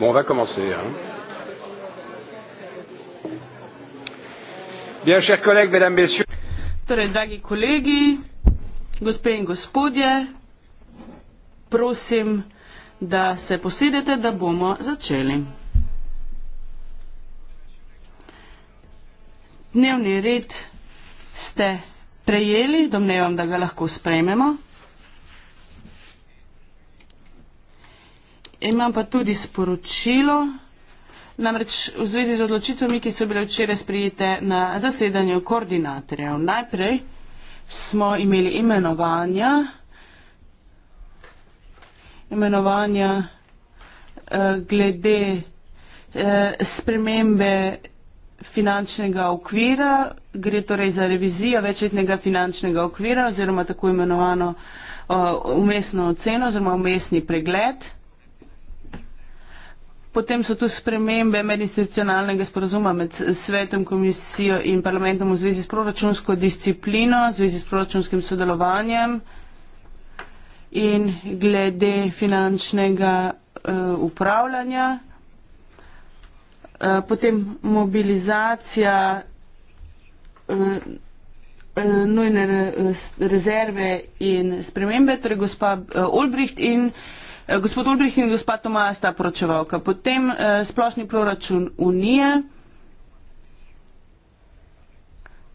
Bon, on va commencer. Hein. Bien, chers collègues, mesdames, messieurs. Torej, dragi kolegi, gospe in gospodje, prosim, da se posedete, da bomo začeli. Dnevni red ste prejeli, domnevam, da ga lahko sprejmemo. imam pa tudi sporočilo. Namreč v zvezi z odločitvami, ki so bile včeraj sprijete na zasedanju koordinatorjev. Najprej smo imeli imenovanja, imenovanja eh, glede eh, spremembe finančnega okvira, gre torej za revizijo večletnega finančnega okvira oziroma tako imenovano eh, umestno oceno oziroma umestni pregled. Potem so tu spremembe medinstitucionalnega sporozuma med svetom, komisijo in parlamentom v zvezi s proračunsko disciplino, v zvezi s proračunskim sodelovanjem in glede finančnega uh, upravljanja. Uh, potem mobilizacija uh, nujne rezerve in spremembe, torej gospa uh, Ulbricht in uh, Eh, gospod Olbrih in gospa Tomaja sta poročevalka. Potem eh, splošni proračun Unije.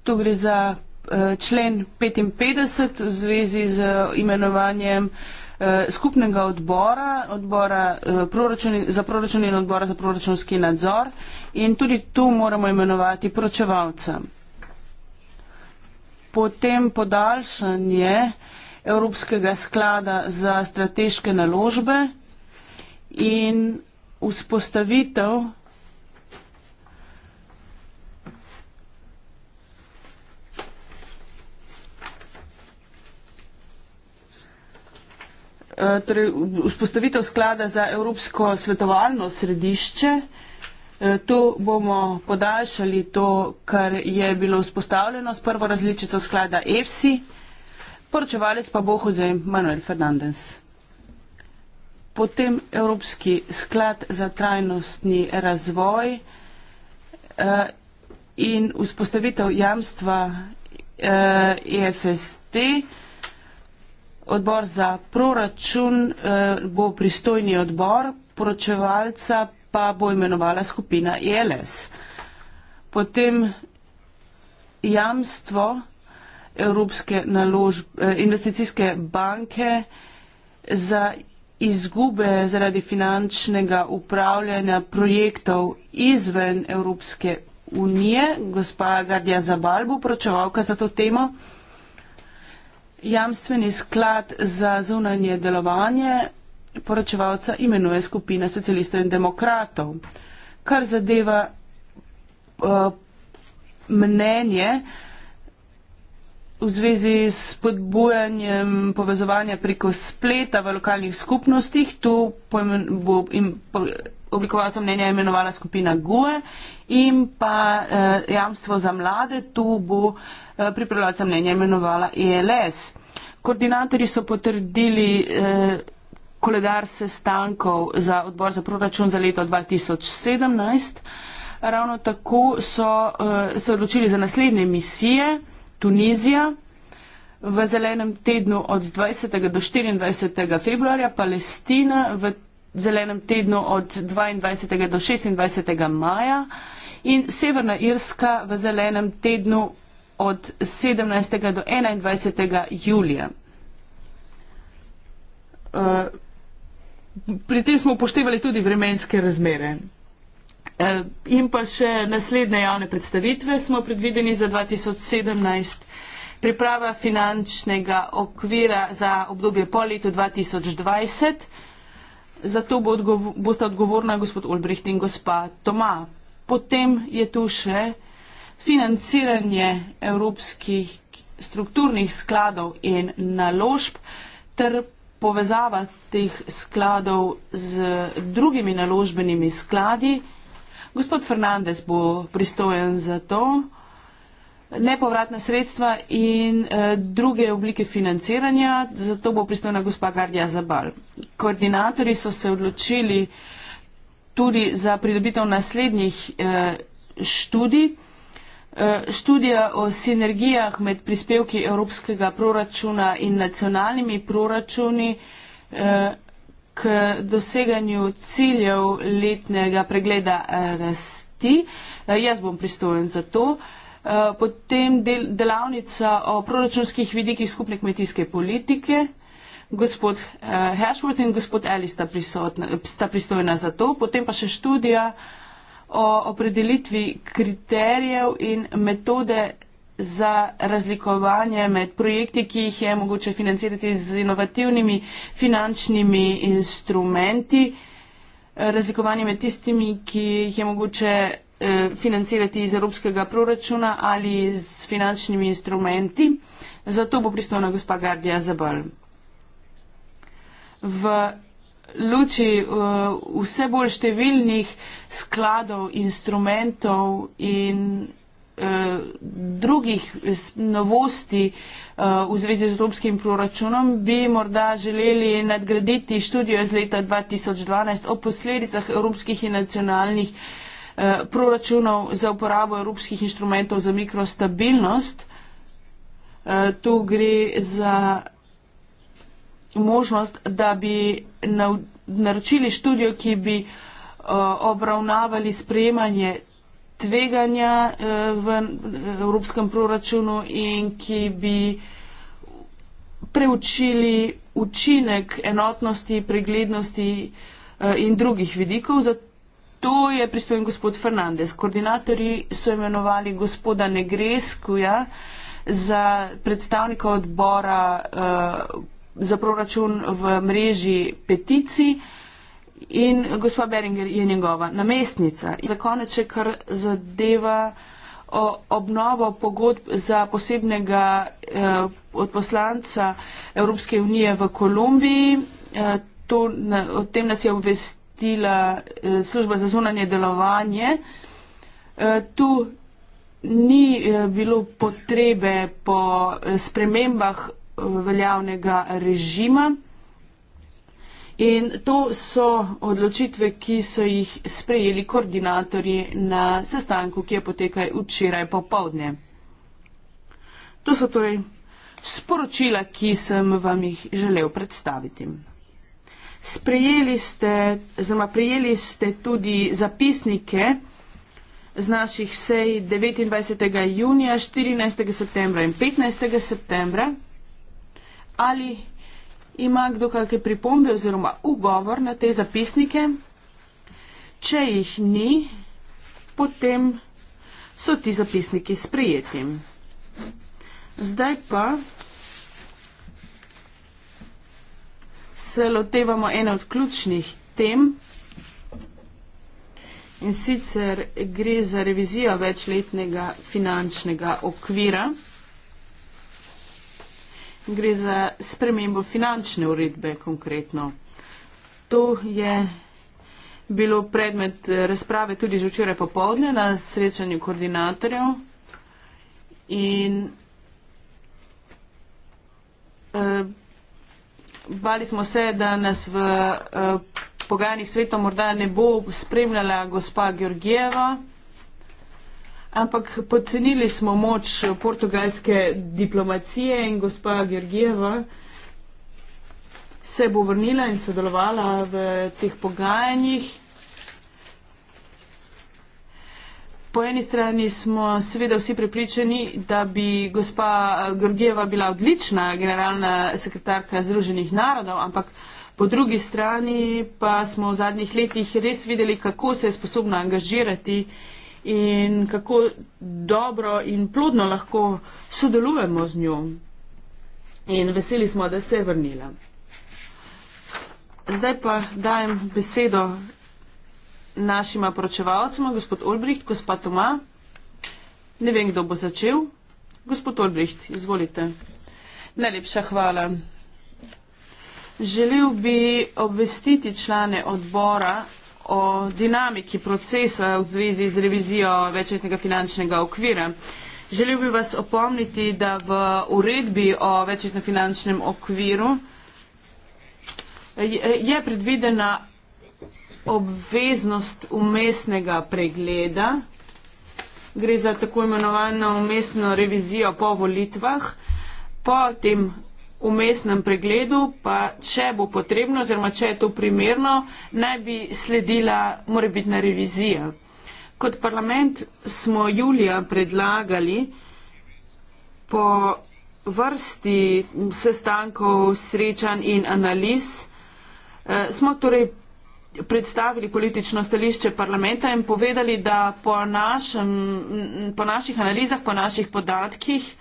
Tu gre za eh, člen 55 v zvezi z imenovanjem eh, skupnega odbora, odbora eh, proračun, za proračun in odbora za proračunski nadzor. In tudi tu moramo imenovati poročevalca. Potem podaljšanje. Eh, Evropskega sklada za strateške naložbe in vzpostavitev eh, Torej, vzpostavitev sklada za Evropsko svetovalno središče, eh, tu bomo podaljšali to, kar je bilo vzpostavljeno s prvo različico sklada EFSI, poročevalec pa bo Jose Manuel Fernandez. Potem Evropski sklad za trajnostni razvoj eh, in vzpostavitev jamstva eh, IFSD. E odbor za proračun eh, bo pristojni odbor, poročevalca pa bo imenovala skupina ILS. E Potem jamstvo Evropske naložb, eh, investicijske banke za izgube zaradi finančnega upravljanja projektov izven Evropske unije. Gospa Gardja Zabal bo pročevalka za to temo. Jamstveni sklad za zunanje delovanje poročevalca imenuje skupina socialistov in demokratov. Kar zadeva uh, mnenje, uh, v zvezi s spodbujanjem povezovanja preko spleta v lokalnih skupnostih. Tu bo oblikovalcem mnenja imenovala skupina GUE in pa eh, jamstvo za mlade, tu bo eh, pripravljalcem mnenja imenovala ELS. Koordinatorji so potrdili eh, koledar sestankov za odbor za proračun za leto 2017. Ravno tako so eh, se odločili za naslednje misije. Tunizija, v zelenem tednu od 20. do 24. februarja Palestina, v zelenem tednu od 22. do 26. maja in Severna Irska v zelenem tednu od 17. do 21. julija. Eh, pri tem smo upoštevali tudi vremenske razmere. Eh, in pa še naslednje javne predstavitve smo predvideni za 2017. Priprava finančnega okvira za obdobje po letu 2020. Za to bo odgovor, bosta odgovorna gospod Olbricht in gospa Toma. Potem je tu še financiranje evropskih strukturnih skladov in naložb ter povezava teh skladov z drugimi naložbenimi skladi. Gospod Fernandez bo pristojen za to. Nepovratna sredstva in eh, druge oblike financiranja, zato bo pristojna gospa Gardija Zabal. Koordinatori so se odločili tudi za pridobitev naslednjih eh, študij. Eh, študija o sinergijah med prispevki evropskega proračuna in nacionalnimi proračuni. Eh, k doseganju ciljev letnega pregleda eh, rasti. Eh, jaz bom pristojen za to. Eh, potem del, delavnica o proračunskih vidikih skupne kmetijske politike. Gospod Hashworth in gospod Ali sta, sta pristojna za to. Potem pa še študija o opredelitvi kriterijev in metode za razlikovanje med projekti, ki jih je mogoče financirati z inovativnimi finančnimi instrumenti, razlikovanje med tistimi, ki jih je mogoče eh, financirati iz evropskega proračuna ali z finančnimi instrumenti. Zato bo pristojna gospa Gardija Zabal. V luči eh, vse bolj številnih skladov, instrumentov in Eh, drugih novosti eh, v zvezi z evropskim proračunom bi morda želeli nadgraditi študijo iz leta 2012 o posledicah evropskih in nacionalnih eh, proračunov za uporabo evropskih inštrumentov za mikrostabilnost. Tu gre za možnost, da bi naročili študijo, ki bi obravnavali sprejemanje tveganja eh, v eh, evropskem proračunu in ki bi preučili učinek enotnosti, preglednosti eh, in drugih vidikov. Zato je pristojen gospod Fernandez. Koordinatorji so imenovali gospoda Negreskuja za predstavnika odbora za proračun v mreži peticij in gospa Beringer je njegova namestnica. In za konec, če kar zadeva obnovo pogodb za posebnega eh, odposlanca Evropske unije v Kolumbiji, eh, to, na, o tem nas je obvestila eh, služba za zunanje delovanje. Eh, tu ni eh, bilo potrebe po eh, spremembah eh, veljavnega režima. In to so odločitve, ki so jih sprejeli koordinatorji na sestanku, ki je potekaj včeraj popovdne. To so torej sporočila, ki sem vam jih želel predstaviti. Sprejeli ste, oziroma prijeli ste tudi zapisnike z naših sej 29. junija, 14. septembra in 15. septembra ali ima kdo kakšne pripombe oziroma ugovor na te zapisnike. Če jih ni, potem so ti zapisniki sprijeti. Zdaj pa se lotevamo ene od ključnih tem in sicer gre za revizijo večletnega finančnega okvira. Gre za spremembo finančne uredbe konkretno. To je bilo predmet razprave tudi že včeraj popovdne na srečanju koordinatorjev in eh, bali smo se, da nas v eh, pogajanjih sveta morda ne bo spremljala gospa Georgijeva. Ampak podcenili smo moč portugalske diplomacije in gospa Georgijeva se bo vrnila in sodelovala v teh pogajanjih. Po eni strani smo seveda vsi prepričani, da bi gospa Georgijeva bila odlična generalna sekretarka Združenih narodov, ampak po drugi strani pa smo v zadnjih letih res videli, kako se je sposobna angažirati in kako dobro in plodno lahko sodelujemo z njo. In veseli smo, da se je vrnila. Zdaj pa dajem besedo našima poročevalcema, gospod Olbricht, gospa Toma. Ne vem, kdo bo začel. Gospod Olbricht, izvolite. Najlepša hvala. Želel bi obvestiti člane odbora o dinamiki procesa v zvezi z revizijo večletnega finančnega okvira. Želel bi vas opomniti, da v uredbi o večletnem finančnem okviru je predvidena obveznost umestnega pregleda. Gre za tako imenovano umestno revizijo po volitvah. Po tem umestnem pregledu, pa če bo potrebno oziroma če je to primerno, naj bi sledila morebitna revizija. Kot parlament smo julija predlagali po vrsti sestankov, srečanj in analiz, eh, smo torej predstavili politično stališče parlamenta in povedali, da po, našem, po naših analizah, po naših podatkih,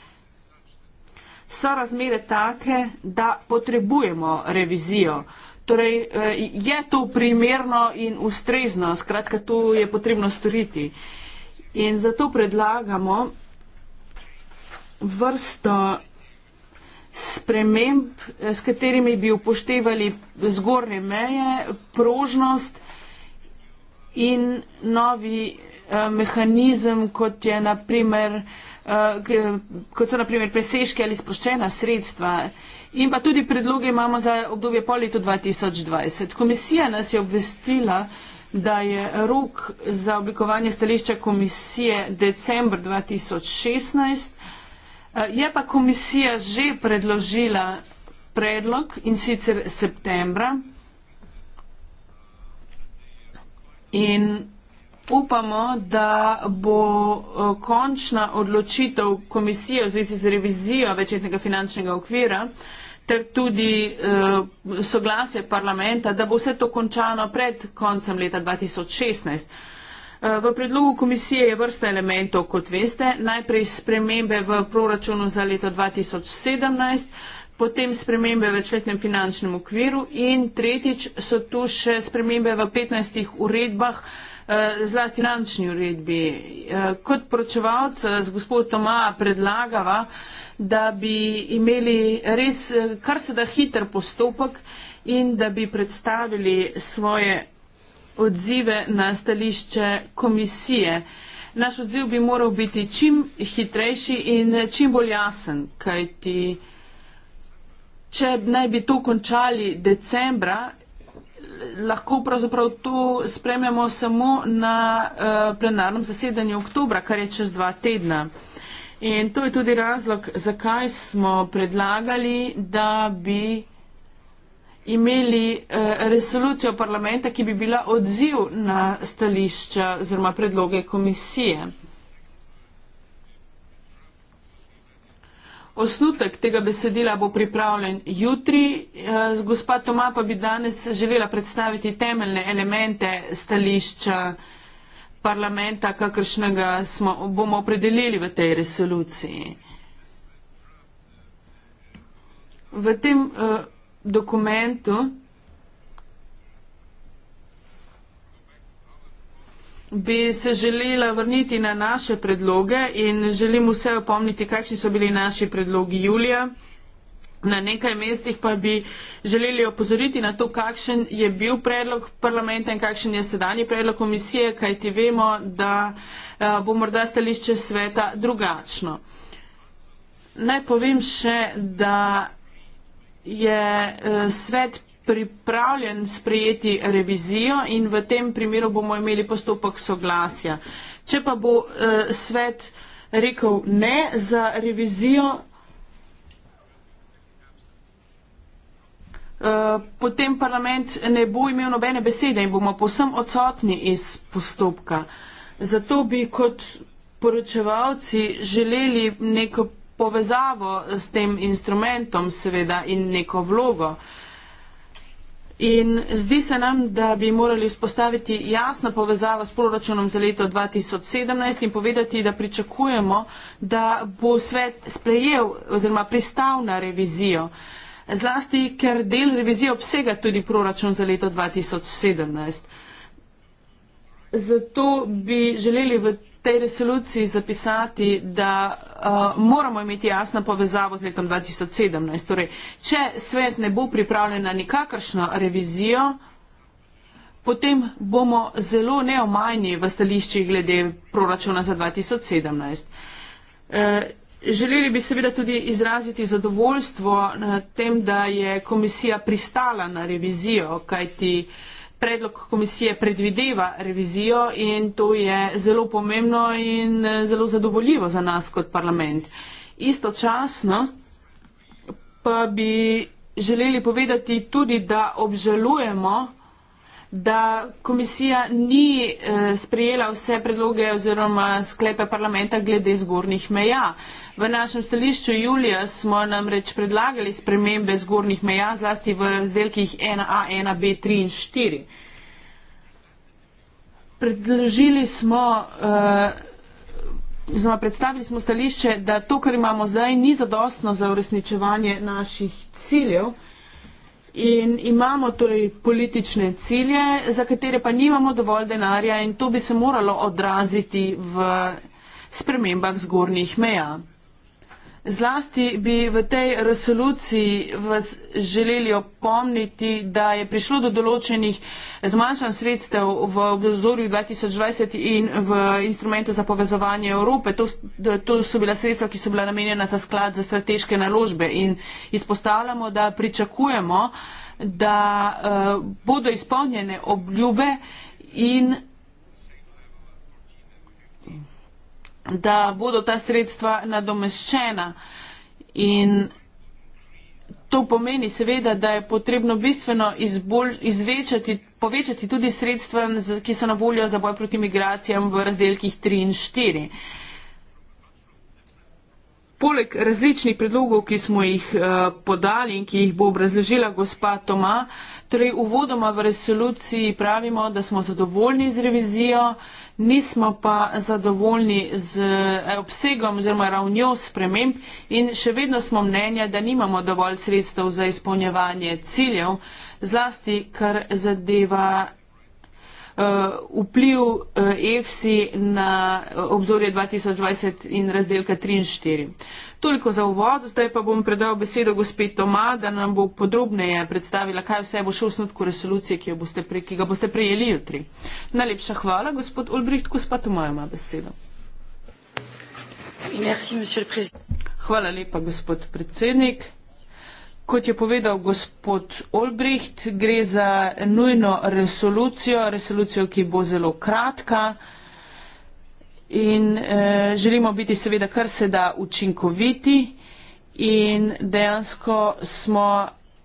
so razmere take, da potrebujemo revizijo. Torej, eh, je to primerno in ustrezno, skratka, to je potrebno storiti. In zato predlagamo vrsto sprememb, s katerimi bi upoštevali zgornje meje, prožnost in novi eh, mehanizem, kot je naprimer Eh, kot so naprimer preseške ali sproščena sredstva. In pa tudi predloge imamo za obdobje po letu 2020. Komisija nas je obvestila, da je rok za oblikovanje stališča komisije december 2016. Eh, je pa komisija že predložila predlog in sicer septembra. In upamo, da bo eh, končna odločitev komisije v zvezi z revizijo večjetnega finančnega okvira ter tudi eh, soglasje parlamenta, da bo vse to končano pred koncem leta 2016. Eh, v predlogu komisije je vrsta elementov, kot veste, najprej spremembe v proračunu za leto 2017, potem spremembe v večletnem finančnem okviru in tretjič so tu še spremembe v 15 uredbah, Eh, zlasti finančni uredbi. Eh, kot pročevalc eh, z gospod Toma predlagava, da bi imeli res kar se da hiter postopek in da bi predstavili svoje odzive na stališče komisije. Naš odziv bi moral biti čim hitrejši in čim bolj jasen, kajti če naj bi to končali decembra, lahko pravzaprav to spremljamo samo na eh, plenarnem zasedanju oktobra, kar je čez dva tedna. In to je tudi razlog, zakaj smo predlagali, da bi imeli eh, resolucijo parlamenta, ki bi bila odziv na stališča oziroma predloge komisije. Osnutek tega besedila bo pripravljen jutri. Eh, z gospa Toma pa bi danes želela predstaviti temeljne elemente stališča parlamenta, kakršnega smo, bomo opredelili v tej resoluciji. V tem uh, dokumentu bi se želela vrniti na naše predloge in želim vse opomniti, kakšni so bili naši predlogi julija. Na nekaj mestih pa bi želeli opozoriti na to, kakšen je bil predlog parlamenta in kakšen je sedanji predlog komisije, kajti vemo, da eh, bo morda stališče sveta drugačno. Naj povem še, da je eh, svet pripravljen sprejeti revizijo in v tem primeru bomo imeli postopek soglasja. Če pa bo eh, svet rekel ne za revizijo, eh, potem parlament ne bo imel nobene besede in bomo posem odsotni iz postopka. Zato bi kot poročevalci želeli neko povezavo s tem instrumentom seveda in neko vlogo. Uh, In zdi se nam, da bi morali vzpostaviti jasno povezavo s proračunom za leto 2017 in povedati, da pričakujemo, da bo svet sprejel oziroma pristal na revizijo. Zlasti, ker del revizije obsega tudi proračun za leto 2017. Zato bi želeli v tej resoluciji zapisati, da uh, moramo imeti jasno povezavo z letom 2017. Torej, če svet ne bo pripravljen na nikakršno revizijo, potem bomo zelo neomajni v stališčih glede proračuna za 2017. Uh, Želeli bi seveda tudi izraziti zadovoljstvo nad tem, da je komisija pristala na revizijo, kajti uh, Predlog komisije predvideva revizijo in to je zelo pomembno in eh, zelo zadovoljivo za nas kot parlament. Istočasno pa bi želeli povedati tudi, da obžalujemo, da komisija ni eh, sprejela vse predloge oziroma sklepe parlamenta glede zgornjih meja. V našem stališču julija smo namreč predlagali spremembe zgornjih meja, zlasti v razdelkih 1a, 1b, 3 in 4. Predložili smo. Eh, Zdaj, predstavili smo stališče, da to, kar imamo zdaj, ni zadostno za uresničevanje naših ciljev in imamo torej politične cilje, za katere pa nimamo dovolj denarja in to bi se moralo odraziti v spremembah zgornjih meja. Zlasti bi v tej resoluciji vas želeli opomniti, da je prišlo do določenih zmanjšanj sredstev v obzorju 2020 in v instrumentu za povezovanje Evrope. To, to so bila sredstva, ki so bila namenjena za sklad za strateške naložbe in izpostavljamo, da pričakujemo, da uh, bodo izpolnjene obljube in da bodo ta sredstva nadomeščena. In to pomeni seveda, da je potrebno bistveno izvečati, povečati tudi sredstva, ki so na voljo za boj proti migracijam v razdelkih 3 in 4. Poleg različnih predlogov, ki smo jih eh, podali in ki jih bo obrazložila gospa Toma, torej uvodoma v resoluciji pravimo, da smo zadovoljni z revizijo, nismo pa zadovoljni z eh, obsegom oziroma ravnjo sprememb in še vedno smo mnenja, da nimamo dovolj sredstev za izpolnjevanje ciljev, zlasti kar zadeva uh, vpliv uh, eh, EFSI na eh, obzorje 2020 in razdelka 34. Toliko za uvod, zdaj pa bom predal besedo gospe Toma, da nam bo podrobneje predstavila, kaj vse bo šlo v snotku resolucije, ki, boste pre, ki ga boste prejeli jutri. Najlepša hvala, gospod Ulbricht, gospa Toma ima besedo. Merci, hvala lepa, gospod predsednik. Kot je povedal gospod Olbricht, gre za nujno resolucijo, resolucijo, ki bo zelo kratka in eh, želimo biti seveda kar se da učinkoviti in dejansko smo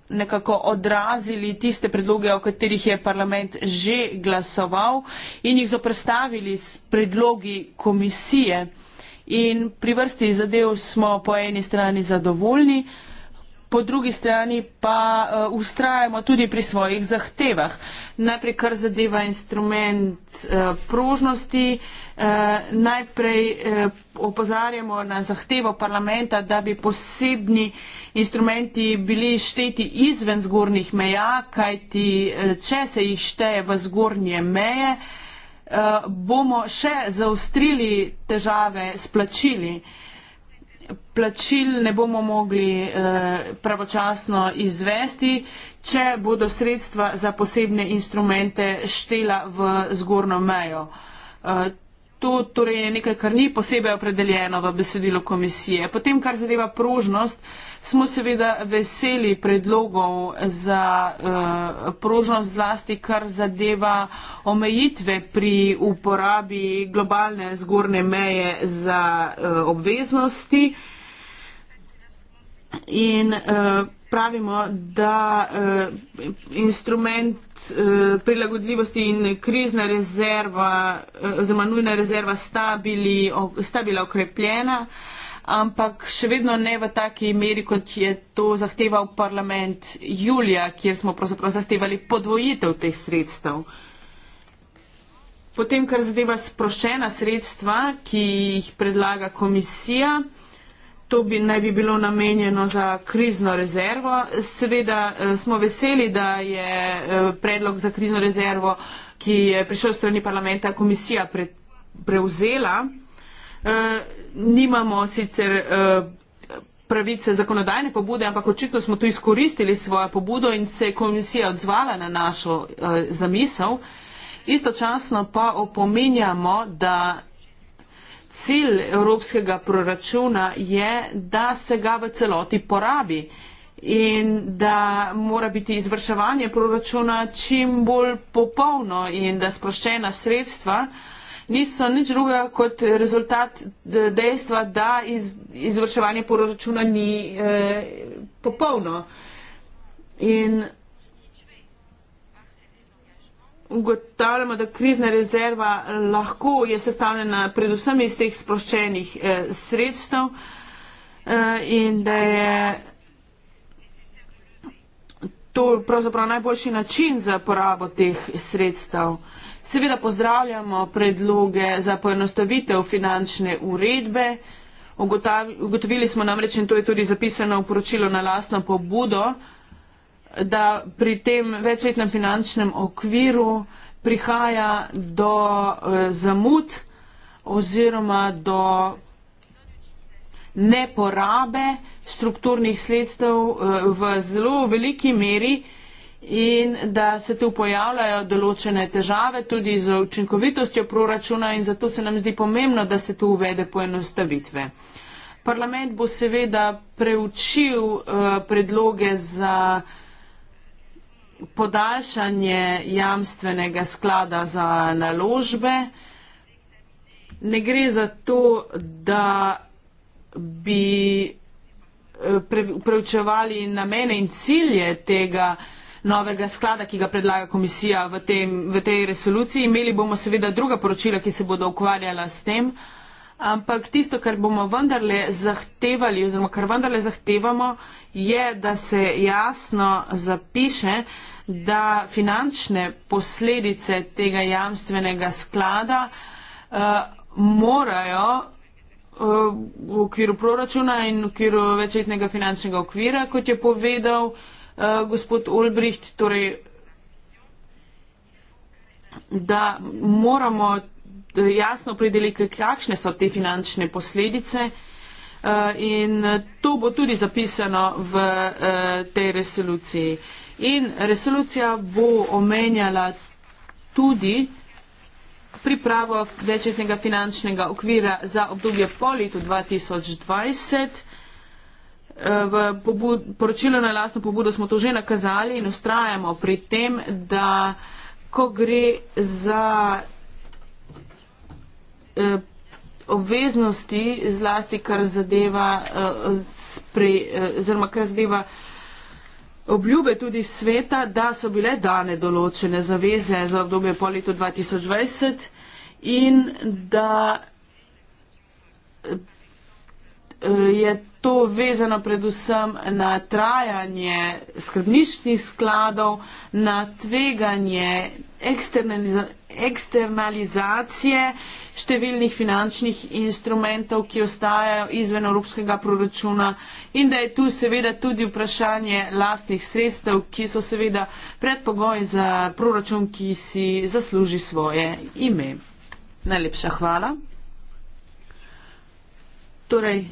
nekako odrazili tiste predloge, o katerih je parlament že glasoval in jih zoprstavili s predlogi komisije. In pri vrsti zadev smo po eni strani zadovoljni, po drugi strani pa uh, eh, ustrajamo tudi pri svojih zahtevah. Najprej, kar zadeva instrument uh, prožnosti, uh, najprej uh, opozarjamo na zahtevo parlamenta, da bi posebni instrumenti bili šteti izven zgornjih meja, kajti uh, če se jih šteje v zgornje meje, uh, bomo še zaustrili težave s plačili. Uh, plačil ne bomo mogli eh, pravočasno izvesti, če bodo sredstva za posebne instrumente štela v zgornjo mejo. Eh, To torej je nekaj, kar ni posebej opredeljeno v besedilu komisije. Potem, kar zadeva prožnost, smo seveda veseli predlogov za eh, prožnost zlasti, kar zadeva omejitve pri uporabi globalne zgornje meje za eh, obveznosti. Eh, in uh, pravimo, da uh, instrument uh, prilagodljivosti in krizna rezerva, uh, oziroma nujna rezerva sta, bili, sta bila okrepljena, ampak še vedno ne v taki meri, kot je to zahteval parlament julija, kjer smo pravzaprav zahtevali podvojitev teh sredstev. Potem, kar zadeva sproščena sredstva, ki jih predlaga komisija, To bi naj bi bilo namenjeno za krizno rezervo. Seveda eh, smo veseli, da je eh, predlog za krizno rezervo, ki je prišel strani parlamenta, komisija pre, prevzela. E, nimamo sicer e, pravice zakonodajne pobude, ampak očitno smo tu izkoristili svojo pobudo in se je komisija odzvala na našo e, zamisel. Istočasno pa opominjamo, da cilj evropskega proračuna je, da se ga v celoti porabi in da mora biti izvrševanje proračuna čim bolj popolno in da sproščena sredstva niso nič druga kot rezultat dejstva, da iz, izvrševanje proračuna ni eh, popolno. In ugotavljamo, da krizna rezerva lahko je sestavljena predvsem iz teh sproščenih eh, sredstev eh, in da je to pravzaprav najboljši način za porabo teh sredstev. Seveda pozdravljamo predloge za poenostavitev finančne uredbe. Ugotavili smo namreč, in to je tudi zapisano v poročilo na lastno pobudo, da pri tem večletnem finančnem okviru prihaja do eh, zamud oziroma do neporabe strukturnih sredstev eh, v zelo veliki meri in da se tu pojavljajo določene težave tudi z učinkovitostjo proračuna in zato se nam zdi pomembno, da se tu uvede poenostavitve. Parlament bo seveda preučil eh, predloge za vsega, podaljšanje jamstvenega sklada za naložbe. Ne gre za to, da bi eh, preučevali namene in cilje tega novega sklada, ki ga predlaga komisija v, tem, v tej resoluciji. Imeli bomo seveda druga poročila, ki se bodo ukvarjala s tem, Ampak tisto, kar bomo vendarle zahtevali oziroma kar vendarle zahtevamo, je, da se jasno zapiše, da finančne posledice tega jamstvenega sklada uh, morajo uh, v okviru proračuna in v okviru večletnega finančnega okvira, kot je povedal uh, gospod Ulbricht, torej, da moramo jasno opredeli, kakšne so te finančne posledice. Eh, in eh, to bo tudi zapisano v eh, tej resoluciji. In resolucija bo omenjala tudi pripravo večetnega finančnega okvira za obdobje po letu 2020. V poročilu na lastno pobudo smo to že nakazali in ustrajamo pri tem, da ko gre za Eh, obveznosti, zlasti kar zadeva, eh, eh, oziroma kar zadeva obljube tudi sveta, da so bile dane določene zaveze za obdobje po letu 2020 in da je to vezano predvsem na trajanje skrbniških skladov, na tveganje eksternaliza eksternalizacije številnih finančnih instrumentov, ki ostajajo izven evropskega proračuna in da je tu seveda tudi vprašanje lastnih sredstev, ki so seveda predpogoj za proračun, ki si zasluži svoje ime. Najlepša hvala. Torej,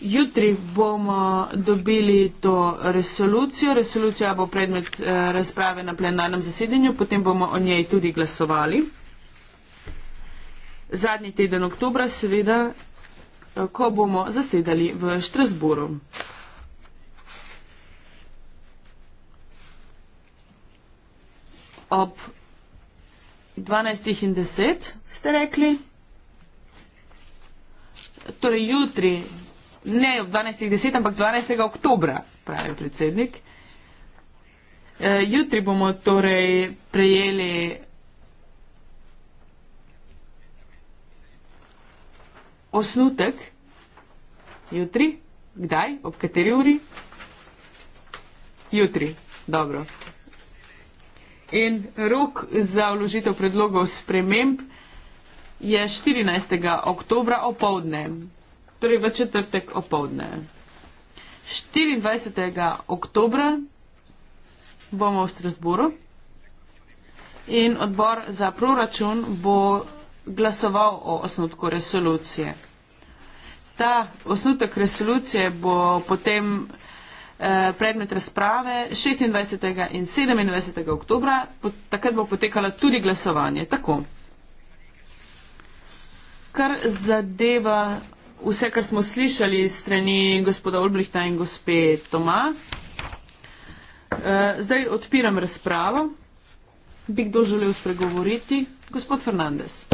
Jutri bomo dobili to resolucijo. Resolucija bo predmet eh, razprave na plenarnem zasedanju, potem bomo o njej tudi glasovali. Zadnji teden oktobra, seveda, eh, ko bomo zasedali v Štrasburu. Ob 12.10 ste rekli, torej jutri ne ob 12.10, ampak 12. oktobra, pravi predsednik. E, jutri bomo torej prejeli. Osnutek jutri, kdaj, ob kateri uri? Jutri, dobro. In rok za vložitev predlogov sprememb je 14. oktobra opovdne torej v četrtek opovdne. 24. oktobra bomo v Strasburu in odbor za proračun bo glasoval o osnutku resolucije. Ta osnutek resolucije bo potem eh, predmet razprave 26. in 27. oktobra, takrat bo potekalo tudi glasovanje. Tako. Kar zadeva vse, kar smo slišali strani gospoda Olbrihta in gospe Toma. Eh, zdaj odpiram razpravo. Bi kdo želel spregovoriti? Gospod Fernandez.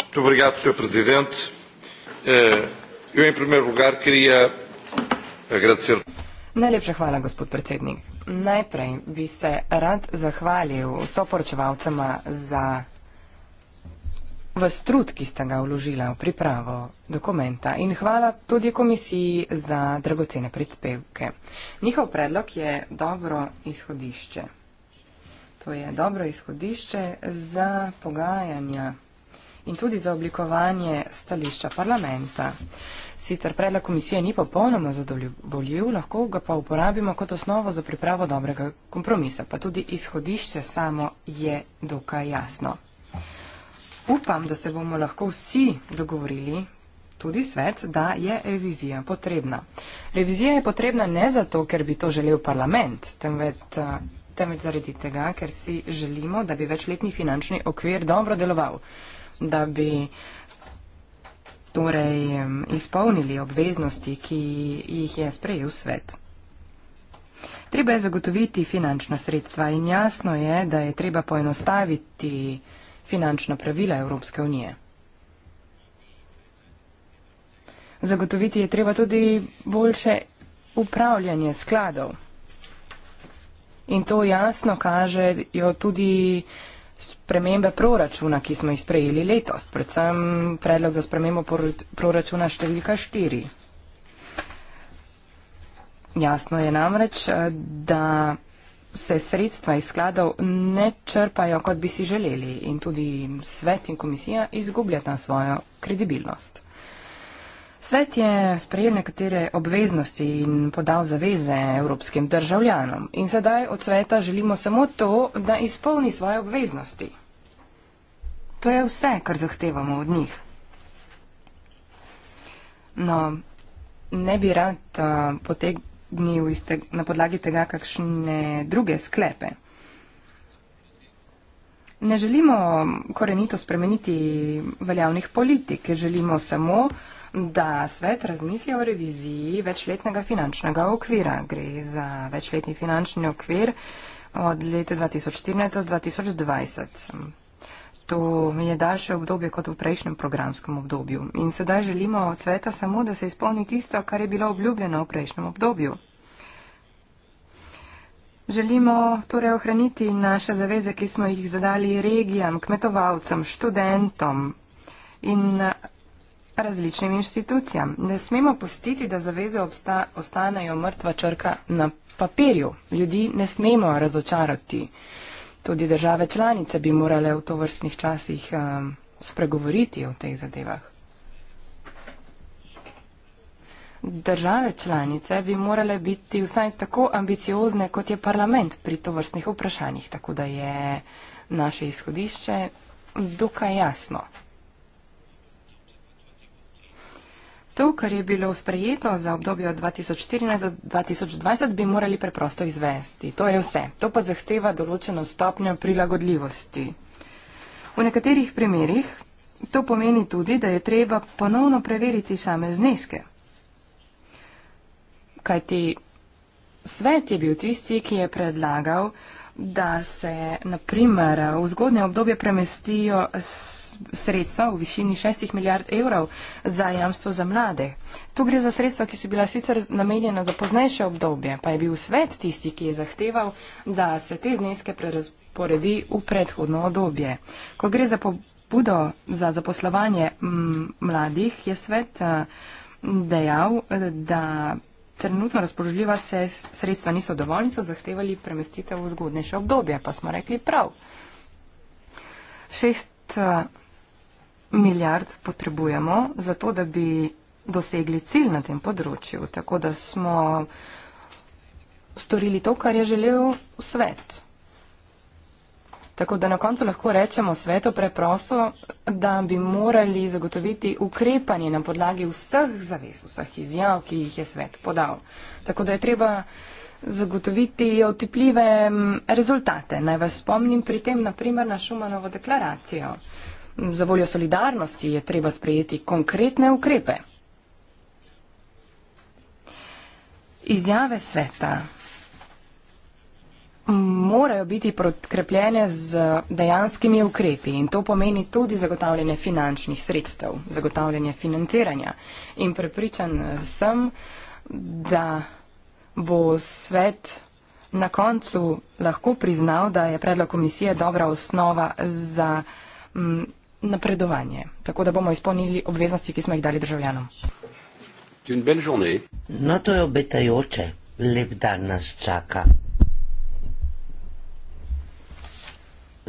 Muito obrigado, Sr. Presidente. Eh, eu, em primeiro lugar, queria agradecer. Najlepša hvala, gospod predsednik. Najprej bi se rad zahvalil soporočevalcema za vas trud, ki ste ga vložila v pripravo dokumenta in hvala tudi komisiji za dragocene predpevke. Njihov predlog je dobro izhodišče. To je dobro izhodišče za pogajanja in tudi za oblikovanje stališča parlamenta. Sicer predlog komisije ni popolnoma zadovoljiv, lahko ga pa uporabimo kot osnovo za pripravo dobrega kompromisa, pa tudi izhodišče samo je dokaj jasno upam, da se bomo lahko vsi dogovorili, tudi svet, da je revizija potrebna. Revizija je potrebna ne zato, ker bi to želel parlament, temveč, eh, temveč zaradi tega, ker si želimo, da bi večletni finančni okvir dobro deloval, da bi torej izpolnili obveznosti, ki jih je sprejel svet. Treba je zagotoviti finančna sredstva in jasno je, da je treba poenostaviti finančna pravila Evropske unije. Zagotoviti je treba tudi boljše upravljanje skladov. In to jasno kažejo tudi spremembe proračuna, ki smo jih sprejeli letos, predvsem predlog za spremembo proračuna številka 4. Jasno je namreč, eh, da se sredstva iz skladov ne črpajo, kot bi si želeli in tudi svet in komisija izgubljata svojo kredibilnost. Svet je sprejel nekatere obveznosti in podal zaveze evropskim državljanom in sedaj od sveta želimo samo to, da izpolni svoje obveznosti. To je vse, kar zahtevamo od njih. No, ne bi rad uh, potegnil potegnil te, na podlagi tega kakšne druge sklepe. Ne želimo korenito spremeniti veljavnih politik, želimo samo, da svet razmisli o reviziji večletnega finančnega okvira. Gre za večletni finančni okvir od leta 2014 do 2020. To mi je daljše obdobje kot v prejšnjem programskem obdobju. In sedaj želimo od sveta samo, da se izpolni tisto, kar je bilo obljubljeno v prejšnjem obdobju. Želimo torej ohraniti naše zaveze, ki smo jih zadali regijam, kmetovalcem, študentom in različnim inštitucijam. Ne smemo pustiti, da zaveze obsta, ostanejo mrtva črka na papirju. Ljudi ne smemo razočarati tudi države članice bi morale v tovrstnih časih um, spregovoriti o teh zadevah. Države članice bi morale biti vsaj tako ambiciozne, kot je parlament pri tovrstnih vprašanjih, tako da je naše izhodišče dokaj jasno. To, kar je bilo sprejeto za obdobje od 2014 do 2020, bi morali preprosto izvesti. To je vse. To pa zahteva določeno stopnjo prilagodljivosti. V nekaterih primerjih to pomeni tudi, da je treba ponovno preveriti same zneske. Kajti svet je bil tisti, ki je predlagal, da se naprimer v zgodnje obdobje premestijo s sredstev v višini 6 milijard evrov za jamstvo za mlade. Tu gre za sredstva, ki so bila sicer namenjena za poznejše obdobje, pa je bil svet tisti, ki je zahteval, da se te zneske preporedi v predhodno obdobje. Ko gre za pobudo za zaposlovanje mladih, je svet dejal, da trenutno razpoložljiva se sredstva niso dovolj in so zahtevali premestitev v zgodnejše obdobje, pa smo rekli prav. Šest milijard potrebujemo, zato da bi dosegli cilj na tem področju. Tako da smo storili to, kar je želel svet. Tako da na koncu lahko rečemo svetu preprosto, da bi morali zagotoviti ukrepanje na podlagi vseh zavez, vseh izjav, ki jih je svet podal. Tako da je treba zagotoviti otipljive mm, rezultate. Naj vas spomnim pri tem naprimer na Šumanovo deklaracijo. Za voljo solidarnosti je treba sprejeti konkretne ukrepe. Izjave sveta morajo biti podkrepljene z dejanskimi ukrepi in to pomeni tudi zagotavljanje finančnih sredstev, zagotavljanje financiranja. In prepričan sem, da bo svet na koncu lahko priznal, da je predlog komisije dobra osnova za mm, napredovanje, tako da bomo izpolnili obveznosti, ki smo jih dali državljanom. No, to je obetajoče. Lep dan nas čaka.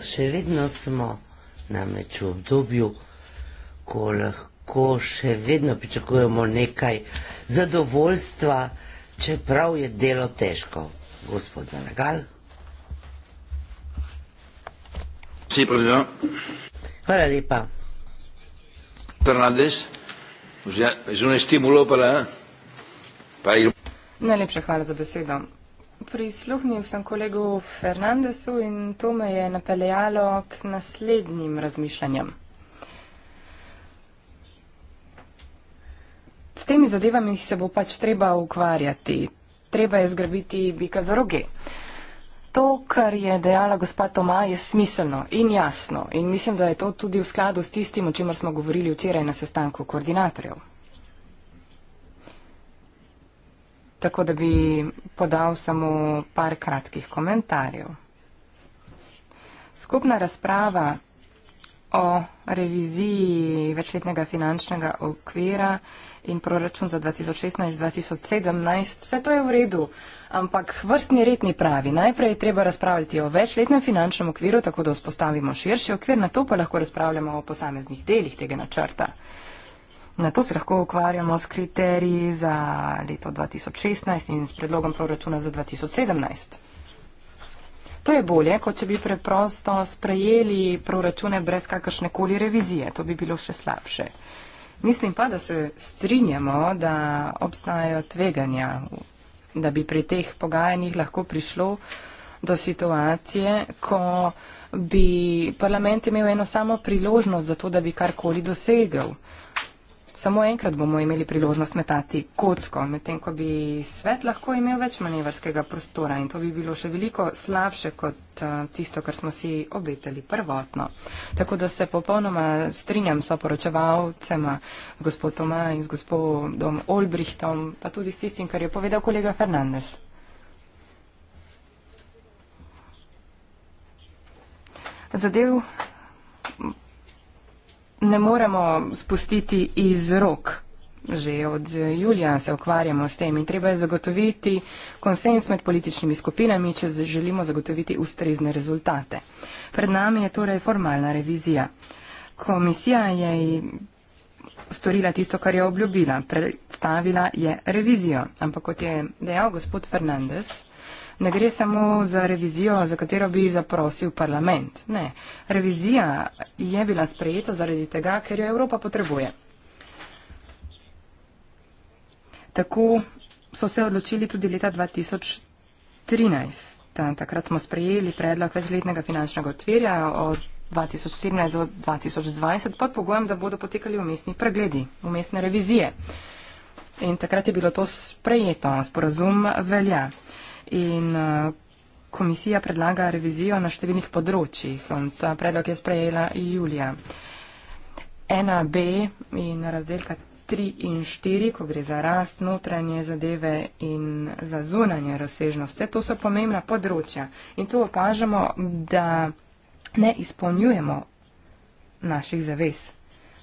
Še vedno smo namreč v obdobju, ko lahko še vedno pričakujemo nekaj zadovoljstva, čeprav je delo težko. Gospod Nalagal. Si, prezident. Hvala lepa. Fernandez, zunaj stimulo pa, eh? pa il... Najlepša hvala za besedo. Prisluhnil sem kolegu Fernandesu in to me je napeljalo k naslednjim razmišljanjem. S temi zadevami se bo pač treba ukvarjati. Treba je zgrabiti bika za roge. Uh, to, kar je dejala gospa Toma, je smiselno in jasno. In mislim, da je to tudi v skladu s tistim, o čemer smo govorili včeraj na sestanku koordinatorjev. Tako da bi podal samo par kratkih komentarjev. Skupna razprava o reviziji večletnega finančnega okvira in proračun za 2016-2017. Vse to je v redu, ampak vrstni red ni pravi. Najprej je treba razpravljati o večletnem finančnem okviru, tako da vzpostavimo širši okvir, na to pa lahko razpravljamo o posameznih delih tega načrta. Na to se lahko ukvarjamo s kriteriji za leto 2016 in s predlogom proračuna za 2017. To je bolje, kot če bi preprosto sprejeli proračune brez kakršne koli revizije. To bi bilo še slabše. Mislim pa, da se strinjamo, da obstajajo tveganja, da bi pri teh pogajanjih lahko prišlo do situacije, ko bi parlament imel eno samo priložnost za to, da bi karkoli dosegel samo enkrat bomo imeli priložnost metati kocko, medtem ko bi svet lahko imel več manevrskega prostora in to bi bilo še veliko slabše kot eh, tisto, kar smo si obetali prvotno. Tako da se popolnoma strinjam s oporočevalcema, z gospodoma in z gospodom Olbrichtom, pa tudi s tistim, kar je povedal kolega Fernandez. Zadev ne moremo spustiti iz rok. Že od julija se ukvarjamo s tem in treba je zagotoviti konsens med političnimi skupinami, če želimo zagotoviti ustrezne rezultate. Pred nami je torej formalna revizija. Komisija je storila tisto, kar je obljubila. Predstavila je revizijo. Ampak kot je dejal gospod Fernandez, ne gre samo za revizijo, za katero bi zaprosil parlament. Ne, revizija je bila sprejeta zaradi tega, ker jo Evropa potrebuje. Tako so se odločili tudi leta 2013. Takrat smo sprejeli predlog večletnega finančnega otvirja od 2014 do 2020 pod pogojem, da bodo potekali umestni pregledi, umestne revizije. In takrat je bilo to sprejeto, sporazum velja in eh, komisija predlaga revizijo na številnih področjih. Ta predlog je sprejela julija. 1B in razdelka 3 in 4, ko gre za rast, notranje zadeve in za zunanje razsežnost. Vse to so pomembna področja in tu opažamo, da ne izpolnjujemo naših zavez.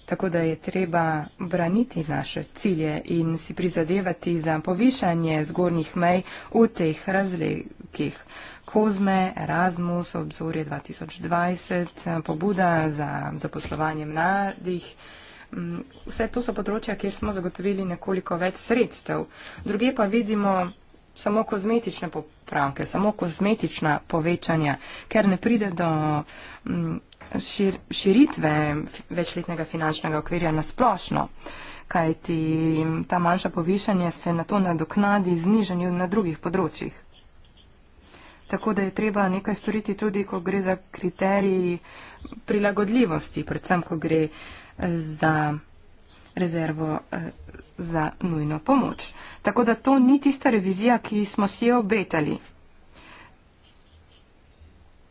Tako da je treba braniti naše cilje in si prizadevati za povišanje zgornjih mej v teh razlikih. Kozme, Erasmus, obzorje 2020, pobuda za zaposlovanje mladih. Mm, vse to so področja, kjer smo zagotovili nekoliko več sredstev. Druge pa vidimo samo kozmetične popravke, samo kozmetična povečanja, ker ne pride do. Mm, šir, širitve večletnega finančnega okvirja na splošno, kajti ta manjša povišanje se na to nadoknadi znižanju na drugih področjih. Tako da je treba nekaj storiti tudi, ko gre za kriteriji prilagodljivosti, predvsem, ko gre za rezervo za nujno pomoč. Tako da to ni tista revizija, ki smo si jo obetali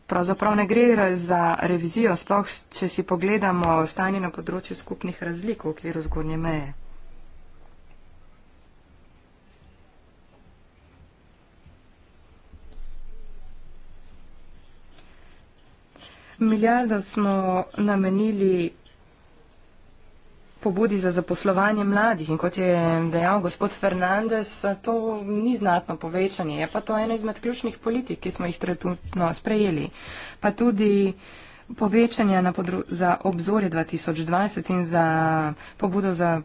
pravzaprav ne gre za revizijo, sploh če si pogledamo stanje na področju skupnih razlik v okviru zgornje meje. Milijardo smo namenili pobudi za zaposlovanje mladih in kot je dejal gospod Fernandez, to ni znatno povečanje, je pa to ena izmed ključnih politik, ki smo jih trenutno sprejeli. Pa tudi povečanje za obzorje 2020 in za pobudo za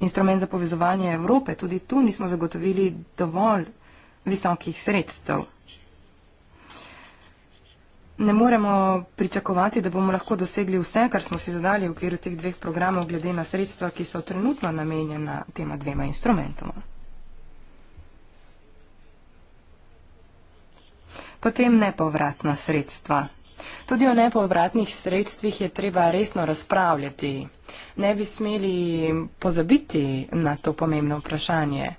instrument za povezovanje Evrope, tudi tu nismo zagotovili dovolj visokih sredstev ne moremo pričakovati, da bomo lahko dosegli vse, kar smo si zadali v okviru teh dveh programov, glede na sredstva, ki so trenutno namenjena tema dvema instrumentoma. Potem nepovratna sredstva. Tudi o nepovratnih sredstvih je treba resno razpravljati. Ne bi smeli pozabiti na to pomembno vprašanje.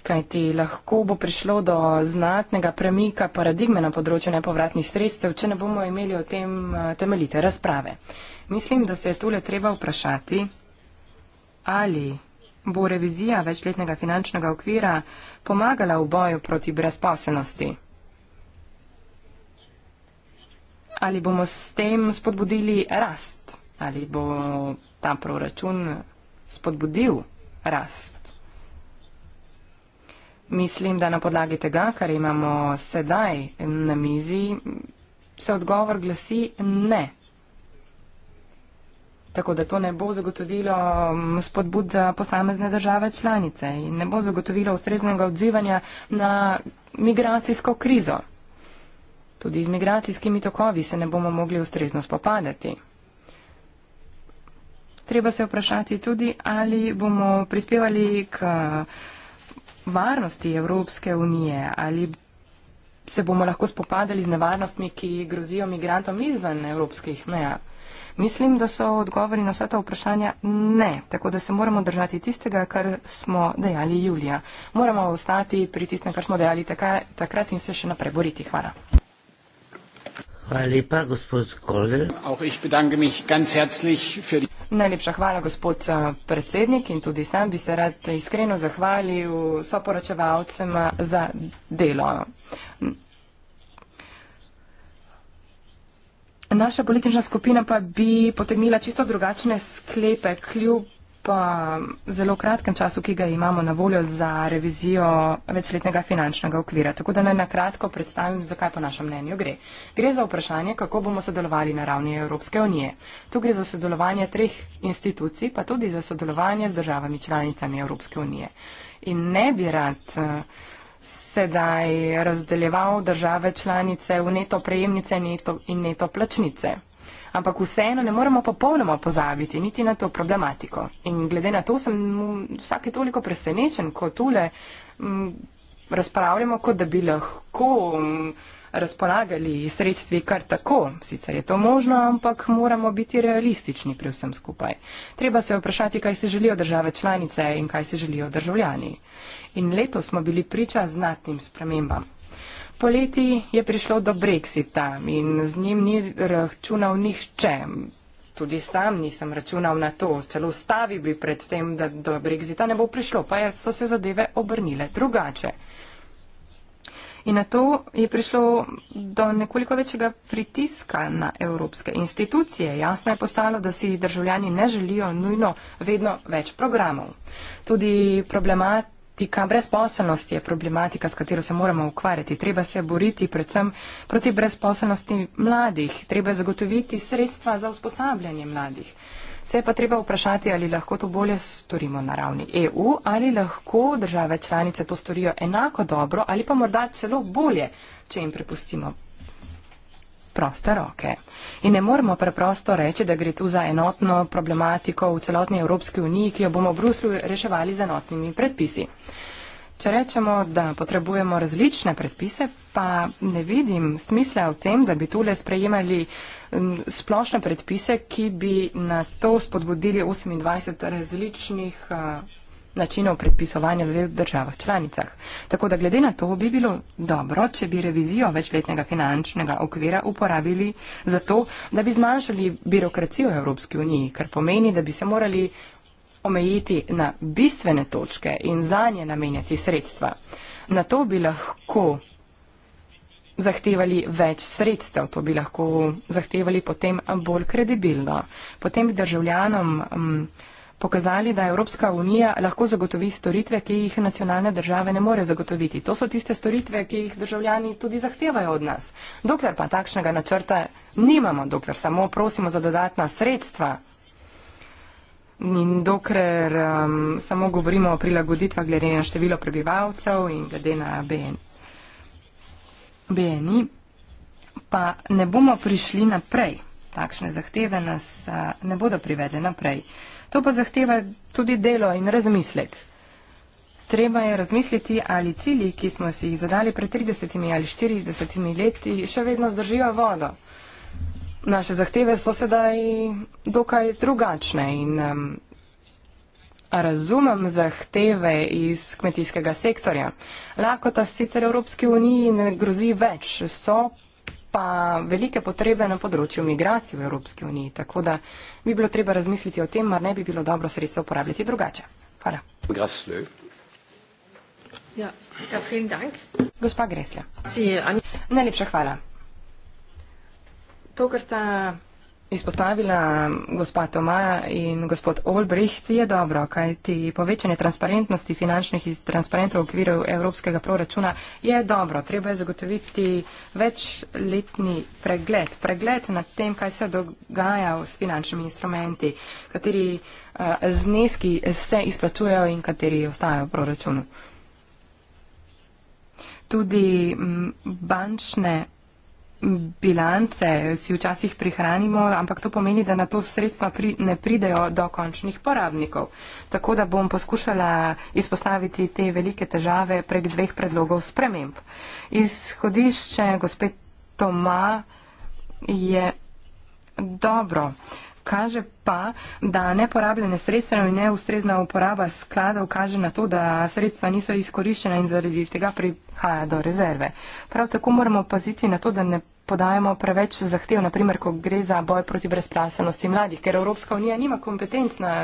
Kajti lahko bo prišlo do znatnega premika paradigme na področju nepovratnih sredstev, če ne bomo imeli o tem eh, temeljite razprave. Mislim, da se je tule treba vprašati, ali bo revizija večletnega finančnega okvira pomagala v boju proti brezposelnosti. Ali bomo s tem spodbudili rast? Ali bo ta proračun spodbudil rast? Mislim, da na podlagi tega, kar imamo sedaj na mizi, se odgovor glasi ne. Tako da to ne bo zagotovilo mm, spodbud za posamezne države članice in ne bo zagotovilo ustreznega odzivanja na migracijsko krizo. Tudi z migracijskimi tokovi se ne bomo mogli ustrezno spopadati. Treba se vprašati tudi, ali bomo prispevali k varnosti Evropske unije ali se bomo lahko spopadali z nevarnostmi, ki grozijo migrantom izven evropskih meja? Mislim, da so odgovori na vse ta vprašanja ne, tako da se moramo držati tistega, kar smo dejali julija. Moramo ostati pri tistem, kar smo dejali takrat in se še naprej boriti. Hvala. Auch ich bedanke mich ganz herzlich für die. Najlepša hvala, gospod eh, predsednik, in tudi sam bi se rad iskreno zahvalil soporočevalcem eh, za delo. Naša politična skupina pa bi potegnila čisto drugačne sklepe, kljub zelo kratkem času, ki ga imamo na voljo za revizijo večletnega finančnega okvira. Tako da naj na kratko predstavim, zakaj po našem mnenju gre. Gre za vprašanje, kako bomo sodelovali na ravni Evropske unije. Tu gre za sodelovanje treh institucij, pa tudi za sodelovanje z državami članicami Evropske unije. In ne bi rad eh, sedaj razdeljeval države članice v neto prejemnice neto in neto plačnice ampak vseeno ne moremo popolnoma pozabiti niti na to problematiko. In glede na to sem vsake toliko presenečen, ko tule m, mm, razpravljamo, kot da bi lahko m, mm, razpolagali sredstvi kar tako. Sicer je to možno, ampak moramo biti realistični pri vsem skupaj. Treba se vprašati, kaj se želijo države članice in kaj se želijo državljani. In letos smo bili priča znatnim spremembam. Poleti je prišlo do Brexita in z njim ni računal nihče. Tudi sam nisem računal na to, celo stavi bi pred tem, da do Brexita ne bo prišlo, pa so se zadeve obrnile drugače. In na to je prišlo do nekoliko večjega pritiska na evropske institucije. Jasno je postalo, da si državljani ne želijo nujno vedno več programov. Tudi problematika. Politika brezposobnosti je problematika, s katero se moramo ukvarjati. Treba se boriti predvsem proti brezposobnosti mladih, treba zagotoviti sredstva za usposabljanje mladih. Se je pa treba vprašati, ali lahko to bolje storimo na ravni EU, ali lahko države članice to storijo enako dobro, ali pa morda celo bolje, če jim prepustimo proste roke. In ne moremo preprosto reči, da gre tu za enotno problematiko v celotni Evropski uniji, ki jo bomo v Bruslju reševali z enotnimi predpisi. Če rečemo, da potrebujemo različne predpise, pa ne vidim smisla v tem, da bi tule sprejemali splošne predpise, ki bi na to spodbudili 28 različnih načinov predpisovanja zavez v državah članicah. Tako da glede na to bi bilo dobro, če bi revizijo večletnega finančnega okvira uporabili za to, da bi zmanjšali birokracijo v Evropski uniji, kar pomeni, da bi se morali omejiti na bistvene točke in za nje namenjati sredstva. Na to bi lahko zahtevali več sredstev, to bi lahko zahtevali potem bolj kredibilno. Potem bi državljanom. Um, pokazali, da Evropska unija lahko zagotovi storitve, ki jih nacionalne države ne more zagotoviti. To so tiste storitve, ki jih državljani tudi zahtevajo od nas. Dokler pa takšnega načrta nimamo, dokler samo prosimo za dodatna sredstva in dokler um, samo govorimo o prilagoditvah glede na število prebivalcev in glede na BN. BNI, pa ne bomo prišli naprej. Takšne zahteve nas a, ne bodo privedle naprej. To pa zahteva tudi delo in razmislek. Treba je razmisliti, ali cilji, ki smo si jih zadali pred 30 ali 40 leti, še vedno zdržijo vodo. Naše zahteve so sedaj dokaj drugačne in um, razumem zahteve iz kmetijskega sektorja. Lakota sicer Evropske unije ne grozi več, so pa velike potrebe na področju migracij v Evropski uniji. Tako da bi bilo treba razmisliti o tem, mar ne bi bilo dobro sredstva uporabljati drugače. Hvala. Ja, ja Gospa Gresla. Najlepša hvala. To, kar sta izpostavila gospa Tomaja in gospod Olbricht, je dobro, kajti povečanje transparentnosti finančnih iz transparentov v okviru evropskega proračuna je dobro. Treba je zagotoviti večletni pregled, pregled nad tem, kaj se dogaja s finančnimi instrumenti, kateri eh, zneski se izplačujejo in kateri ostajajo v proračunu. Tudi mm, bančne bilance si včasih prihranimo, ampak to pomeni, da na to sredstva pri, ne pridejo do končnih porabnikov. Tako da bom poskušala izpostaviti te velike težave prek dveh predlogov sprememb. Izhodišče gospe Toma je dobro. Uh, kaže pa, da neporabljene sredstva in neustrezna uporaba skladov kaže na to, da sredstva niso izkoriščena in zaradi tega prihaja do rezerve. Prav tako moramo paziti na to, da ne podajamo preveč zahtev, naprimer, ko gre za boj proti brezprasenosti mladih, ker Evropska unija nima kompetenc na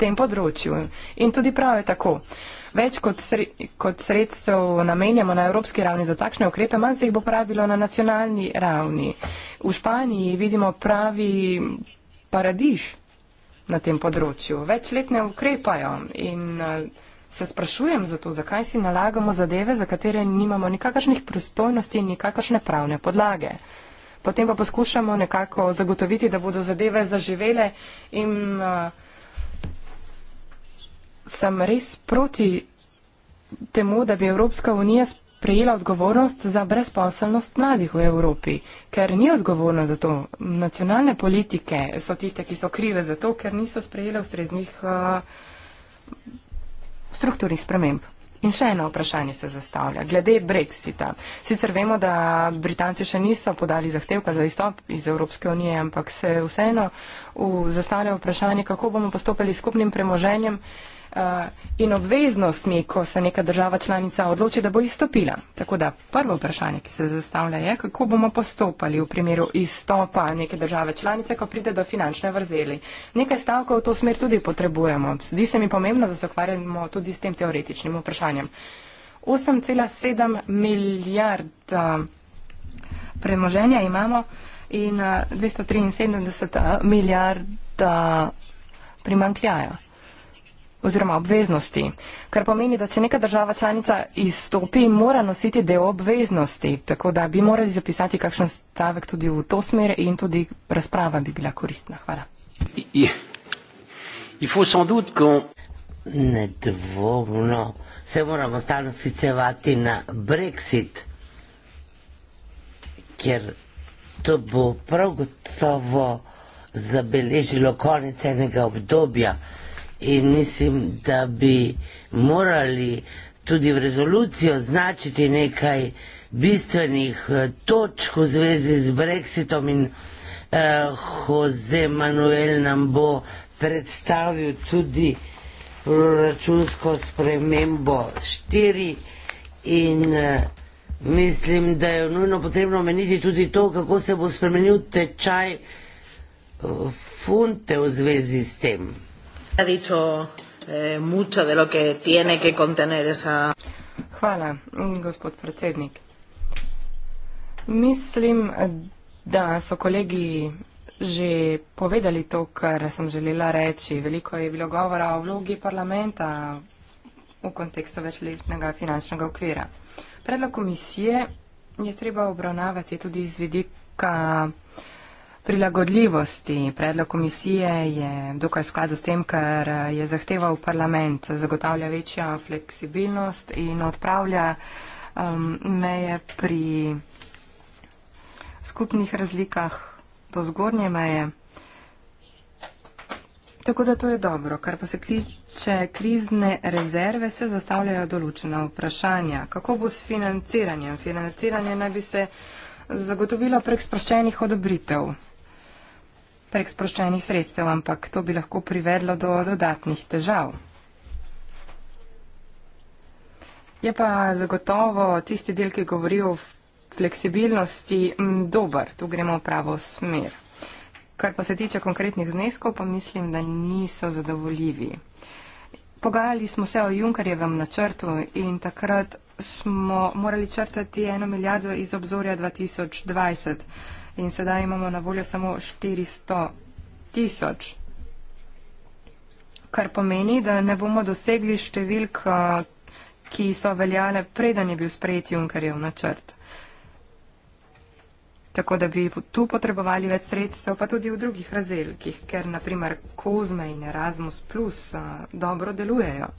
tem področju. In tudi prav je tako. Več kot, sre, kot sredstev namenjamo na evropski ravni za takšne ukrepe, manj se jih bo pravilo na nacionalni ravni. V Španiji vidimo pravi paradiž na tem področju. Več let ne ukrepajo in eh, se sprašujem zato, zakaj si nalagamo zadeve, za katere nimamo nikakršnih pristojnosti in nikakršne pravne podlage. Potem pa poskušamo nekako zagotoviti, da bodo zadeve zaživele in uh, sem res proti temu, da bi Evropska unija sprašala prejela odgovornost za brezposelnost mladih v Evropi, ker ni odgovorna za to. Nacionalne politike so tiste, ki so krive za to, ker niso sprejele ustreznih uh, strukturnih sprememb. In še eno vprašanje se zastavlja. Glede Brexita. Sicer vemo, da Britanci še niso podali zahtevka za izstop iz Evropske unije, ampak se vseeno zastavlja vprašanje, kako bomo postopali s skupnim premoženjem. Uh, Eh, in obveznostmi, ko se neka država članica odloči, da bo izstopila. Tako da prvo vprašanje, ki se zastavlja, je, kako bomo postopali v primeru izstopa neke države članice, ko pride do finančne vrzeli. Nekaj stavkov v to smer tudi potrebujemo. Zdi se mi pomembno, da se ukvarjamo tudi s tem teoretičnim vprašanjem. 8,7 milijard eh, premoženja imamo in 273 eh, milijard primankljaja oziroma obveznosti, kar pomeni, da če neka država članica izstopi, mora nositi del obveznosti, tako da bi morali zapisati kakšen stavek tudi v to smer in tudi razprava bi bila koristna. Hvala. Nedvomno se moramo stalno sklicevati na Brexit, ker to bo prav gotovo zabeležilo konec enega obdobja in mislim, da bi morali tudi v rezolucijo označiti nekaj bistvenih eh, točk v zvezi z Brexitom in eh, Jose Manuel nam bo predstavil tudi proračunsko spremembo 4 in eh, mislim, da je nujno potrebno omeniti tudi to, kako se bo spremenil tečaj eh, funte v zvezi s tem ha dicho eh, mucho de lo que tiene que contener esa. Hvala, gospod predsednik. Mislim, da so kolegi že povedali to, kar sem želela reči. Veliko je bilo govora o vlogi parlamenta v kontekstu večletnega finančnega okvira. Predlog komisije je treba obravnavati tudi iz vidika eh, prilagodljivosti. Predlog komisije je dokaj v skladu s tem, kar je zahteval parlament, zagotavlja večjo fleksibilnost in odpravlja um, meje pri skupnih razlikah do zgornje meje. Tako da to je dobro. Kar pa se kliče krizne rezerve, se zastavljajo določena vprašanja. Kako bo s financiranjem? Financiranje naj bi se zagotovilo prek sproščenih odobritev prek sproščenih sredstev, ampak to bi lahko privedlo do dodatnih težav. Je pa zagotovo tisti del, ki govori o fleksibilnosti, dober, tu gremo v pravo smer. Kar pa se tiče konkretnih zneskov, pa mislim, da niso zadovoljivi. Pogajali smo se o Junkarjevem načrtu in takrat smo morali črtati eno milijardo iz obzorja 2020 in sedaj imamo na voljo samo 400 tisoč. Kar pomeni, da ne bomo dosegli številk, ki so veljale preden je bil sprejet Junkerjev načrt. Tako da bi tu potrebovali več sredstev, pa tudi v drugih razdelkih, ker naprimer Kozme in Erasmus Plus dobro delujejo.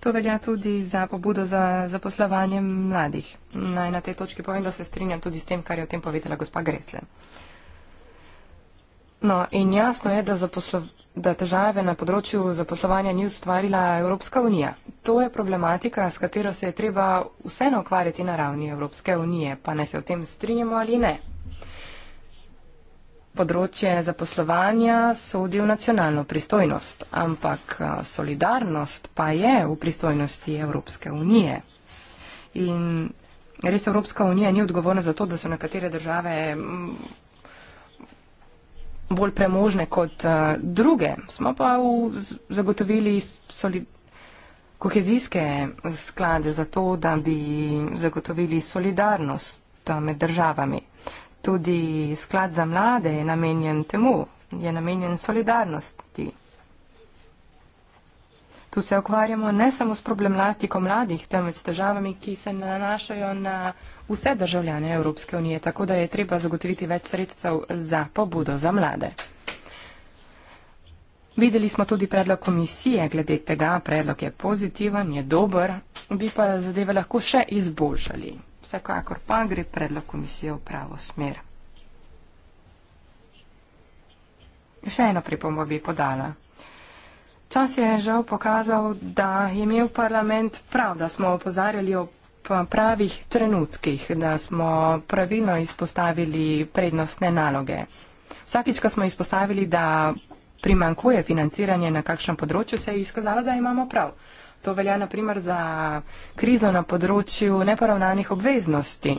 To velja tudi za pobudo za zaposlovanje mladih. Naj na tej točki povem, da se strinjam tudi s tem, kar je o tem povedala gospa Gresle. No, in jasno je, da, da težave na področju zaposlovanja ni ustvarila Evropska unija. To je problematika, s katero se je treba vseeno ukvarjati na ravni Evropske unije, pa ne se o tem strinjamo ali ne. Področje zaposlovanja sodi v nacionalno pristojnost, ampak solidarnost pa je v pristojnosti Evropske unije. In res Evropska unija ni odgovorna za to, da so nekatere države bolj premožne kot druge. Smo pa zagotovili kohezijske sklade za to, da bi zagotovili solidarnost med državami. Tudi sklad za mlade je namenjen temu, je namenjen solidarnosti. Tu se ukvarjamo ne samo s problematiko mladih, temveč s težavami, ki se nanašajo na vse državljane Evropske unije, tako da je treba zagotoviti več sredstev za pobudo za mlade. Videli smo tudi predlog komisije glede tega, predlog je pozitiven, je dober, bi pa zadeve lahko še izboljšali. Vsekakor pa gre predlog komisije v pravo smer. Še eno pripombo bi podala. Čas je žal pokazal, da je imel parlament prav, da smo opozarjali o pravih trenutkih, da smo pravilno izpostavili prednostne naloge. Vsakič, ko smo izpostavili, da primankuje financiranje na kakšnem področju, se je izkazalo, da imamo prav. To velja naprimer za krizo na področju neporavnanih obveznosti.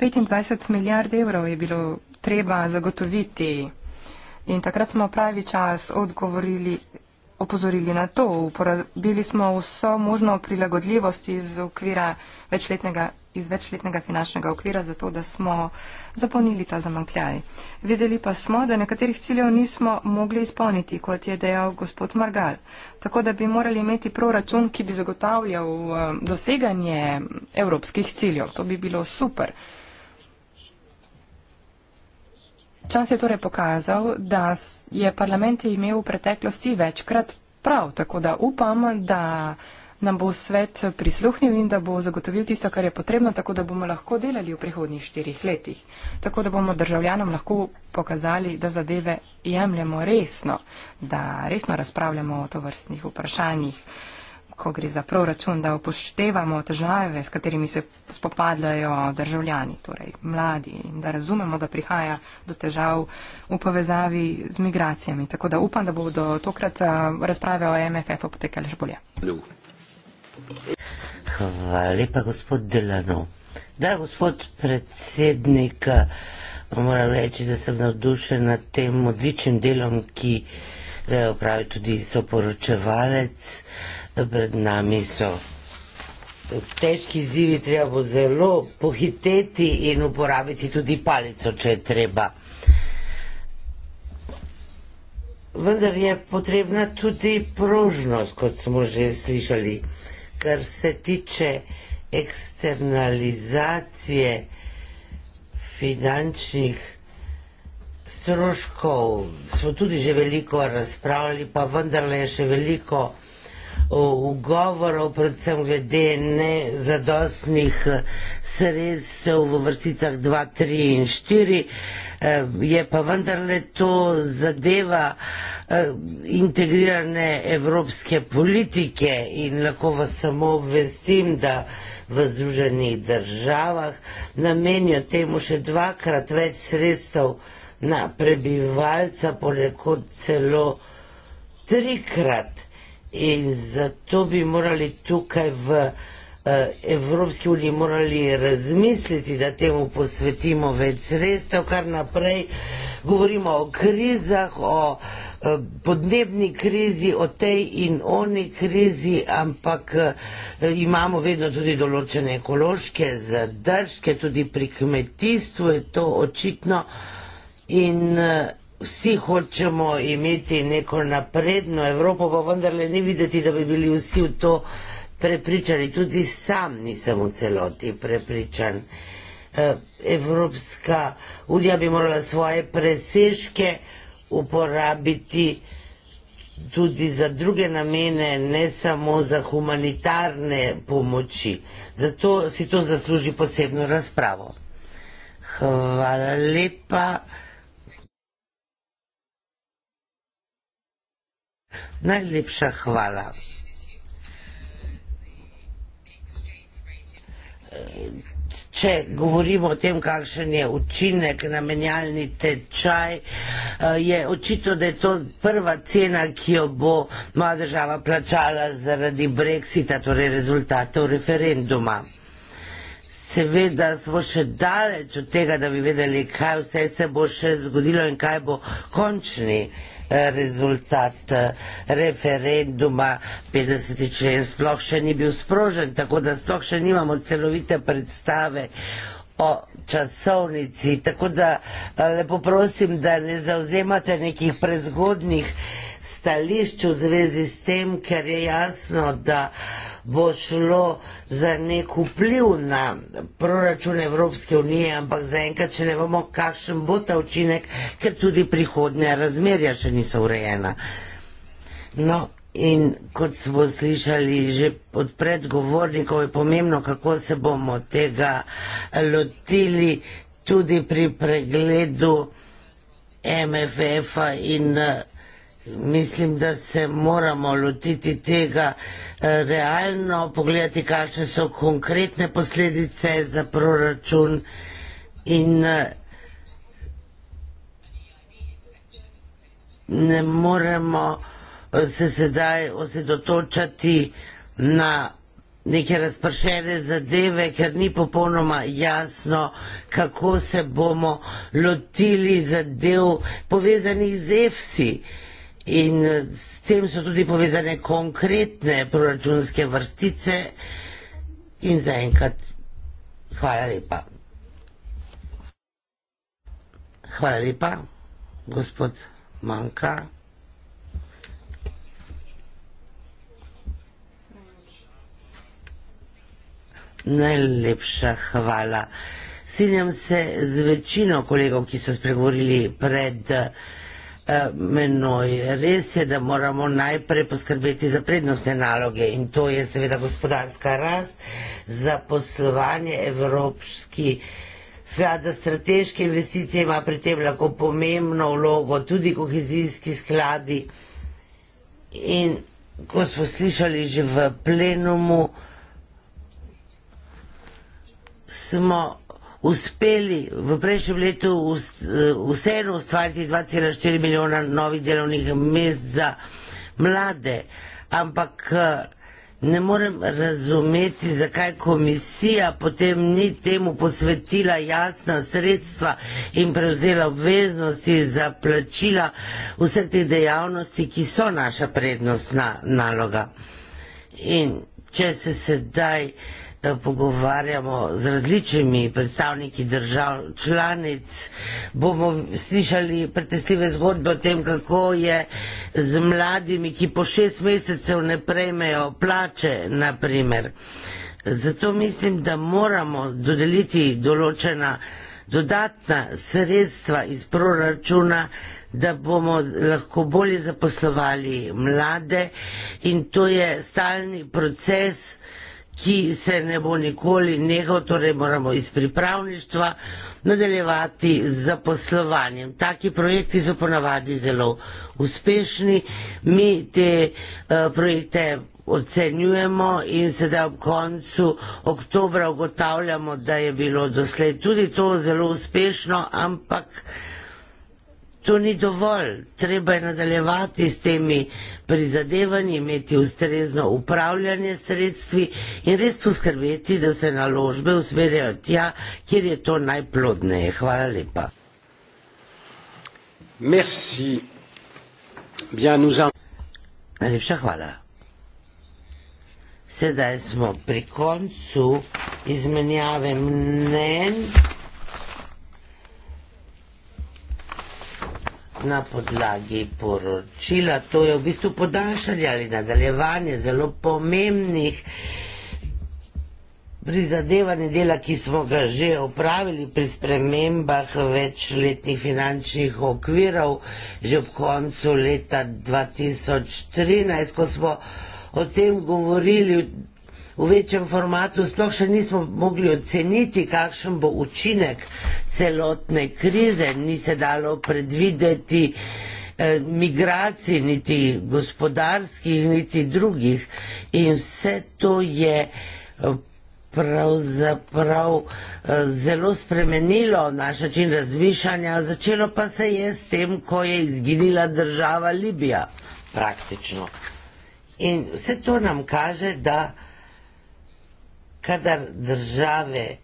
25 milijard evrov je bilo treba zagotoviti in takrat smo pravi čas odgovorili, opozorili na to. Uporabili smo vso možno prilagodljivost iz okvira večletnega iz večletnega finančnega okvira za to, da smo zapolnili ta zamankljaj. Vedeli pa smo, da nekaterih ciljev nismo mogli izpolniti, kot je dejal gospod Margal. Tako da bi morali imeti proračun, ki bi zagotavljal eh, doseganje evropskih ciljev. To bi bilo super. Čas je torej pokazal, da je parlament imel v preteklosti večkrat prav, tako da upam, da nam bo svet prisluhnil in da bo zagotovil tisto, kar je potrebno, tako da bomo lahko delali v prihodnjih štirih letih. Tako da bomo državljanom lahko pokazali, da zadeve jemljemo resno, da resno razpravljamo o tovrstnih vprašanjih, ko gre za proračun, da upoštevamo težave, s katerimi se spopadljajo državljani, torej mladi, in da razumemo, da prihaja do težav v povezavi z migracijami. Tako da upam, da bodo tokrat eh, razprave o MFF-u potekale še bolje. Ljub. Hvala lepa, gospod Delano. Da, gospod predsednik, moram reči, da sem navdušen nad tem odličnim delom, ki ga je opravil tudi soporočevalec. Pred nami so težki zivi, treba bo zelo pohiteti in uporabiti tudi palico, če je treba. Vendar je potrebna tudi prožnost, kot smo že slišali kar se tiče eksternalizacije finančnih stroškov, smo tudi že veliko razpravljali, pa vendarle je še veliko ugovorov, predvsem glede nezadostnih sredstev v vrsticah 2, 3 in 4. Eh, je pa vendarle to zadeva eh, integrirane evropske politike in lahko vas samo obvestim, da v Združenih državah namenijo temu še dvakrat več sredstev na prebivalca, ponekod celo trikrat. In zato bi morali tukaj v Eh, Evropski uniji morali razmisliti, da temu posvetimo več sredstev, kar naprej govorimo o krizah, o eh, podnebni krizi, o tej in oni krizi, ampak eh, imamo vedno tudi določene ekološke zadržke, tudi pri kmetijstvu je to očitno in vsi hočemo imeti neko napredno Evropo, pa vendarle ni videti, da bi bili vsi v to prepričani, tudi sam nisem v celoti prepričan. Eh, Evropska unija bi morala svoje presežke uporabiti tudi za druge namene, ne samo za humanitarne pomoči. Zato si to zasluži posebno razpravo. Hvala lepa. Najlepša hvala. če govorimo o tem, kakšen je učinek na menjalni tečaj, eh, je očitno, da je to prva cena, ki jo bo moja država plačala zaradi brexita, torej rezultatov referenduma. Seveda smo še daleč od tega, da bi vedeli, kaj vse se bo še zgodilo in kaj bo končni rezultat eh, referenduma 50. člen sploh še ni bil sprožen, tako da sploh še nimamo celovite predstave o časovnici. Tako da eh, lepo prosim, da ne zauzemate nekih prezgodnih stališču zvezi s tem, ker je jasno, da bo šlo za nek vpliv na proračun Evropske unije, ampak zaenkrat še ne vemo, kakšen bo ta učinek, ker tudi prihodnja razmerja še niso urejena. No, in kot smo slišali že od predgovornikov, je pomembno, kako se bomo tega lotili tudi pri pregledu MFF-a in Mislim, da se moramo lotiti tega eh, realno, pogledati, kakšne so konkretne posledice za proračun in eh, ne moremo eh, se sedaj osredotočati na neke razpršene zadeve, ker ni popolnoma jasno, kako se bomo lotili zadev povezanih z EFSI. In eh, s tem so tudi povezane konkretne proračunske vrstice in zaenkrat hvala lepa. Hvala lepa, gospod Manka. Najlepša hvala. Sinjam se z večino kolegov, ki so spregovorili pred vsega, eh, Eh, menoj. Res je, da moramo najprej poskrbeti za prednostne naloge in to je seveda gospodarska rast, zaposlovanje evropski. Sklad za strateške investicije ima pri tem lahko pomembno vlogo, tudi kohezijski skladi. In kot smo slišali že v plenumu, smo uspeli v prejšnjem letu eh, vseeno ustvariti 2,4 milijona novih delovnih mest za mlade, ampak eh, ne morem razumeti, zakaj komisija potem ni temu posvetila jasna sredstva in prevzela obveznosti za plačila vseh teh dejavnosti, ki so naša prednostna naloga. In če se sedaj uh, pogovarjamo z različnimi predstavniki držav članic, bomo slišali pretesljive zgodbe o tem, kako je z mladimi, ki po šest mesecev ne prejmejo plače, naprimer. Zato mislim, da moramo dodeliti določena dodatna sredstva iz proračuna, da bomo lahko bolje zaposlovali mlade in to je stalni proces, ki se ne bo nikoli nehal, torej moramo iz pripravništva nadaljevati z zaposlovanjem. Taki projekti so ponavadi zelo uspešni. Mi te uh, projekte ocenjujemo in sedaj ob koncu oktobra ugotavljamo, da je bilo doslej tudi to zelo uspešno, ampak to ni dovolj. Treba je nadaljevati s temi prizadevanji, imeti ustrezno upravljanje sredstvi in res poskrbeti, da se naložbe usmerjajo tja, kjer je to najplodneje. Hvala lepa. Najlepša hvala. Sedaj smo pri koncu izmenjave mnen. na podlagi poročila. To je v bistvu podaljšanje ali nadaljevanje zelo pomembnih prizadevanje dela, ki smo ga že opravili pri spremembah večletnih finančnih okvirov, že ob koncu leta 2013, ko smo o tem govorili v večjem formatu sploh še nismo mogli oceniti, kakšen bo učinek celotne krize, ni se dalo predvideti eh, migracij, niti gospodarskih, niti drugih. In vse to je eh, pravzaprav eh, zelo spremenilo naš način razmišljanja, začelo pa se je s tem, ko je izginila država Libija praktično. In vse to nam kaže, da kadar države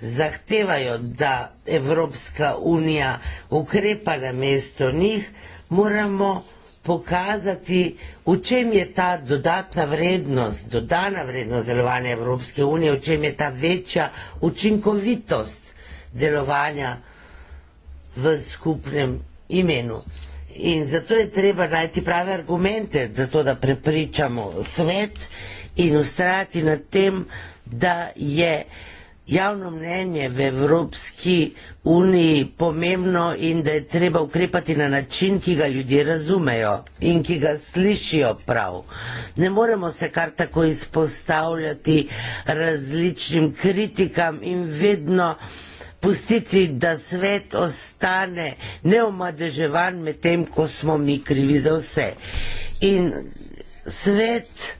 zahtevajo, da Evropska unija ukrepa na mesto njih, moramo pokazati, v čem je ta dodatna vrednost, dodana vrednost delovanja Evropske unije, v čem je ta večja učinkovitost delovanja v skupnem imenu. In zato je treba najti prave argumente, zato da prepričamo svet in ustrajati nad tem, da je javno mnenje v Evropski uniji pomembno in da je treba ukrepati na način, ki ga ljudje razumejo in ki ga slišijo prav. Ne moremo se kar tako izpostavljati različnim kritikam in vedno pustiti, da svet ostane neomadeževan med tem, ko smo mi krivi za vse. In svet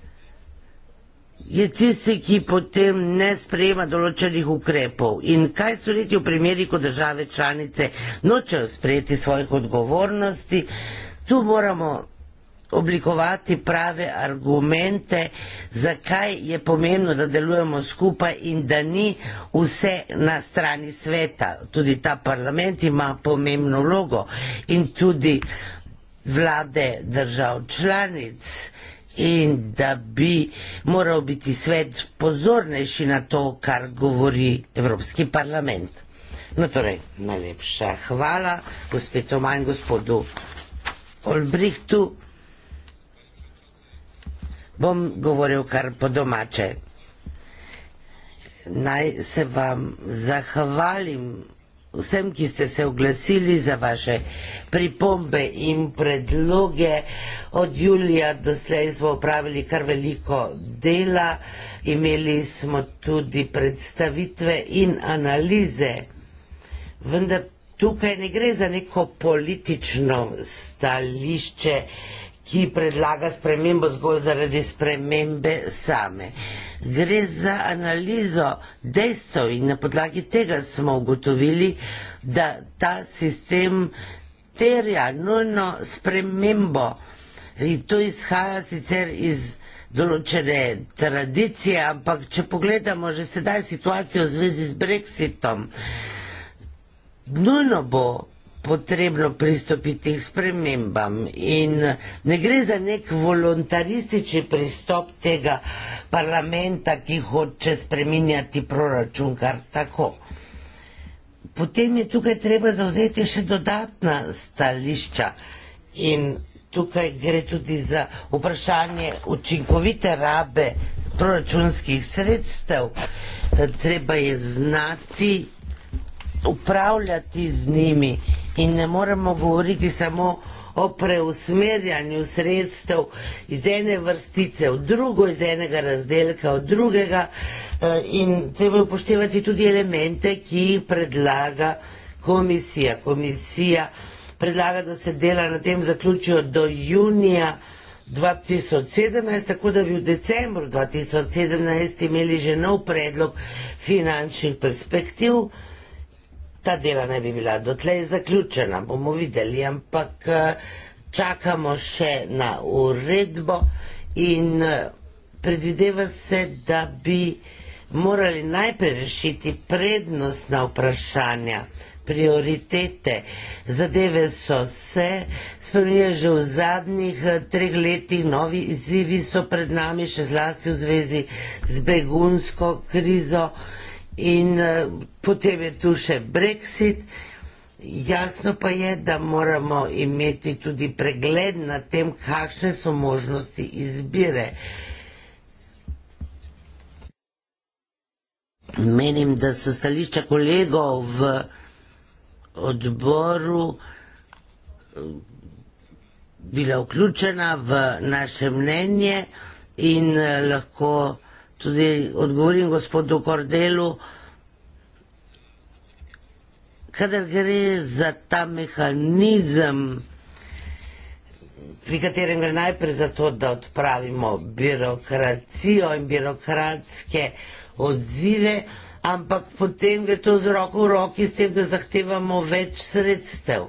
je tisti, ki potem ne sprejema določenih ukrepov. In kaj storiti v primeri, ko države članice nočejo sprejeti svojih odgovornosti? Tu moramo oblikovati prave argumente, zakaj je pomembno, da delujemo skupaj in da ni vse na strani sveta. Tudi ta parlament ima pomembno vlogo in tudi vlade držav članic in da bi moral biti svet pozornejši na to, kar govori Evropski parlament. No torej, najlepša hvala gospe Toma in gospodu Olbrihtu. Bom govoril kar po domače. Naj se vam zahvalim vsem, ki ste se oglasili za vaše pripombe in predloge. Od julija do slej smo opravili kar veliko dela, imeli smo tudi predstavitve in analize, vendar tukaj ne gre za neko politično stališče ki predlaga spremembo zgolj zaradi spremembe same. Gre za analizo dejstev in na podlagi tega smo ugotovili, da ta sistem terja nujno spremembo. In to izhaja sicer iz določene tradicije, ampak če pogledamo že sedaj situacijo v zvezi z brexitom, nujno bo potrebno pristopiti k spremembam in ne gre za nek voluntaristični pristop tega parlamenta, ki hoče spreminjati proračun kar tako. Potem je tukaj treba zauzeti še dodatna stališča in tukaj gre tudi za vprašanje učinkovite rabe proračunskih sredstev. Treba je znati upravljati z njimi in ne moremo govoriti samo o preusmerjanju sredstev iz ene vrstice v drugo, iz enega razdelka v drugega eh, in treba upoštevati tudi elemente, ki jih predlaga komisija. Komisija predlaga, da se dela na tem zaključijo do junija 2017, tako da bi v decembru 2017 imeli že nov predlog finančnih perspektiv, ta dela ne bi bila dotlej zaključena, bomo videli, ampak eh, čakamo še na uredbo in eh, predvideva se, da bi morali najprej rešiti prednostna vprašanja, prioritete. Zadeve so se spremljali že v zadnjih eh, treh letih, novi izzivi so pred nami, še zlasti v zvezi z begunsko krizo. In eh, potem je tu še Brexit. Jasno pa je, da moramo imeti tudi pregled na tem, kakšne so možnosti izbire. Menim, da so stališča kolegov v odboru eh, bila vključena v naše mnenje in eh, lahko tudi odgovorim gospodu Kordelu, kadar gre za ta mehanizem, pri katerem gre najprej za to, da odpravimo birokracijo in birokratske odzive, ampak potem gre to z roko v roki s tem, da zahtevamo več sredstev.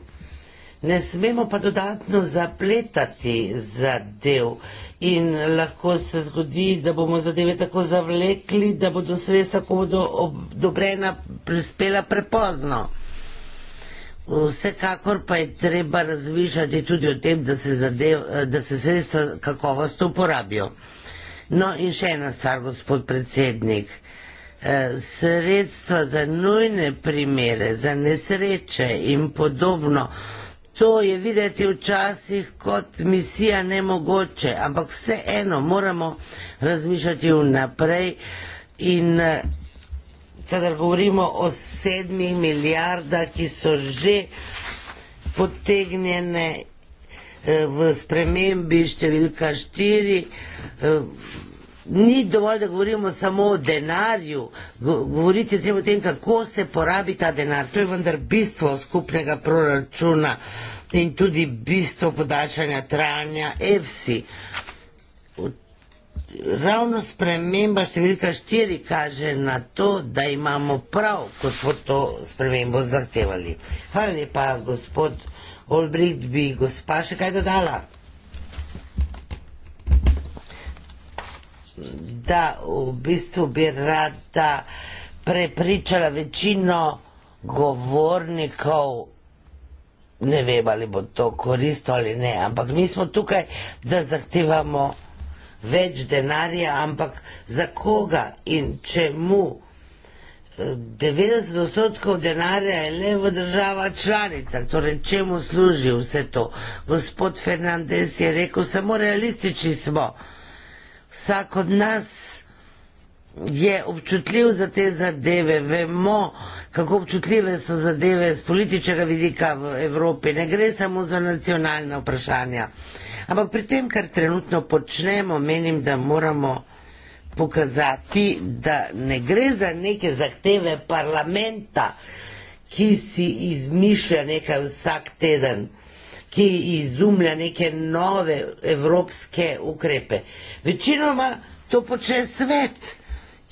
Ne smemo pa dodatno zapletati zadev in lahko se zgodi, da bomo zadeve tako zavlekli, da bodo sredstva, ko bodo odobrena, prispela prepozno. Vsekakor pa je treba razmišljati tudi o tem, da se, zadev, da se sredstva kakovostno uporabijo. No in še ena stvar, gospod predsednik. Eh, sredstva za nujne primere, za nesreče in podobno To je videti včasih kot misija nemogoče, ampak vseeno moramo razmišljati vnaprej. In eh, kadar govorimo o sedmih milijardah, ki so že potegnjene eh, v spremembi številka štiri, eh, ni dovolj, da govorimo samo o denarju, govoriti je treba o tem, kako se porabi ta denar. To je vendar bistvo skupnega proračuna in tudi bistvo podaljšanja trajanja EFSI. Ravno sprememba številka štiri kaže na to, da imamo prav, ko smo to spremembo zahtevali. Hvala lepa, gospod Olbrit, bi gospa še kaj dodala? da v bistvu bi rada prepričala večino govornikov, ne vem ali bo to koristo ali ne, ampak mi smo tukaj, da zahtevamo več denarja, ampak za koga in čemu? 90 eh, odstotkov denarja je le v država članica, torej čemu služi vse to? Gospod Fernandez je rekel, samo realistični smo vsak od nas je občutljiv za te zadeve, vemo, kako občutljive so zadeve z političnega vidika v Evropi. Ne gre samo za nacionalne vprašanja. Ampak pri tem, kar trenutno počnemo, menim, da moramo pokazati, da ne gre za neke zahteve parlamenta, ki si izmišlja nekaj vsak teden ki izumlja neke nove evropske ukrepe. Večinoma to počne svet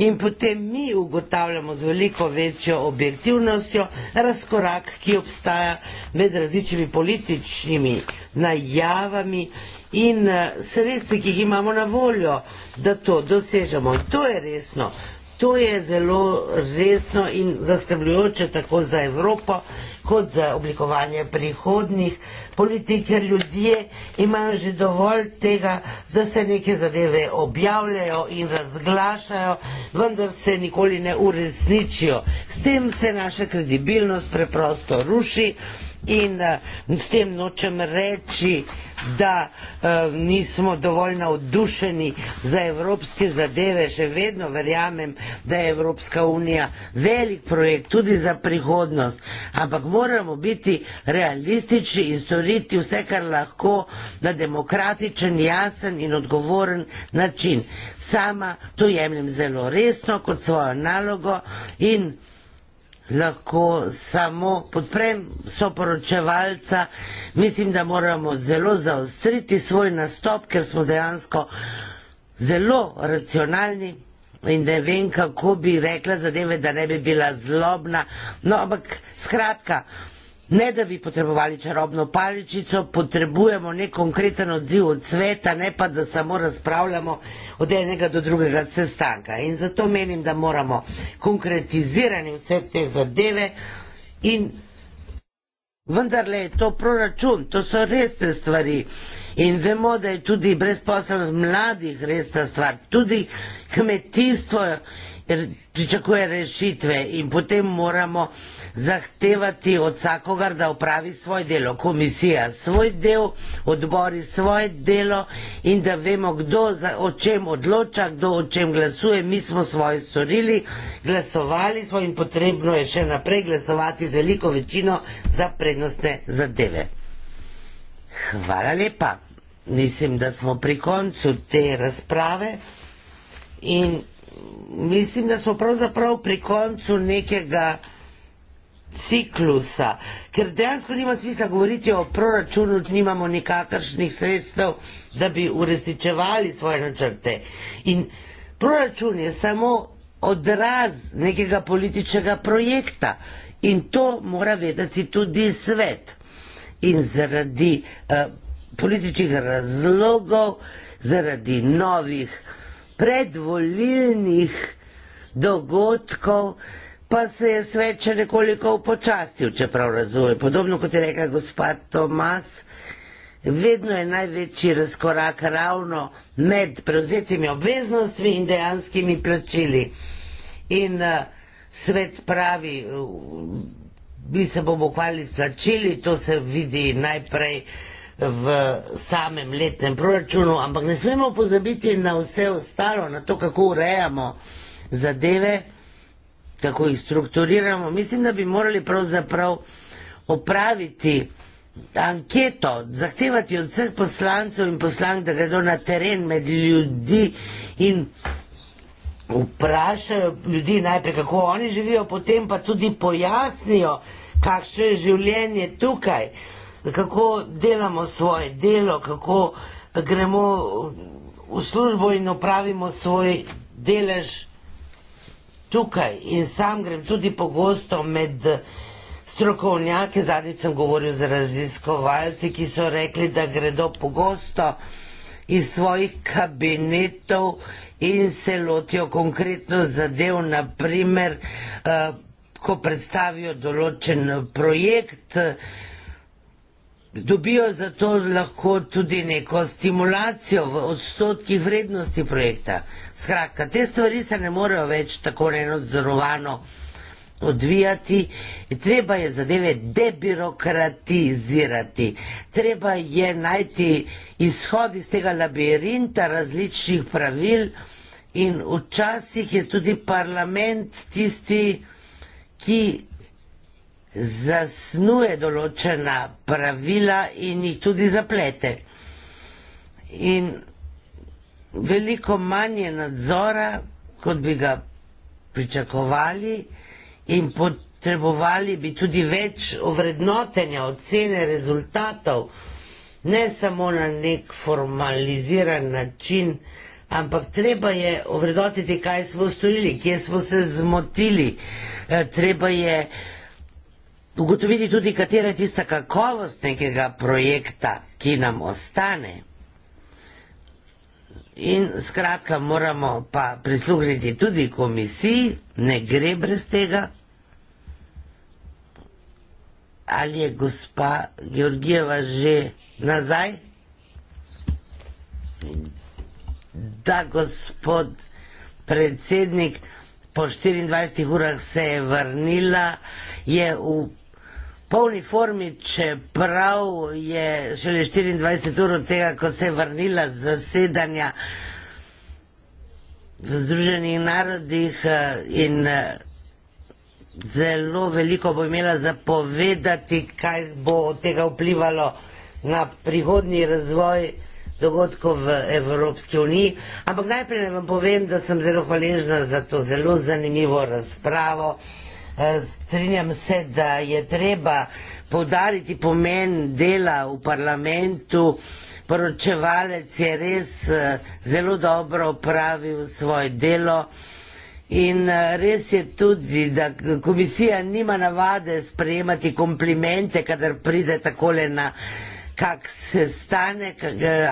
in potem mi ugotavljamo z veliko večjo objektivnostjo razkorak, ki obstaja med različnimi političnimi najavami in eh, sredstvi, ki jih imamo na voljo, da to dosežemo. In to je resno to je zelo resno in zastrbljujoče tako za Evropo, kot za oblikovanje prihodnih politik, ker ljudje imajo že dovolj tega, da se neke zadeve objavljajo in razglašajo, vendar se nikoli ne uresničijo. S tem se naša kredibilnost preprosto ruši in eh, s tem nočem reči, da eh, nismo dovoljno oddušeni za evropske zadeve, še vedno verjamem, da je Evropska unija velik projekt tudi za prihodnost, ampak moramo biti realistični in storiti vse, kar lahko na demokratičen, jasen in odgovoren način. Sama to jemljem zelo resno kot svojo nalogo in lahko samo podprem soporočevalca. Mislim, da moramo zelo zaostriti svoj nastop, ker smo dejansko zelo racionalni in ne vem, kako bi rekla zadeve, da ne bi bila zlobna. No, ampak skratka, Ne da bi potrebovali čarobno paličico, potrebujemo nek konkreten odziv od sveta, ne pa da samo razpravljamo od enega do drugega sestanka. In zato menim, da moramo konkretizirati vse te zadeve in vendarle je to proračun, to so resne stvari. In vemo, da je tudi brezposelnost mladih resna stvar. Tudi kmetijstvo pričakuje rešitve in potem moramo zahtevati od vsakogar, da opravi svoj delo, komisija svoj del, odbori svoje delo in da vemo, kdo za, o čem odloča, kdo o čem glasuje. Mi smo svoje storili, glasovali smo in potrebno je še naprej glasovati z veliko večino za prednostne zadeve. Hvala lepa. Mislim, da smo pri koncu te razprave. In mislim, da smo pravzaprav pri koncu nekega ciklusa, ker dejansko nima smisla govoriti o proračunu, če nimamo nikakršnih sredstev, da bi uresničevali svoje načrte. In proračun je samo odraz nekega političnega projekta in to mora vedeti tudi svet. In zaradi uh, političnih razlogov, zaradi novih uh, predvolilnih dogodkov, pa se je svet še nekoliko upočasnil, čeprav razumem. Podobno kot je rekla gospa Tomas, vedno je največji razkorak ravno med prevzetimi obveznostmi in dejanskimi plačili. In uh, svet pravi, uh, mi se bomo ukvarjali s plačili, to se vidi najprej v samem letnem proračunu, ampak ne smemo pozabiti na vse ostalo, na to, kako urejamo zadeve, kako jih strukturiramo. Mislim, da bi morali pravzaprav opraviti anketo, zahtevati od vseh poslancev in poslank, da gredo na teren med ljudi in vprašajo ljudi najprej, kako oni živijo, potem pa tudi pojasnijo, kakšno je življenje tukaj kako delamo svoje delo, kako gremo v službo in opravimo svoj delež tukaj. In sam grem tudi pogosto med strokovnjake, zadnjič sem govoril z raziskovalci, ki so rekli, da gredo pogosto iz svojih kabinetov in se lotijo konkretno zadev, naprimer, eh, ko predstavijo določen projekt, dobijo za to lahko tudi neko stimulacijo v odstotkih vrednosti projekta. Skratka, te stvari se ne morejo več tako nenadzorovano odvijati in treba je zadeve debirokratizirati. Treba je najti izhod iz tega labirinta različnih pravil in včasih je tudi parlament tisti, ki zasnuje določena pravila in jih tudi zaplete. In veliko manj je nadzora, kot bi ga pričakovali in potrebovali bi tudi več ovrednotenja ocene rezultatov, ne samo na nek formaliziran način, ampak treba je ovrednotiti, kaj smo storili, kje smo se zmotili, eh, treba je ugotoviti tudi, katera je tista kakovost nekega projekta, ki nam ostane. In skratka, moramo pa prisluhniti tudi komisiji, ne gre brez tega. Ali je gospa Georgijeva že nazaj? Da, gospod predsednik, po 24 urah se je vrnila, je v polni formi, čeprav je šele 24 ur od tega, ko se je vrnila z zasedanja v Združenih narodih eh, in eh, zelo veliko bo imela zapovedati, kaj bo od tega vplivalo na prihodni razvoj dogodkov v Evropski uniji. Ampak najprej naj vam povem, da sem zelo hvaležna za to zelo zanimivo razpravo. Eh, strinjam se, da je treba povdariti pomen dela v parlamentu. Poročevalec je res eh, zelo dobro opravil svoje delo. In eh, res je tudi, da komisija nima navade sprejemati komplimente, kadar pride takole na kak se stane,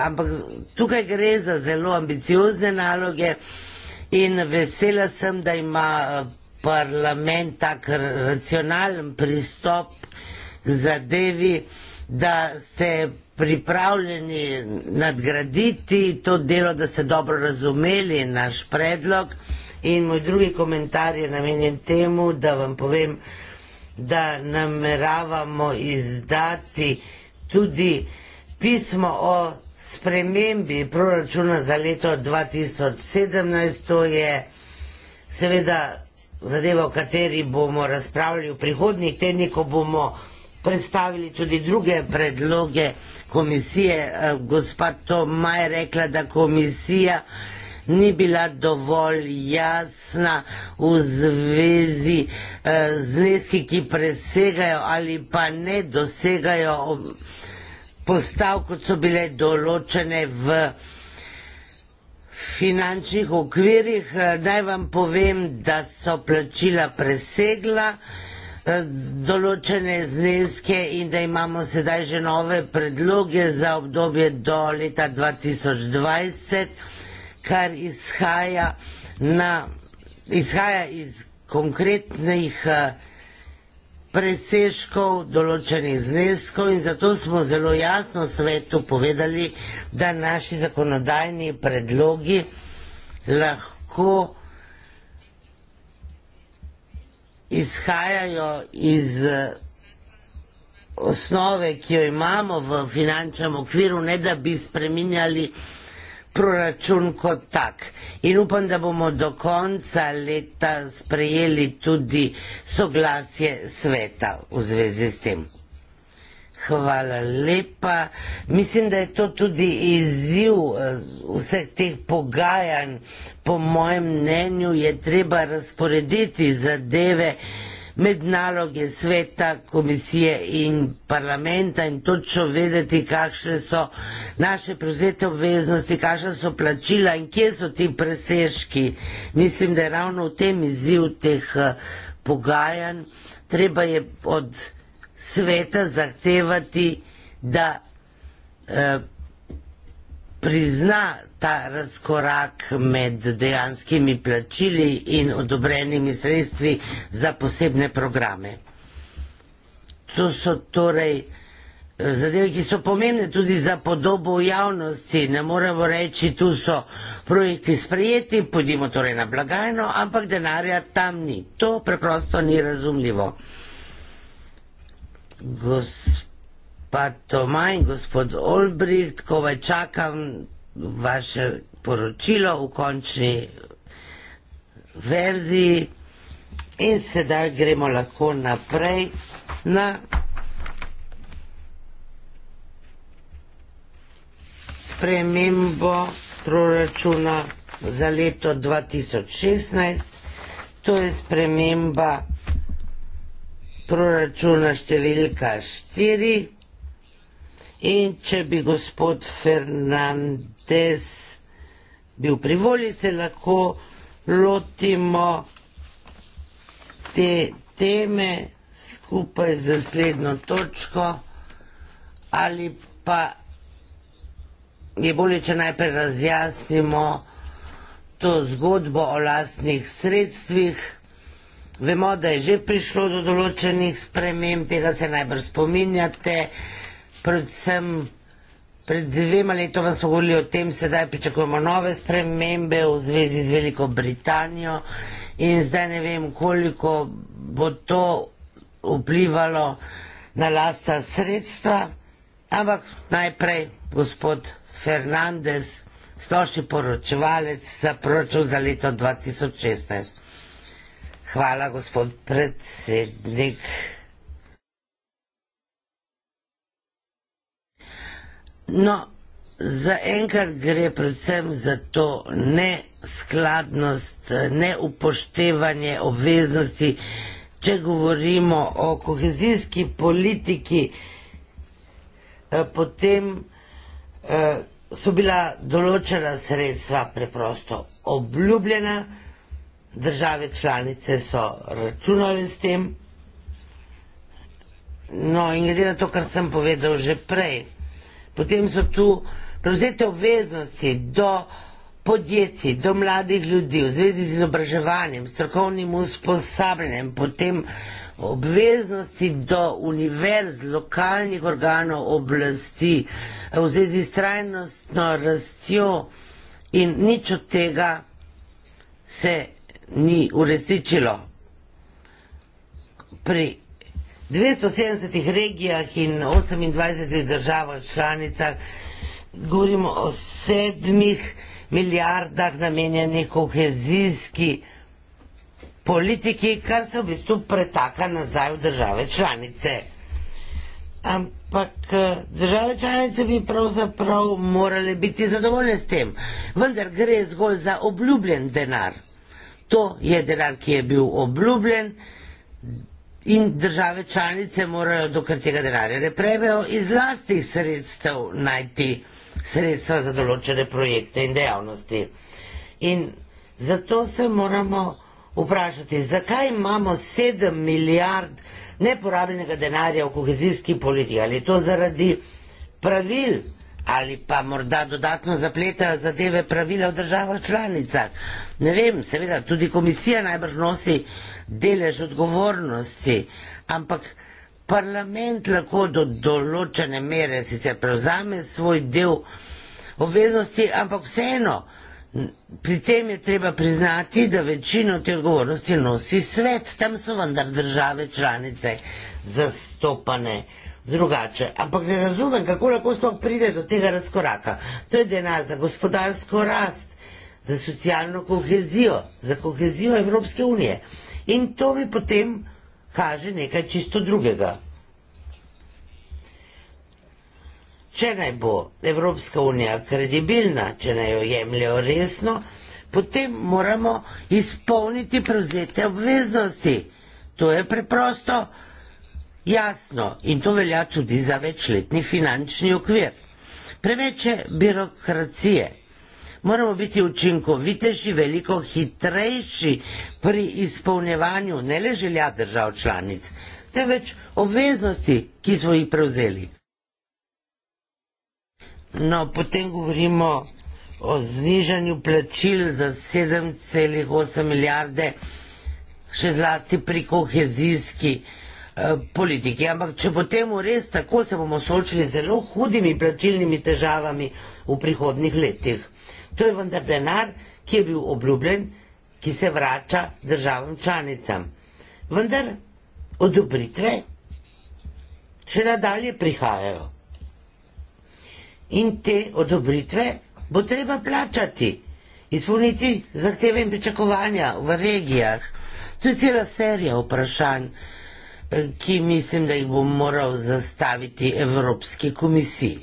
ampak tukaj gre za zelo ambiciozne naloge in vesela sem, da ima parlament tak racionalen pristop zadevi, da ste pripravljeni nadgraditi to delo, da ste dobro razumeli naš predlog. In moj drugi komentar je namenjen temu, da vam povem, da nameravamo izdati tudi pismo o spremembi proračuna za leto 2017. To je seveda zadeva, o kateri bomo razpravljali v prihodnjih tednih, ko bomo predstavili tudi druge predloge komisije. Eh, gospa Toma je rekla, da komisija ni bila dovolj jasna v zvezi eh, z neski, ki presegajo ali pa ne dosegajo postav, kot so bile določene v finančnih okvirih. Eh, naj vam povem, da so plačila presegla eh, določene zneske in da imamo sedaj že nove predloge za obdobje do leta 2020, kar izhaja, na, izhaja iz konkretnih uh, presežkov, določenih zneskov in zato smo zelo jasno svetu povedali, da naši zakonodajni predlogi lahko izhajajo iz eh, osnove, ki jo imamo v finančnem okviru, ne da bi spreminjali proračun kot tak. In upam, da bomo do konca leta sprejeli tudi soglasje sveta v zvezi s tem. Hvala lepa. Mislim, da je to tudi izziv eh, vseh teh pogajanj. Po mojem mnenju je treba razporediti zadeve med naloge sveta, komisije in parlamenta in točno vedeti, kakšne so naše prevzete obveznosti, kakšne so plačila in kje so ti presežki. Mislim, da je ravno v tem izziv teh eh, pogajanj. Treba je od sveta zahtevati, da eh, prizna ta razkorak med dejanskimi plačili in odobrenimi sredstvi za posebne programe. To so torej eh, zadeve, ki so pomembne tudi za podobo v javnosti. Ne moremo reči, tu so projekti sprejeti, pojdimo torej na blagajno, ampak denarja tam ni. To preprosto ni razumljivo. Gospod pa Tomaj, gospod Olbricht, ko ve čakam vaše poročilo v končni verziji in sedaj gremo lahko naprej na spremembo proračuna za leto 2016. To je sprememba proračuna številka 4. In če bi gospod Fernandez bil pri volji, se lahko lotimo te teme skupaj z naslednjo točko ali pa je bolje, če najprej razjasnimo to zgodbo o lastnih sredstvih. Vemo, da je že prišlo do določenih sprememb, tega se najbrž spominjate predvsem pred dvema letoma smo govorili o tem, sedaj pričakujemo nove spremembe v zvezi z Veliko Britanijo in zdaj ne vem, koliko bo to vplivalo na lasta sredstva, ampak najprej gospod Fernandez, splošni poročevalec za proračun za leto 2016. Hvala, gospod predsednik. No, za enkrat gre predvsem za to neskladnost, neupoštevanje obveznosti, če govorimo o kohezijski politiki, eh, potem eh, so bila določena sredstva preprosto obljubljena, države članice so računali s tem. No, in glede na to, kar sem povedal že prej, potem so tu prevzete obveznosti do podjetij, do mladih ljudi v zvezi z izobraževanjem, strokovnim usposabljanjem, potem obveznosti do univerz, lokalnih organov oblasti v zvezi s trajnostno rastjo in nič od tega se ni uresničilo. Pri 270 regijah in 28 državah članicah govorimo o sedmih milijardah namenjenih kohezijski politiki, kar se v bistvu pretaka nazaj v države članice. Ampak eh, države članice bi pravzaprav morale biti zadovoljne s tem, vendar gre zgolj za obljubljen denar. To je denar, ki je bil obljubljen in države članice morajo dokaj tega denarja ne prebejo iz vlastnih sredstev najti sredstva za določene projekte in dejavnosti. In zato se moramo vprašati, zakaj imamo 7 milijard neporabljenega denarja v kohezijski politiki. Ali je to zaradi pravil ali pa morda dodatno zapleta zadeve pravila v državah članicah. Ne vem, seveda tudi komisija najbrž nosi delež odgovornosti, ampak parlament lahko do določene mere sicer prevzame svoj del obveznosti, ampak vseeno pri tem je treba priznati, da večino te odgovornosti nosi svet, tam so vendar države članice zastopane drugače. Ampak ne razumem, kako lahko sploh pride do tega razkoraka. To je denar za gospodarsko rast, za socialno kohezijo, za kohezijo Evropske unije. In to mi potem kaže nekaj čisto drugega. Če naj bo Evropska unija kredibilna, če naj jo jemljajo resno, potem moramo izpolniti prevzete obveznosti. To je preprosto jasno in to velja tudi za večletni finančni okvir. Preveč je birokracije, moramo biti učinkovitejši, veliko hitrejši pri izpolnjevanju ne le želja držav članic, temveč obveznosti, ki smo jih prevzeli. No, potem govorimo o znižanju plačil za 7,8 milijarde, še zlasti pri kohezijski eh, politiki. Ampak, če bo temu res tako, se bomo soočili z zelo hudimi plačilnimi težavami v prihodnih letih. To je vendar denar, ki je bil obljubljen, ki se vrača državam članicam. Vendar odobritve še nadalje prihajajo. In te odobritve bo treba plačati, izpolniti zahteve in pričakovanja v regijah. To je cela serija vprašanj, eh, ki mislim, da jih bom moral zastaviti Evropski komisiji.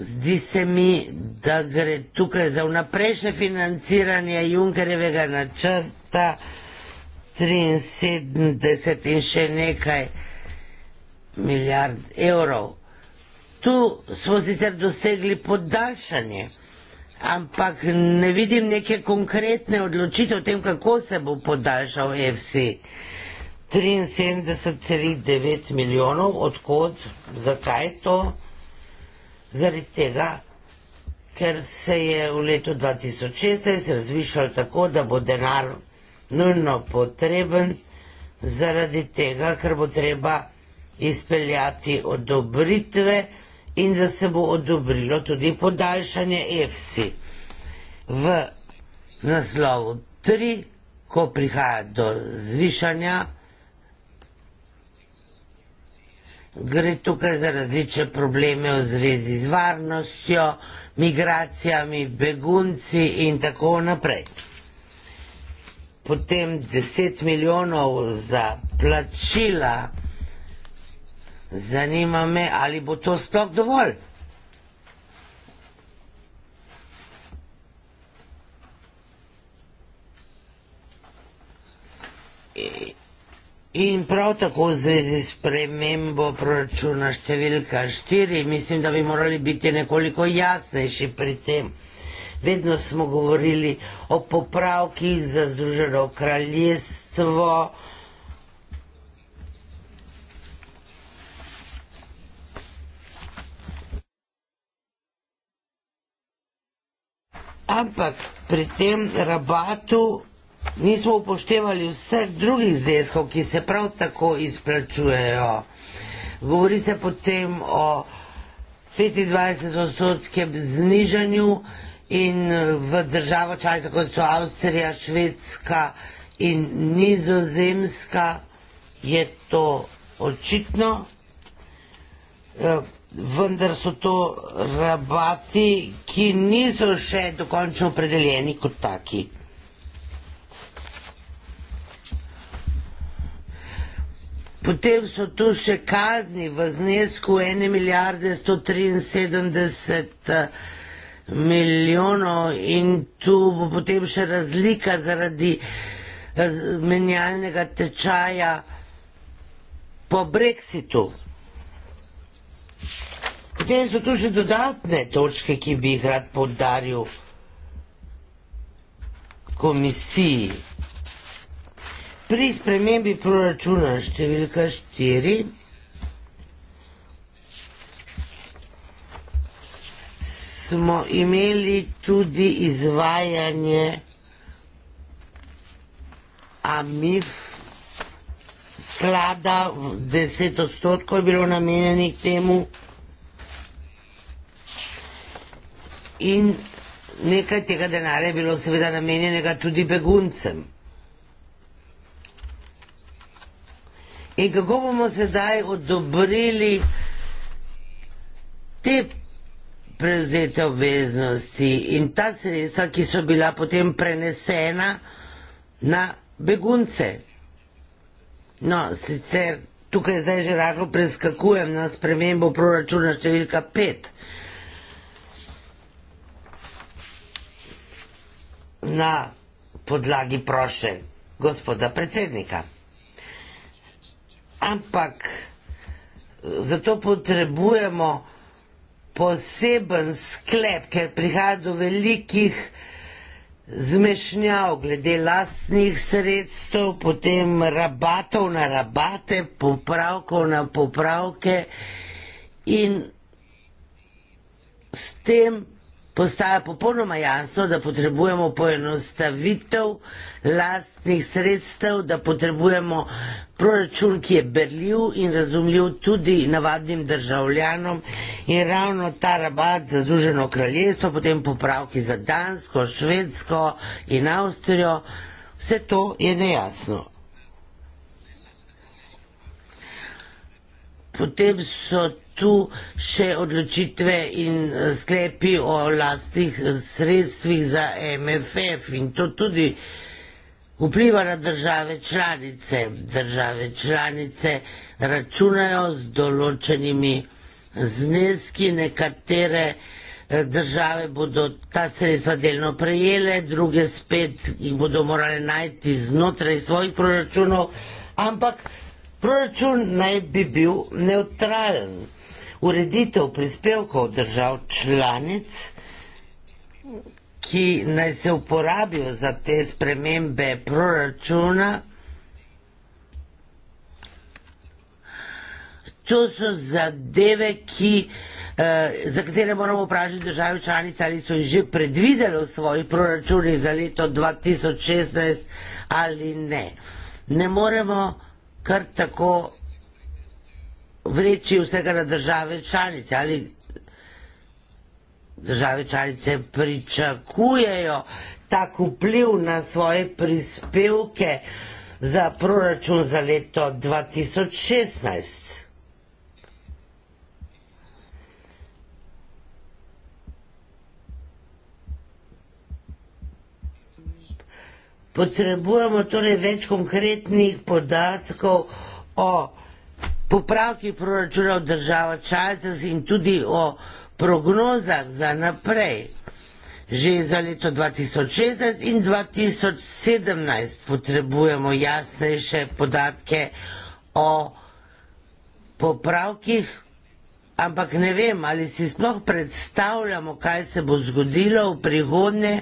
Zdi se mi, da gre tukaj za vnaprejšnje financiranje Junkerjevega načrta 73 in še nekaj milijard evrov. Tu smo sicer dosegli podaljšanje, ampak ne vidim neke konkretne odločitev o tem, kako se bo podaljšal FC. 73,9 milijonov, odkot, zakaj to? zaradi tega, ker se je v letu 2016 razmišljalo tako, da bo denar nujno potreben, zaradi tega, ker bo treba izpeljati odobritve in da se bo odobrilo tudi podaljšanje EFSI. V naslovu 3, ko prihaja do zvišanja, gre tukaj za različne probleme v zvezi z varnostjo, migracijami, begunci in tako naprej. Potem 10 milijonov za plačila, zanima me, ali bo to sploh dovolj. In e, In prav tako v zvezi s premembo proračuna številka 4, mislim, da bi morali biti nekoliko jasnejši pri tem. Vedno smo govorili o popravkih za Združeno kraljestvo. Ampak pri tem rabatu nismo upoštevali vseh drugih zneskov, ki se prav tako izplačujejo. Govori se potem o 25-odstotkem znižanju in v državo članice, kot so Avstrija, Švedska in Nizozemska, je to očitno. E, vendar so to rabati, ki niso še dokončno opredeljeni kot taki. Potem so tu še kazni v znesku 1 milijarde 173 eh, milijonov in tu bo potem še razlika zaradi eh, menjalnega tečaja po brexitu. Potem so tu še dodatne točke, ki bi jih rad podaril komisiji. Pri spremembi proračuna številka 4 smo imeli tudi izvajanje AMIF sklada, 10 odstotkov je bilo namenjenih temu in nekaj tega denarja je bilo seveda namenjenega tudi beguncem. In kako bomo sedaj odobrili te prevzete obveznosti in ta sredstva, ki so bila potem prenesena na begunce. No, sicer tukaj zdaj že rahlo preskakujem na spremembo proračuna številka 5. Na podlagi prošle gospoda predsednika ampak zato potrebujemo poseben sklep, ker prihaja do velikih zmešnjav glede lastnih sredstev, potem rabatov na rabate, popravkov na popravke in s tem postaja popolnoma jasno, da potrebujemo poenostavitev lastnih sredstev, da potrebujemo proračun, ki je berljiv in razumljiv tudi navadnim državljanom in ravno ta rabat za Združeno kraljestvo, potem popravki za Dansko, Švedsko in Avstrijo, vse to je nejasno. Potem so tu še odločitve in eh, sklepi o lastnih eh, sredstvih za MFF in to tudi vpliva na države članice. Države članice računajo z določenimi zneski, nekatere eh, države bodo ta sredstva delno prejele, druge spet jih bodo morali najti znotraj svojih proračunov, ampak proračun naj bi bil neutralen ureditev prispevkov držav članic, ki naj se uporabijo za te spremembe proračuna. To so zadeve, ki, eh, za katere moramo vprašati države članice, ali so jih že predvidele v svojih proračunih za leto 2016 ali ne. Ne moremo kar tako vreči vsega na države članice ali države članice pričakujejo tak vpliv na svoje prispevke za proračun za leto 2016. Potrebujemo torej več konkretnih podatkov o popravki proračunov država članica in tudi o prognozah za naprej, že za leto 2016 in 2017 potrebujemo jasnejše podatke o popravkih, ampak ne vem, ali si sploh predstavljamo, kaj se bo zgodilo v prihodnje,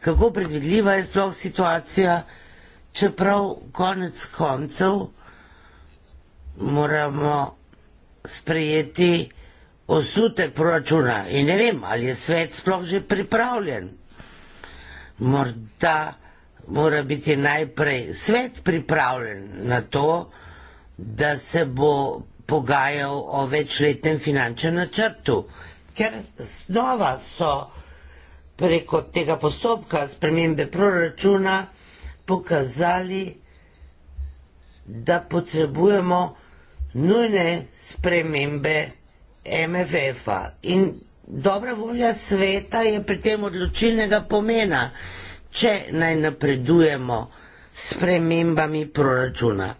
kako predvidljiva je sploh situacija, čeprav konec koncev moramo sprejeti osutek proračuna in ne vem, ali je svet sploh že pripravljen. Morda mora biti najprej svet pripravljen na to, da se bo pogajal o večletnem finančnem načrtu, ker znova so preko tega postopka spremembe proračuna pokazali, da potrebujemo nujne spremembe MFF-a. In dobra volja sveta je pri tem odločilnega pomena, če naj napredujemo s premembami proračuna.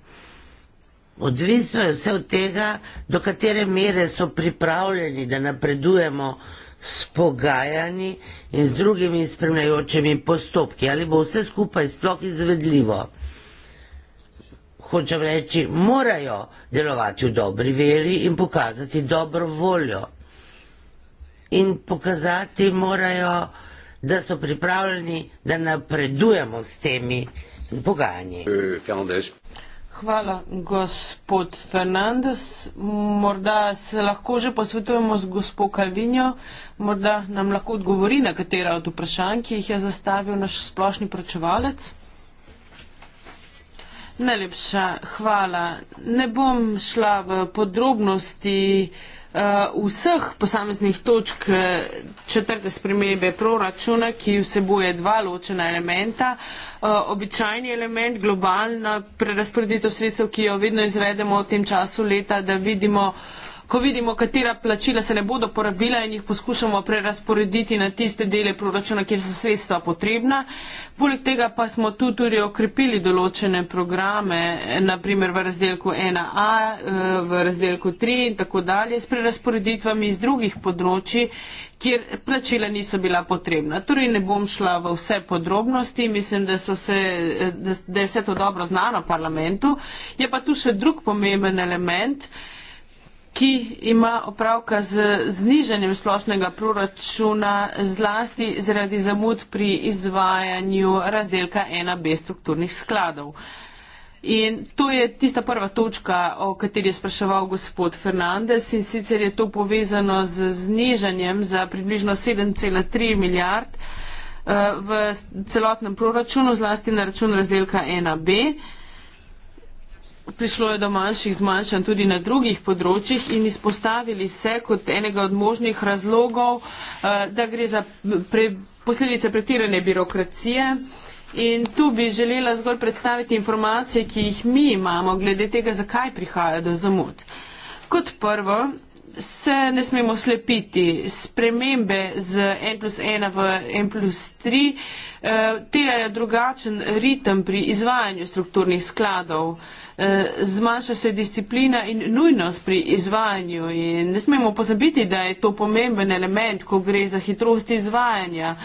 Odvisno je vse od tega, do katere mere so pripravljeni, da napredujemo s pogajanji in z drugimi spremljajočimi postopki, ali bo vse skupaj sploh izvedljivo hočem reči, morajo delovati v dobri veri in pokazati dobro voljo. In pokazati morajo, da so pripravljeni, da napredujemo s temi pogajanji. E, Hvala, gospod Fernandez. Morda se lahko že posvetujemo z gospod Kalvinjo, morda nam lahko odgovori na katera od vprašanj, ki jih je zastavil naš splošni pročevalec. Najlepša hvala. Ne bom šla v podrobnosti uh, vseh posameznih točk eh, četrte spremembe proračuna, ki vseboje dva ločena elementa. Uh, običajni element, globalna prerasporeditev sredstev, ki jo vedno izvedemo v tem času leta, da vidimo, uh, ko vidimo, katera plačila se ne bodo porabila in jih poskušamo prerasporediti na tiste dele proračuna, kjer so sredstva potrebna. Poleg tega pa smo tu tudi okrepili določene programe, naprimer v razdelku 1A, eh, v razdelku 3 in tako dalje, s prerasporeditvami iz drugih področji, kjer plačila niso bila potrebna. Torej ne bom šla v vse podrobnosti, mislim, da, se, eh, da je vse to dobro znano parlamentu. Je pa tu še drug pomemben element ki ima opravka z zniženjem splošnega proračuna, zlasti zaradi zamud pri izvajanju razdelka 1B strukturnih skladov. In to je tista prva točka, o kateri je spraševal gospod Fernandez in sicer je to povezano z zniženjem za približno 7,3 milijard eh, v celotnem proračunu, zlasti na račun razdelka 1B prišlo je do manjših zmanjšanj tudi na drugih področjih in izpostavili se kot enega od možnih razlogov, eh, da gre za pre, posledice pretirane birokracije. In tu bi želela zgolj predstaviti informacije, ki jih mi imamo glede tega, zakaj prihaja do zamud. Kot prvo, se ne smemo slepiti spremembe z N plus 1 v N plus 3, eh, terajo drugačen ritem pri izvajanju strukturnih skladov. Eh, zmanjša se disciplina in nujnost pri izvajanju. In ne smemo pozabiti, da je to pomemben element, ko gre za hitrost izvajanja.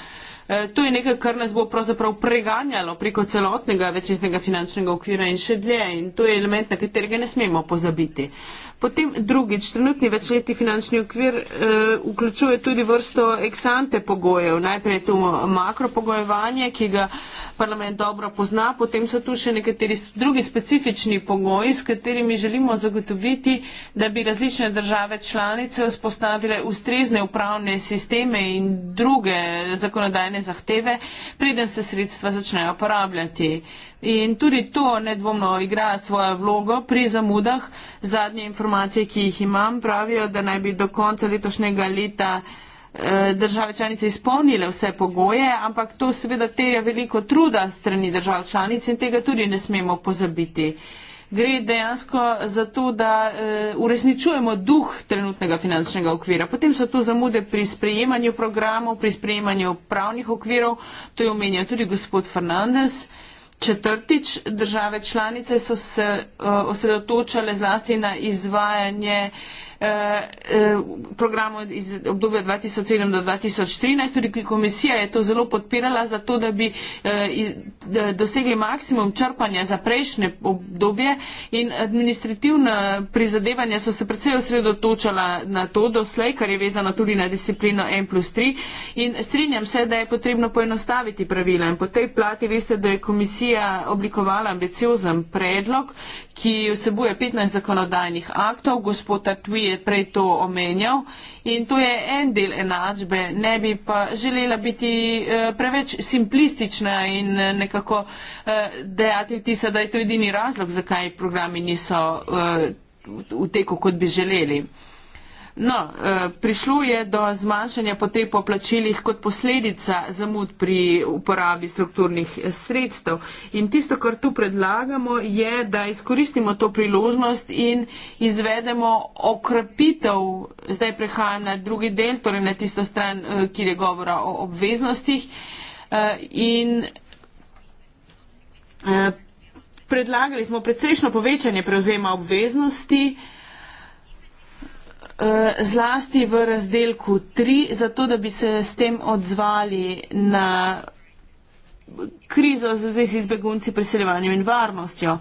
Eh, to je nekaj, kar nas bo pravzaprav preganjalo preko celotnega večjetnega finančnega okvira in še dlje in to je element, na katerega ne smemo pozabiti. Potem drugič, trenutni večjetni finančni okvir eh, vključuje tudi vrsto eksante pogojev. Najprej je to makropogojevanje, ki ga eh, parlament dobro pozna. Potem so tu še nekateri drugi specifični pogoji, s katerimi želimo zagotoviti, da bi različne države članice vzpostavile ustrezne upravne sisteme in druge zakonodajne zahteve, preden se sredstva začnejo uporabljati. In tudi to nedvomno igra svojo vlogo pri zamudah. Zadnje informacije, ki jih imam, pravijo, da naj bi do konca letošnjega leta Eh, države članice izpolnile vse pogoje, ampak to seveda terja veliko truda strani držav članic in tega tudi ne smemo pozabiti. Gre dejansko za to, da eh, uresničujemo duh trenutnega finančnega okvira. Potem so to zamude pri sprejemanju programov, pri sprejemanju pravnih okvirov, to je omenjal tudi gospod Fernandez. Četrtič, države članice so se eh, osredotočale zlasti na izvajanje uh, programu iz obdobja 2007 do 2013. Tudi komisija je to zelo podpirala, zato da bi eh, dosegli maksimum črpanja za prejšnje obdobje in administrativna prizadevanja so se predvsej osredotočala na to doslej, kar je vezano tudi na disciplino M plus 3 in strinjam se, da je potrebno poenostaviti pravila in po tej plati veste, da je komisija oblikovala ambiciozen predlog, ki vsebuje 15 zakonodajnih aktov, gospod Tatuje je prej to omenjal. In to je en del enačbe. Ne bi pa želela biti eh, preveč simplistična in eh, nekako eh, dejati vtisa, da je to edini razlog, zakaj programi niso v teku, kot bi želeli. No, eh, prišlo je do zmanjšanja potreb po plačilih kot posledica zamud pri uporabi strukturnih eh, sredstev. In tisto, kar tu predlagamo, je, da izkoristimo to priložnost in izvedemo okrepitev, zdaj prehaja na drugi del, torej na tisto stran, eh, kjer je govora o obveznostih. In predlagali smo precejšno povečanje prevzema obveznosti. Eh, zlasti v razdelku 3, zato da bi se s tem odzvali na krizo z vzesi z begunci, preseljevanjem in varnostjo.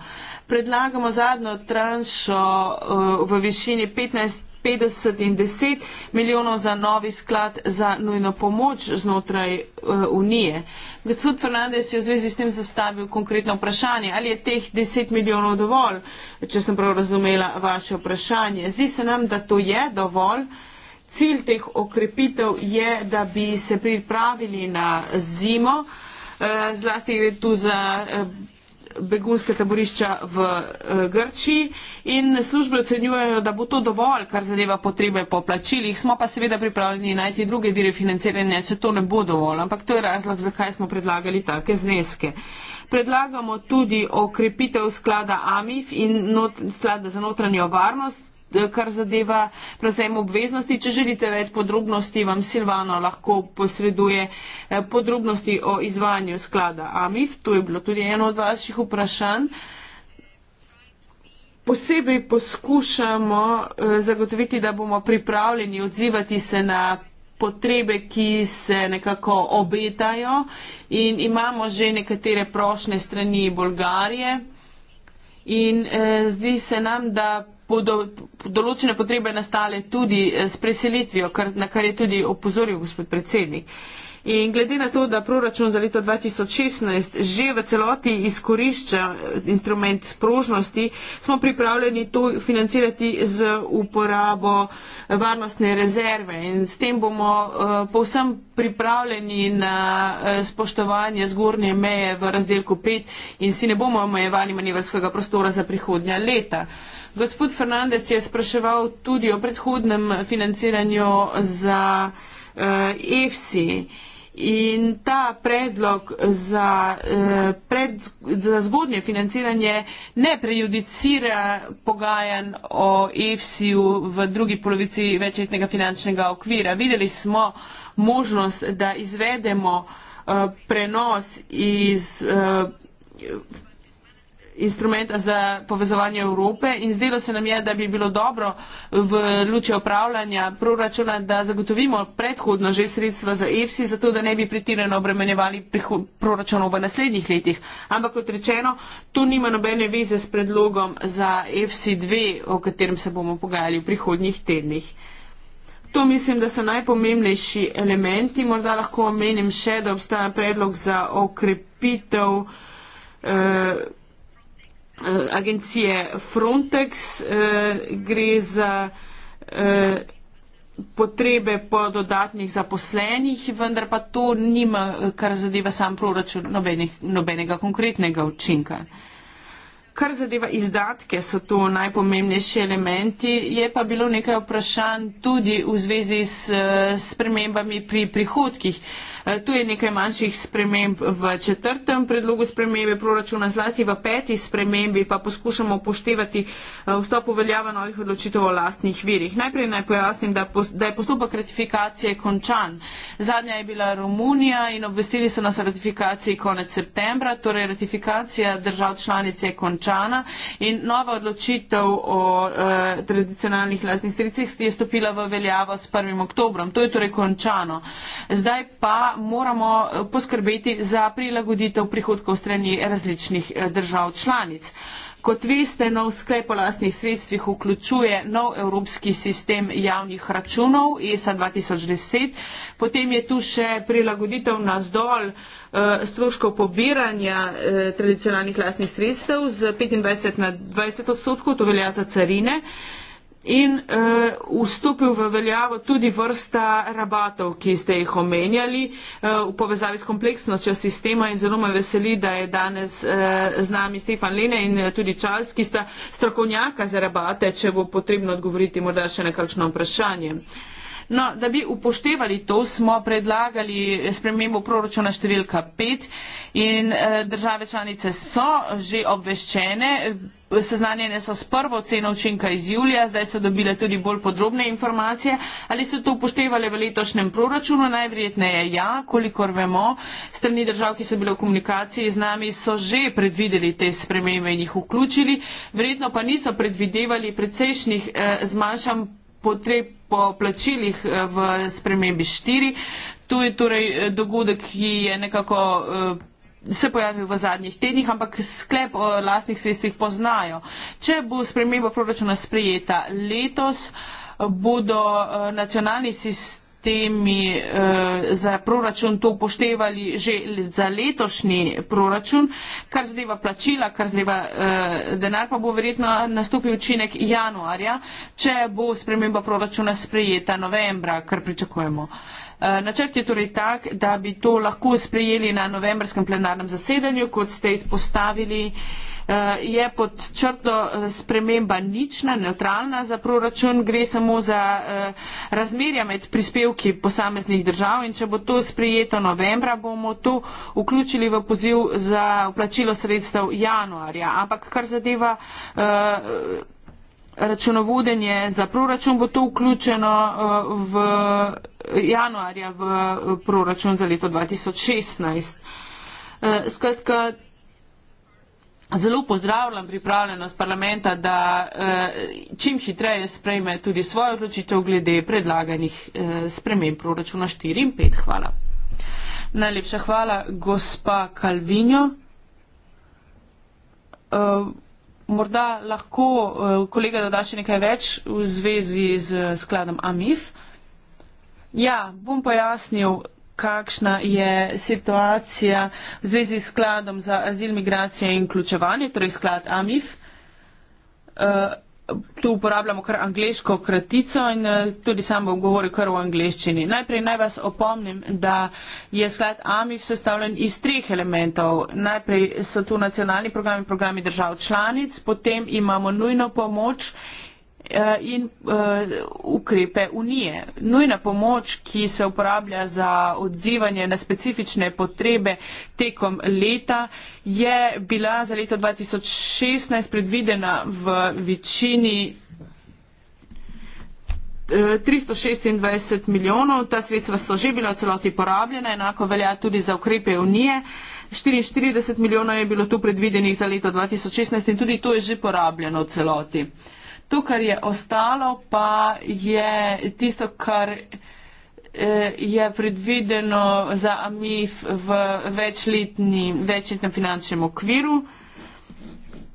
Predlagamo zadnjo tranšo eh, v višini 15 50 in 10 milijonov za novi sklad za nujno pomoč znotraj uh, Unije. Gospod Fernandez je v zvezi s tem zastavil konkretno vprašanje, ali je teh 10 milijonov dovolj, če sem prav razumela vaše vprašanje. Zdi se nam, da to je dovolj. Cilj teh okrepitev je, da bi se pripravili na zimo, uh, zlasti gre tu za. Uh, begunske taborišča v eh, Grčiji in službe ocenjujejo, da bo to dovolj, kar zadeva potrebe po plačilih. Smo pa seveda pripravljeni najti druge vire financiranja, če to ne bo dovolj. Ampak to je razlog, zakaj smo predlagali take zneske. Predlagamo tudi okrepitev sklada AMIF in not, sklada za notranjo varnost, kar zadeva prevzem obveznosti. Če želite več podrobnosti, vam Silvano lahko posreduje eh, podrobnosti o izvajanju sklada AMIF. To je bilo tudi eno od vaših vprašanj. Posebej poskušamo eh, zagotoviti, da bomo pripravljeni odzivati se na potrebe, ki se nekako obetajo in imamo že nekatere prošne strani Bolgarije in eh, zdi se nam, da bodo določene potrebe nastale tudi eh, s preselitvijo, na kar je tudi opozoril gospod predsednik. In glede na to, da proračun za leto 2016 že v celoti izkorišča eh, instrument sprožnosti, smo pripravljeni to financirati z uporabo eh, varnostne rezerve in s tem bomo uh, povsem pripravljeni na uh, spoštovanje zgornje meje v razdelku 5 in si ne bomo omejevali manjvrskega prostora za prihodnja leta. Uh, Gospod Fernandez je spraševal tudi o predhodnem financiranju za uh, eh, EFSI in ta predlog za, uh, pred, za zgodnje financiranje ne prejudicira pogajan o EFSI-ju v drugi polovici večletnega finančnega okvira. Videli smo možnost, da izvedemo uh, prenos iz. Uh, instrumenta za povezovanje Evrope in zdelo se nam je, da bi bilo dobro v luči opravljanja proračuna, da zagotovimo predhodno že sredstva za EFSI, zato da ne bi pretirano obremenjevali proračunov v naslednjih letih. Ampak kot rečeno, to nima nobene veze s predlogom za EFSI 2, o katerem se bomo pogajali v prihodnjih tednih. To mislim, da so najpomembnejši elementi. Morda lahko omenim še, da obstaja predlog za okrepitev eh, Eh, agencije Frontex, eh, gre za eh, potrebe po dodatnih zaposlenih, vendar pa to nima, kar zadeva sam proračun, nobenih, nobenega konkretnega učinka. Kar zadeva izdatke, so to najpomembnejši elementi, je pa bilo nekaj vprašanj tudi v zvezi s spremembami pri prihodkih. Eh, tu je nekaj manjših sprememb v četrtem predlogu spremembe proračuna, zlasti v peti spremembi pa poskušamo upoštevati eh, vstop v veljavo novih odločitev o lastnih virih. Najprej naj pojasnim, da je postopek ratifikacije končan. Zadnja je bila Romunija in obvestili so nas o ratifikaciji konec septembra, torej ratifikacija držav članic je končana in nova odločitev o eh, tradicionalnih lastnih sredstvih je stopila v veljavo s 1. oktobrom. To je torej končano. Zdaj pa moramo eh, poskrbeti za prilagoditev prihodkov strani različnih eh, držav članic. Kot veste, nov sklep o lastnih sredstvih vključuje nov evropski sistem javnih računov ESA 2010, potem je tu še prilagoditev na zdol eh, stroškov pobiranja tradicionalnih lastnih sredstev z 25 na 20 odstotkov, to velja za carine in uh, vstopil v veljavo tudi vrsta rabatov, ki ste jih omenjali uh, v povezavi s kompleksnostjo sistema in zelo me veseli, da je danes uh, z nami Stefan Lene in uh, tudi Čas, ki sta strokovnjaka za rabate, če bo potrebno odgovoriti morda še na kakšno vprašanje. Uh, No, da bi upoštevali to, smo predlagali spremembo proračuna številka 5 in eh, države članice so že obveščene. Seznanjene so s prvo ceno učinka iz julija, zdaj so dobile tudi bolj podrobne informacije. Ali so to upoštevali v letošnjem proračunu? Najverjetneje ja, kolikor vemo. Strani držav, ki so bile v komunikaciji z nami, so že predvideli te spremembe in jih vključili. Verjetno pa niso predvidevali precejšnjih eh, zmanjšanj potreb po plačilih eh, v spremembi štiri. To je torej eh, dogodek, ki je nekako eh, se pojavil v zadnjih tednih, ampak sklep o lastnih sredstvih poznajo. Če bo sprememba proračuna sprejeta letos, bodo nacionalni sistemi temi uh, za proračun to upoštevali že za letošnji proračun, kar zdeva plačila, kar zdeva uh, eh, denar, pa bo verjetno nastopil učinek januarja, če bo sprememba proračuna sprejeta novembra, kar pričakujemo. Eh, načrt je torej tak, da bi to lahko sprejeli na novembrskem plenarnem zasedanju, kot ste izpostavili. Uh, Eh, je pod črto eh, sprememba nična, neutralna za proračun, gre samo za eh, razmerja med prispevki posameznih držav in če bo to sprijeto novembra, bomo to vključili v poziv za vplačilo sredstev januarja. Ampak kar zadeva računovodenje za proračun, bo to vključeno v januarja v proračun za leto 2016. Skratka, zelo pozdravljam pripravljenost parlamenta, da eh, čim hitreje sprejme tudi svojo odločitev glede predlaganih eh, sprememb proračuna 4 in 5. Hvala. Najlepša hvala, gospa Kalvinjo. Eh, morda lahko kolega doda še nekaj več v zvezi z skladom AMIF. Ja, bom pojasnil kakšna je situacija v zvezi s skladom za azil, migracije in vključevanje, torej sklad AMIF. Eh, tu uporabljamo kar angliško kratico in eh, tudi sam bom govoril kar v angliščini. Najprej naj vas opomnim, da je sklad AMIF sestavljen iz treh elementov. Najprej so tu nacionalni programi, programi držav članic, potem imamo nujno pomoč Eh, in eh, ukrepe unije. Nujna pomoč, ki se uporablja za odzivanje na specifične potrebe tekom leta, je bila za leto 2016 predvidena v večini 326 milijonov, ta sredstva so že bila celoti porabljena, enako velja tudi za ukrepe unije. 44 milijonov je bilo tu predvidenih za leto 2016 in tudi to je že porabljeno v celoti. To, kar je ostalo, pa je tisto, kar eh, je predvideno za AMIF v večletnem finančnem okviru.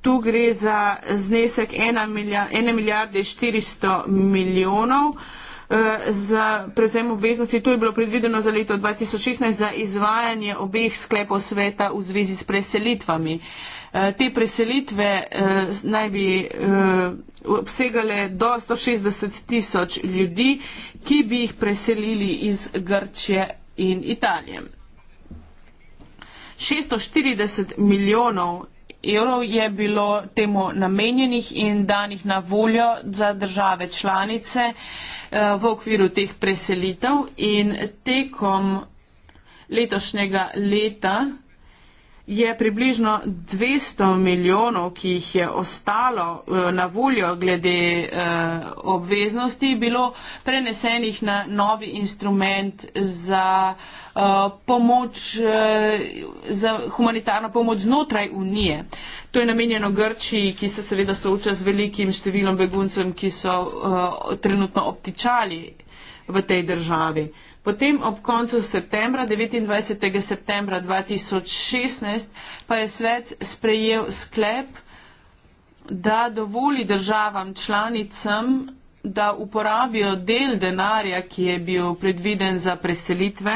Tu gre za znesek 1 milijarde, 1 milijarde 400 milijonov eh, za prevzem obveznosti. To je bilo predvideno za leto 2016 za izvajanje obeh sklepov sveta v zvezi s preselitvami. Eh, te preselitve eh, naj bi obsegale do 160 tisoč ljudi, ki bi jih preselili iz Grčije in Italije. 640 milijonov evrov je bilo temu namenjenih in danih na voljo za države članice eh, v okviru teh preselitev in tekom letošnjega leta je približno 200 milijonov, ki jih je ostalo eh, na voljo glede eh, obveznosti, bilo prenesenih na novi instrument za, eh, pomoč, za humanitarno pomoč znotraj Unije. To je namenjeno Grčiji, ki se seveda sooča z velikim številom beguncem, ki so trenutno obtičali v tej državi. Potem ob koncu septembra, 29. septembra 2016, pa je svet sprejel sklep, da dovoli državam članicam, da uporabijo del denarja, ki je bil predviden za preselitve,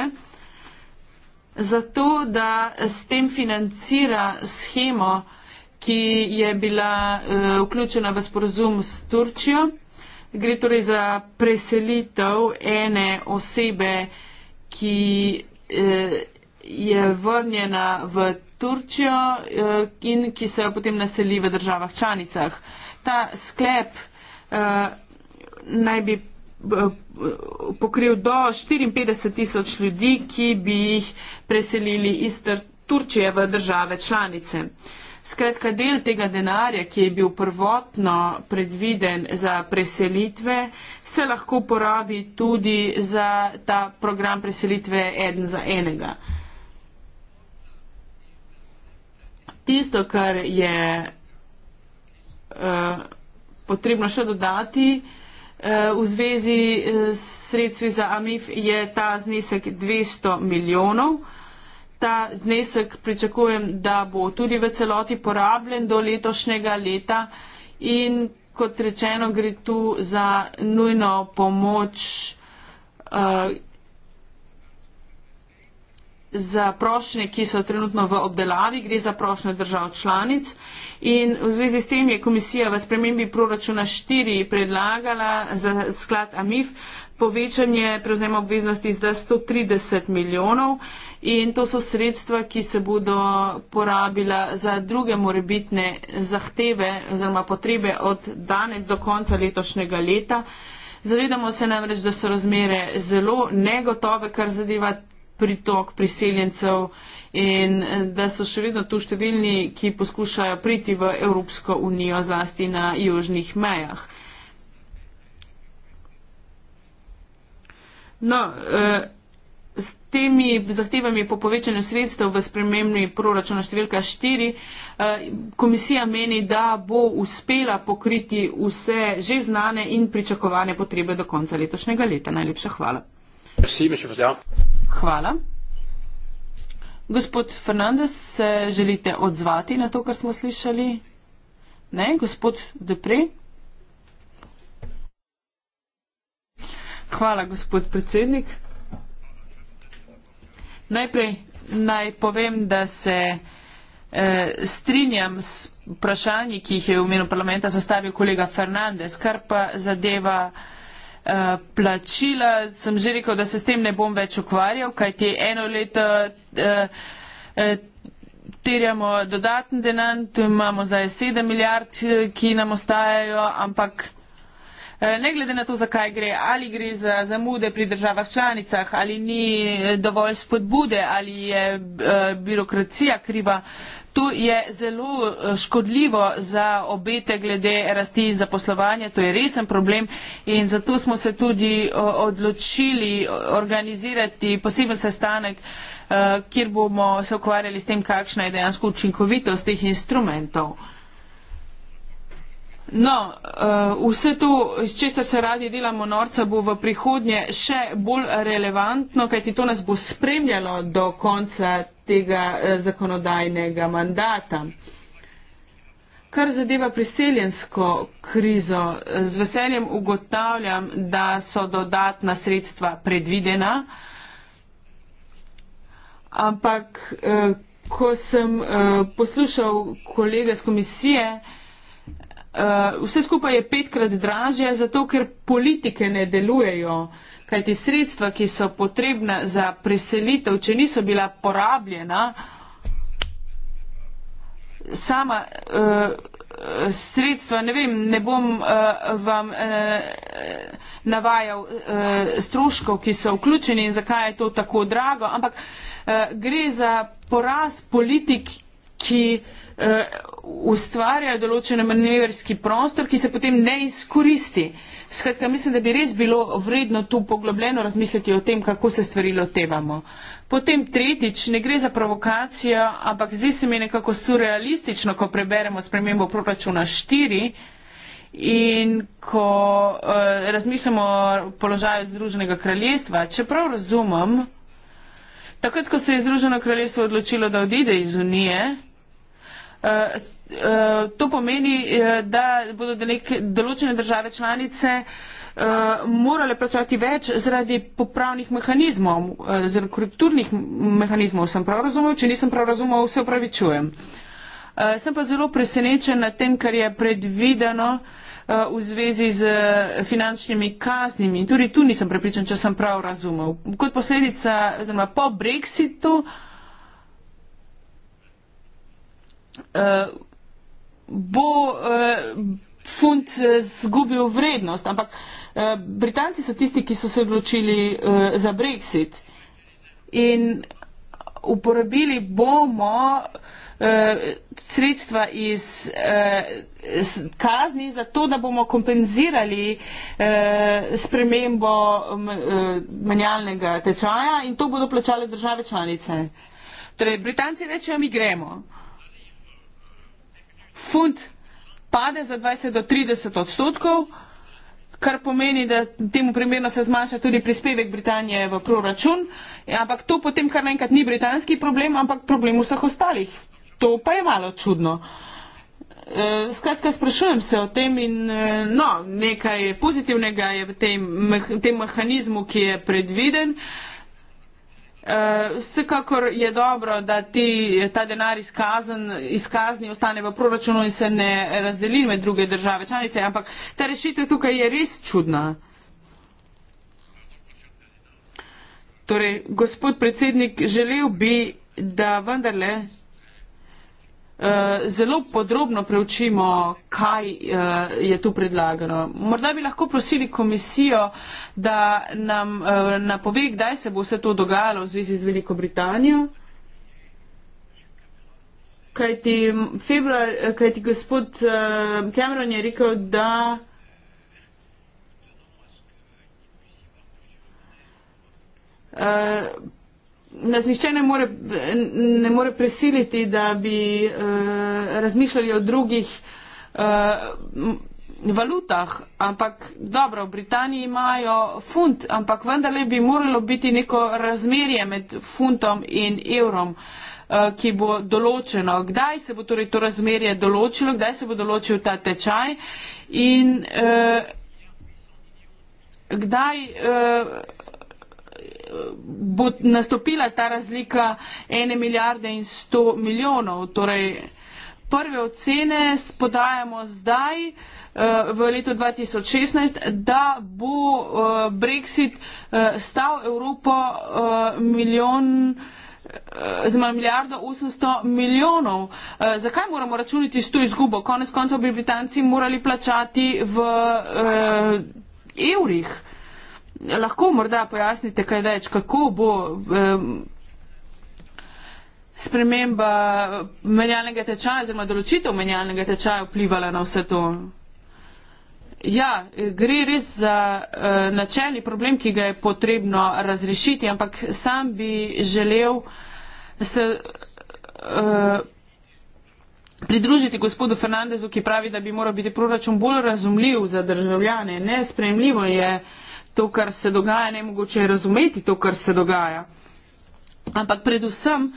zato da s tem financira schemo, ki je bila uh, vključena v sporozum s Turčijo. Gre torej za preselitev ene osebe, ki eh, je vrnjena v Turčijo eh, in ki se jo potem naseli v državah članicah. Ta sklep eh, naj bi eh, pokril do 54 tisoč ljudi, ki bi jih preselili iz Turčije v države članice. Eh, Skratka, del tega denarja, ki je bil prvotno predviden za preselitve, se lahko porabi tudi za ta program preselitve eden za enega. Tisto, kar je uh, potrebno še dodati uh, v zvezi eh, s sredstvi za AMIF, je ta znesek 200 milijonov. Ta znesek pričakujem, da bo tudi v celoti porabljen do letošnjega leta in kot rečeno gre tu za nujno pomoč. Uh, za prošnje, ki so trenutno v obdelavi, gre za prošnje držav članic in v zvezi s tem je komisija v spremembi proračuna 4 predlagala za sklad AMIF povečanje prevzema obveznosti za 130 milijonov. Uh, in to so sredstva, ki se bodo porabila za druge morebitne zahteve oziroma potrebe od danes do konca letošnjega leta. Zavedamo se namreč, da so razmere zelo negotove, kar zadeva pritok priseljencev in eh, da so še vedno tu številni, ki poskušajo priti v Evropsko unijo, zlasti na južnih mejah. No, eh, s temi zahtevami po povečanju sredstev v spremembi proračuna številka 4 eh, komisija meni, da bo uspela pokriti vse že znane in pričakovane potrebe do konca letošnjega leta. Najlepša hvala. Hvala. Gospod Fernandez, se želite odzvati na to, kar smo slišali? Ne, gospod Depre? Hvala, gospod predsednik. Najprej naj povem, da se eh, strinjam s vprašanji, ki jih je v imenu parlamenta zastavil kolega Fernandez, kar pa zadeva eh, plačila. Sem že rekel, da se s tem ne bom več ukvarjal, kajti eno leto eh, eh terjamo dodaten denar, tu imamo zdaj 7 milijard, ki nam ostajajo, ampak Eh, ne glede na to, zakaj gre, ali gre za zamude pri državah članicah, ali ni eh, dovolj spodbude, ali je eh, birokracija kriva, to je zelo škodljivo za obete glede rasti in zaposlovanja, to je resen problem in zato smo se tudi odločili organizirati poseben sestanek, kjer bomo se ukvarjali s tem, kakšna je dejansko učinkovitost teh instrumentov. No, uh, vse to, iz česa se radi delamo norca, bo v prihodnje še bolj relevantno, kajti to nas bo spremljalo do konca tega uh, zakonodajnega mandata. Kar zadeva priseljensko krizo, z veseljem ugotavljam, da so dodatna sredstva predvidena, ampak uh, ko sem uh, poslušal kolega z komisije, uh, Eh, vse skupaj je petkrat dražje, zato ker politike ne delujejo, kajti sredstva, ki so potrebna za preselitev, če niso bila porabljena, sama uh, sredstva, ne vem, ne bom uh, vam uh, navajal uh, stroškov, ki so vključeni in zakaj je to tako drago, ampak uh, gre za poraz politik, ki uh, Eh, ustvarja določen manevrski prostor, ki se potem ne izkoristi. Skratka, mislim, da bi res bilo vredno tu poglobljeno razmisliti o tem, kako se stvari lotevamo. Potem tretjič, ne gre za provokacijo, ampak zdi se mi nekako surrealistično, ko preberemo spremembo proračuna 4 in ko uh, razmišljamo o položaju Združenega kraljestva. Čeprav razumem, takrat, ko se je Združeno kraljestvo odločilo, da odide iz Unije, Uh, uh, to pomeni, uh, da bodo nek, določene države članice uh, morale plačati več zaradi popravnih mehanizmov, uh, zaradi korekturnih mehanizmov. Sem prav razumel, če nisem prav razumel, se upravičujem. Uh, sem pa zelo presenečen na tem, kar je predvideno uh, v zvezi z finančnimi kaznimi. Tudi tu nisem prepričan, če sem prav razumel. Kot posledica, oziroma po Brexitu, uh, uh, bo uh, funt eh, zgubil vrednost. Ampak uh, Britanci so tisti, ki so se odločili uh, za Brexit in uporabili bomo uh, sredstva iz, uh, iz kazni za to, da bomo kompenzirali uh, spremembo uh, manjalnega tečaja in to bodo plačale države članice. Torej, Britanci rečejo, mi gremo funt pade za 20 do 30 odstotkov, kar pomeni, da temu primerno se zmanjša tudi prispevek Britanije v proračun, ampak to potem kar naenkrat ni britanski problem, ampak problem vseh ostalih. To pa je malo čudno. E, skratka, sprašujem se o tem in e, no, nekaj pozitivnega je v tem, tem mehanizmu, ki je predviden. Eh, vsekakor je dobro, da ti, ta denar izkazen, izkazni ostane v proračunu in se ne razdeli med druge države članice, ampak ta rešitev tukaj je res čudna. Torej, gospod predsednik, želel bi, da vendarle Eh, zelo podrobno preučimo, kaj uh, je tu predlagano. Morda bi lahko prosili komisijo, da nam uh, napove, kdaj se bo vse to dogajalo v zvezi z Veliko Britanijo. Kajti, februar, kajti gospod Cameron je rekel, da uh, nas nihče ne more, ne more prisiliti, da bi uh, razmišljali o drugih uh, valutah, ampak dobro, v Britaniji imajo funt, ampak vendarle bi moralo biti neko razmerje med funtom in evrom, uh, ki bo določeno. Kdaj se bo torej to razmerje določilo, kdaj se bo določil ta tečaj in uh, kdaj. Uh, bo nastopila ta razlika ene milijarde in sto milijonov. Torej, prve ocene podajamo zdaj eh, v letu 2016, da bo eh, Brexit eh, stal Evropo milijon, zma, milijardo 800 milijonov. Zakaj moramo računiti s to izgubo? Konec koncev bi Britanci morali plačati v evrih. Eh, lahko morda pojasnite kaj več, kako bo eh, sprememba menjalnega tečaja oziroma določitev menjalnega tečaja vplivala na vse to. Ja, gre res za eh, načelni problem, ki ga je potrebno razrešiti, ampak sam bi želel se eh, pridružiti gospodu Fernandezu, ki pravi, da bi moral biti proračun bolj razumljiv za državljane. Nespremljivo je eh, to, kar se dogaja, ne mogoče razumeti to, kar se dogaja. Ampak predvsem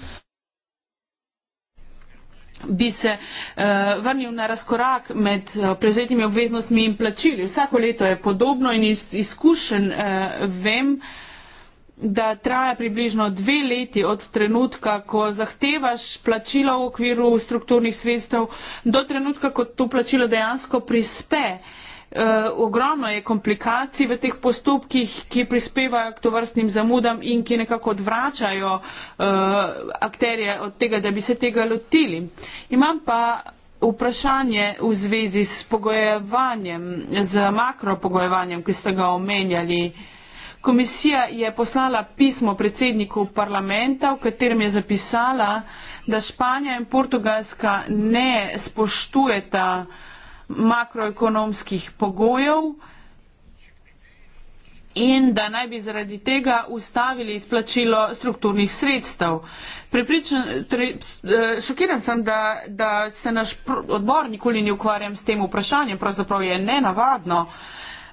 bi se uh, vrnil na razkorak med uh, prevzetimi obveznostmi in plačili. Vsako leto je podobno in iz, izkušen uh, vem, da traja približno dve leti od trenutka, ko zahtevaš plačilo v okviru strukturnih sredstev, do trenutka, ko to plačilo dejansko prispe uh, uh, ogromno je komplikacij v teh postopkih, ki prispevajo k tovrstnim zamudam in ki nekako odvračajo uh, akterje od tega, da bi se tega lotili. Imam pa vprašanje v zvezi s pogojevanjem, z makropogojevanjem, ki ste ga omenjali. Komisija je poslala pismo predsedniku parlamenta, v katerem je zapisala, da Španija in Portugalska ne spoštujeta uh, makroekonomskih pogojev in da naj bi zaradi tega ustavili izplačilo strukturnih sredstev. Pripričan, tre, eh, šokiran sem, da, da se naš odbor nikoli ni ukvarjal s tem vprašanjem, pravzaprav je nenavadno. Uh,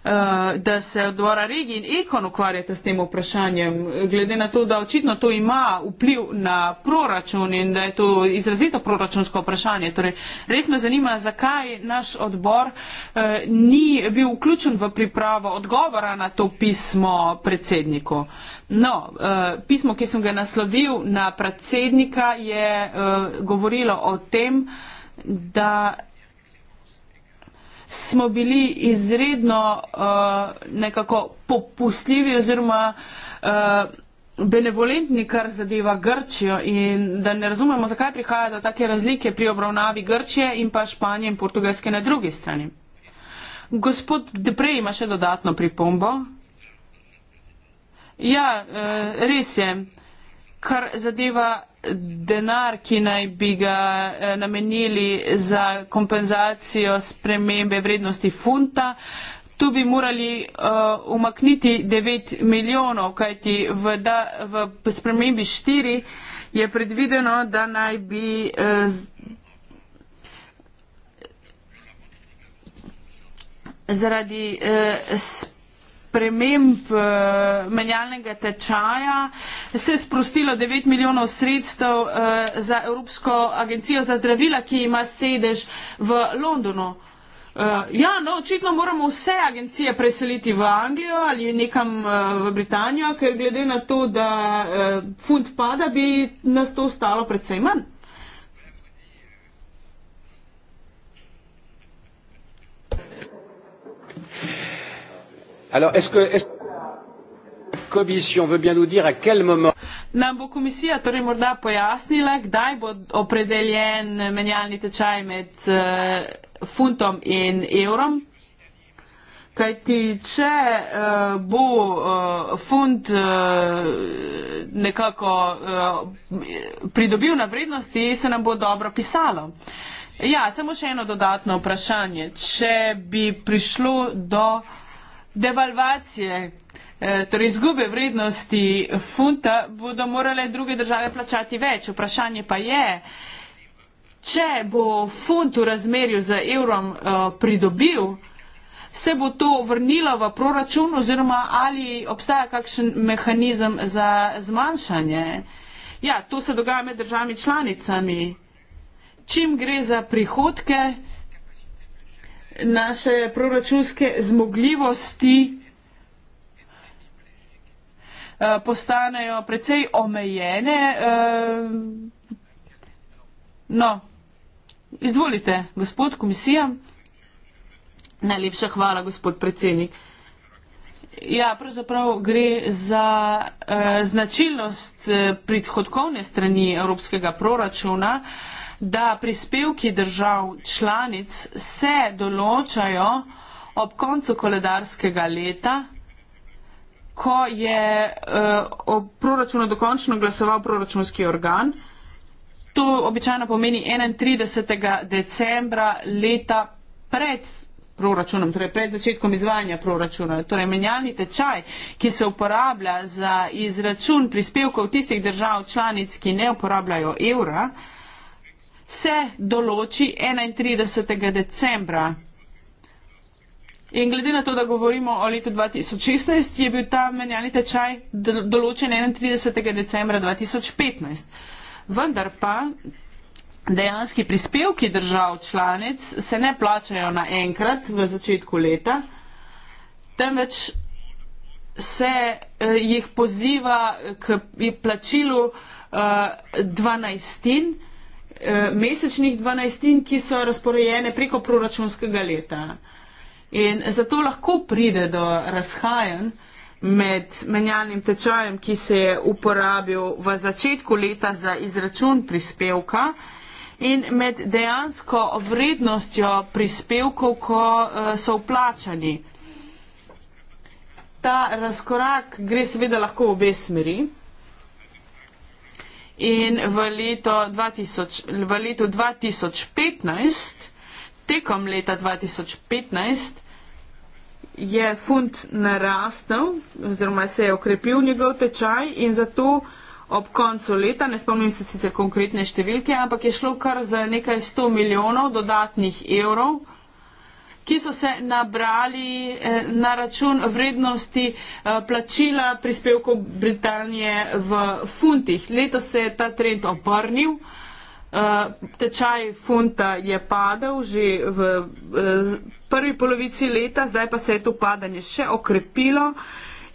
uh, da se odbora regij in ekon ukvarjate s tem vprašanjem, glede na to, da očitno to ima vpliv na proračun in da je to izrazito proračunsko vprašanje. Torej, res me zanima, zakaj naš odbor uh, ni bil vključen v pripravo odgovora na to pismo predsedniku. No, uh, pismo, ki sem ga naslovil na predsednika, je uh, govorilo o tem, da smo bili izredno uh, nekako popustljivi oziroma uh, benevolentni, kar zadeva Grčijo in da ne razumemo, zakaj prihaja do take razlike pri obravnavi Grčije in pa Španije in Portugalske na drugi strani. Gospod Deprej ima še dodatno pripombo. Ja, eh, res je, kar zadeva denar, ki naj bi ga eh, namenili za kompenzacijo spremembe vrednosti funta. Tu bi morali uh, umakniti 9 milijonov, kajti v, da, v spremembi 4 je predvideno, da naj bi. Uh, Zaradi eh, sprememb eh, menjalnega tečaja se je sprostilo 9 milijonov sredstev eh, za Evropsko agencijo za zdravila, ki ima sedež v Londonu. Eh, ja, no, očitno moramo vse agencije preseliti v Anglijo ali nekam v Britanijo, ker glede na to, da funt pada, bi nas to ostalo predvsej manj. Alors, est-ce que, est-ce que la Commission veut bien nous dire à quel moment Nam bo komisija torej morda pojasnila, kdaj bo opredeljen menjalni tečaj med uh, funtom in evrom. Kajti, če uh, bo uh, eh, funt uh, nekako uh, pridobil na vrednosti, se nam bo dobro pisalo. Ja, samo še eno dodatno vprašanje. Če bi prišlo do devalvacije, eh, torej izgube vrednosti funta, bodo morale druge države plačati več. Vprašanje pa je, če bo funt v razmerju z evrom eh, pridobil, se bo to vrnilo v proračun oziroma ali obstaja kakšen mehanizem za zmanjšanje. Ja, to se dogaja med državami članicami. Čim gre za prihodke, naše proračunske zmogljivosti eh, postanejo precej omejene. Eh, no, izvolite, gospod komisija. Najlepša hvala, gospod predsednik. Ja, pravzaprav gre za eh, značilnost eh, prihodkovne strani evropskega proračuna. Eh, da prispevki držav članic se določajo ob koncu koledarskega leta, ko je uh, eh, o proračunu dokončno glasoval proračunski organ. To običajno pomeni 31. decembra leta pred proračunom, torej pred začetkom izvajanja proračuna. Torej menjalni tečaj, ki se uporablja za izračun prispevkov tistih držav članic, ki ne uporabljajo evra, uh, se določi 31. decembra. In glede na to, da govorimo o letu 2016, je bil ta menjalni tečaj določen 31. decembra 2015. Vendar pa dejanski prispevki držav članic se ne plačajo naenkrat v začetku leta, temveč se eh, jih poziva k plačilu eh, dvanajstin. Uh, Eh, mesečnih dvanajstin, ki so razporejene preko proračunskega leta. In zato lahko pride do razhajanj med menjalnim tečajem, ki se je uporabil v začetku leta za izračun prispevka in med dejansko vrednostjo prispevkov, ko eh, so vplačani. Ta razkorak gre seveda lahko v obe smeri. In v, leto 2000, v letu 2015, tekom leta 2015, je fund narastel oziroma se je okrepil njegov tečaj in zato ob koncu leta, ne spomnim se sicer konkretne številke, ampak je šlo kar za nekaj 100 milijonov dodatnih evrov ki so se nabrali eh, na račun vrednosti eh, plačila prispevkov Britanije v funtih. Leto se je ta trend obrnil. Eh, tečaj funta je padal že v prvi polovici leta, zdaj pa se je to padanje še okrepilo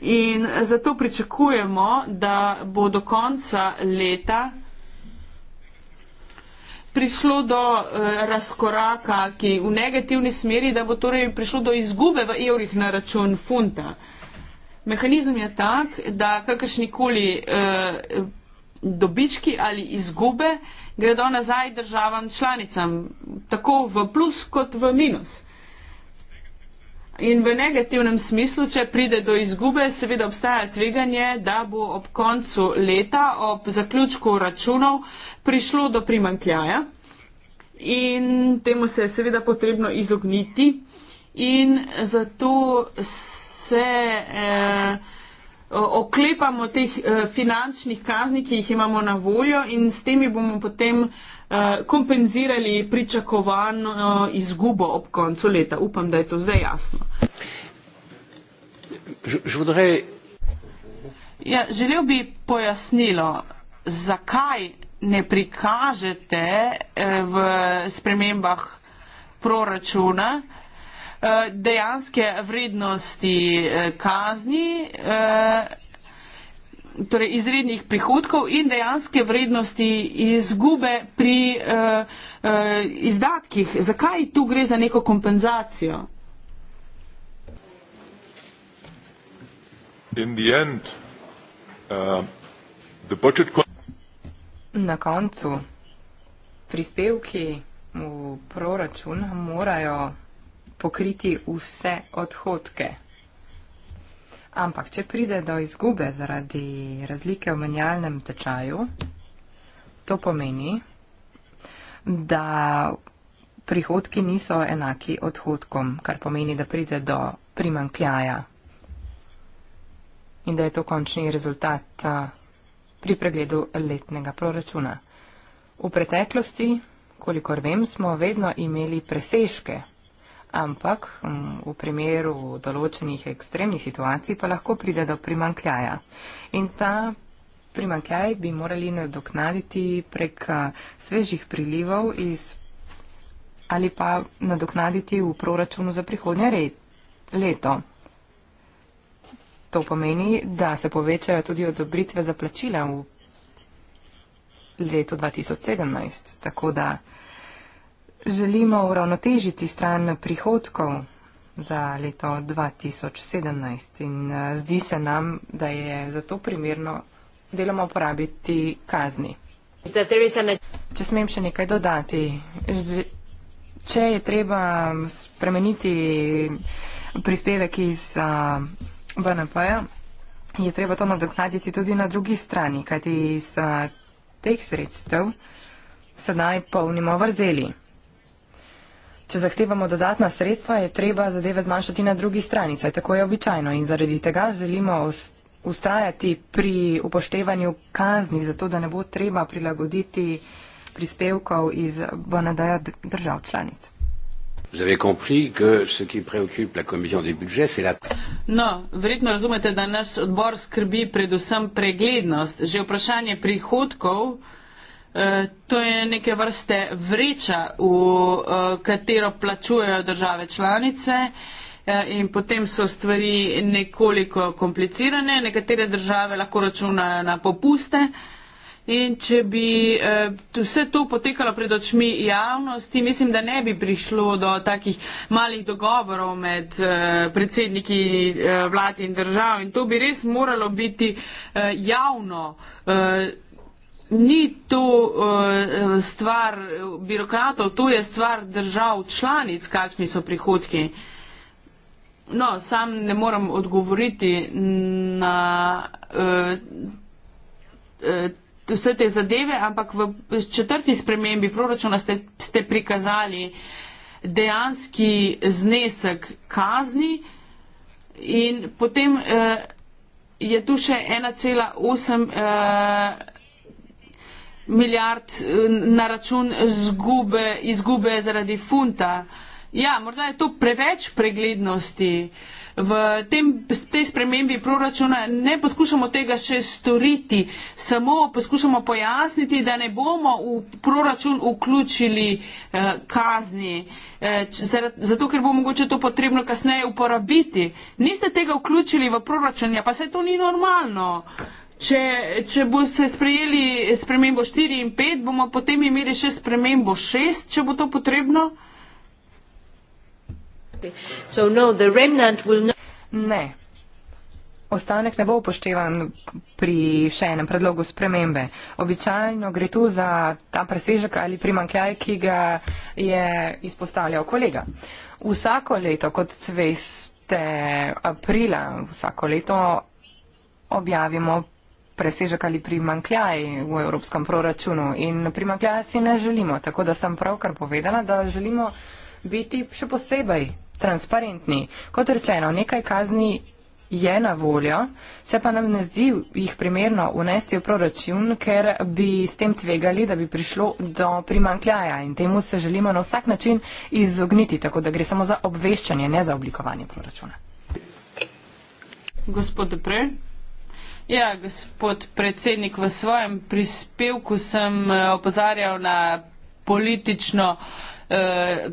in zato pričakujemo, da bo do konca leta prišlo do uh, razkoraka, ki v negativni smeri, da bo torej prišlo do izgube v evrih na račun funta. Mehanizem je tak, da kakršnikoli uh, dobički ali izgube gredo nazaj državam članicam, tako v plus kot v minus. Uh, In v negativnem smislu, če pride do izgube, seveda obstaja tveganje, da bo ob koncu leta, ob zaključku računov, prišlo do primankljaja. In temu se je seveda potrebno izogniti. In zato se eh, oklepamo teh eh, finančnih kazni, ki jih imamo na voljo in s temi bomo potem eh, Eh, kompenzirali pričakovano eh, izgubo ob koncu leta. Upam, da je to zdaj jasno. Ja, želel bi pojasnilo, zakaj ne prikažete eh, v spremembah proračuna dejanske vrednosti kazni torej izrednih prihodkov in dejanske vrednosti izgube pri uh, uh, izdatkih. Zakaj tu gre za neko kompenzacijo? End, uh, budget... Na koncu prispevki v proračun morajo pokriti vse odhodke. Ampak, če pride do izgube zaradi razlike v menjalnem tečaju, to pomeni, da prihodki niso enaki odhodkom, kar pomeni, da pride do primankljaja in da je to končni rezultat pri pregledu letnega proračuna. V preteklosti, kolikor vem, smo vedno imeli presežke ampak v primeru določenih ekstremnih situacij pa lahko pride do primankljaja. In ta primankljaj bi morali nadoknaditi prek svežih prilivov iz ali pa nadoknaditi v proračunu za prihodnje leto. To pomeni, da se povečajo tudi odobritve za plačila v letu 2017. Tako da želimo uravnotežiti stran prihodkov za leto 2017 in eh, zdi se nam, da je zato primerno deloma uporabiti kazni. Če smem še nekaj dodati, če je treba spremeniti prispevek iz eh, BNP-ja, je treba to nadoknaditi tudi na drugi strani, kajti iz eh, teh sredstev sedaj polnimo vrzeli. Če zahtevamo dodatna sredstva, je treba zadeve zmanjšati na drugi strani, saj tako je običajno in zaradi tega želimo ustrajati pri upoštevanju kazni, zato da ne bo treba prilagoditi prispevkov iz BND držav članic. No, verjetno razumete, da nas odbor skrbi predvsem preglednost. Že vprašanje prihodkov. Eh, to je neke vrste vreča, v eh, katero plačujejo države članice eh, in potem so stvari nekoliko komplicirane. Nekatere države lahko računajo na popuste. In če bi eh, vse to potekalo pred očmi javnosti, mislim, da ne bi prišlo do takih malih dogovorov med eh, predsedniki eh, vlad in držav. In to bi res moralo biti eh, javno. Eh, ni to uh, stvar birokratov, to je stvar držav članic, kakšni so prihodki. No, sam ne moram odgovoriti na uh, uh, vse te zadeve, ampak v četrti spremembi proračuna ste, ste prikazali dejanski znesek kazni in potem uh, je tu še 1,8. Uh, milijard eh, na račun zgube, izgube zaradi funta. Ja, morda je to preveč preglednosti. V tem, tej spremembi proračuna ne poskušamo tega še storiti, samo poskušamo pojasniti, da ne bomo v proračun vključili eh, kazni, eh, č, zar, zato ker bo mogoče to potrebno kasneje uporabiti. Niste tega vključili v proračun, ja pa se to ni normalno. Eh, Če, če bo se sprejeli spremembo 4 in 5, bomo potem imeli še spremembo 6, če bo to potrebno. No, ne. Ostanek ne bo upoštevan pri še enem predlogu spremembe. Običajno gre tu za ta presežek ali primankljaj, ki ga je izpostavljal kolega. Vsako leto, kot veste, aprila vsako leto objavimo presežek ali primankljaj v evropskem proračunu in primankljaj si ne želimo. Tako da sem pravkar povedala, da želimo biti še posebej transparentni. Kot rečeno, nekaj kazni je na voljo, se pa nam ne zdi jih primerno unesti v proračun, ker bi s tem tvegali, da bi prišlo do primankljaja in temu se želimo na vsak način izogniti, tako da gre samo za obveščanje, ne za oblikovanje proračuna. Gospod Deprej. Ja, gospod predsednik, v svojem prispevku sem eh, opozarjal na politično eh,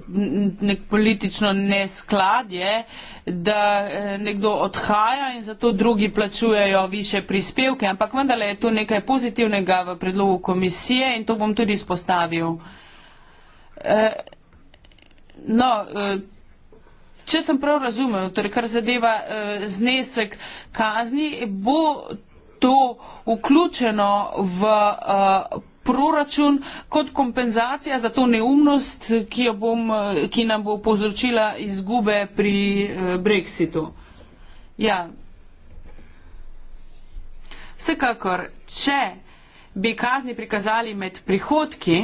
nek politično neskladje, da eh, nekdo odhaja in zato drugi plačujejo više prispevke, ampak vendarle je to nekaj pozitivnega v predlogu komisije in to bom tudi spostavil. No, Če sem prav razumel, torej kar zadeva uh, znesek kazni, bo to vključeno v uh, proračun kot kompenzacija za to neumnost, ki, bom, eh, ki nam bo povzročila izgube pri uh, brexitu. Ja. Vsekakor, če bi kazni prikazali med prihodki,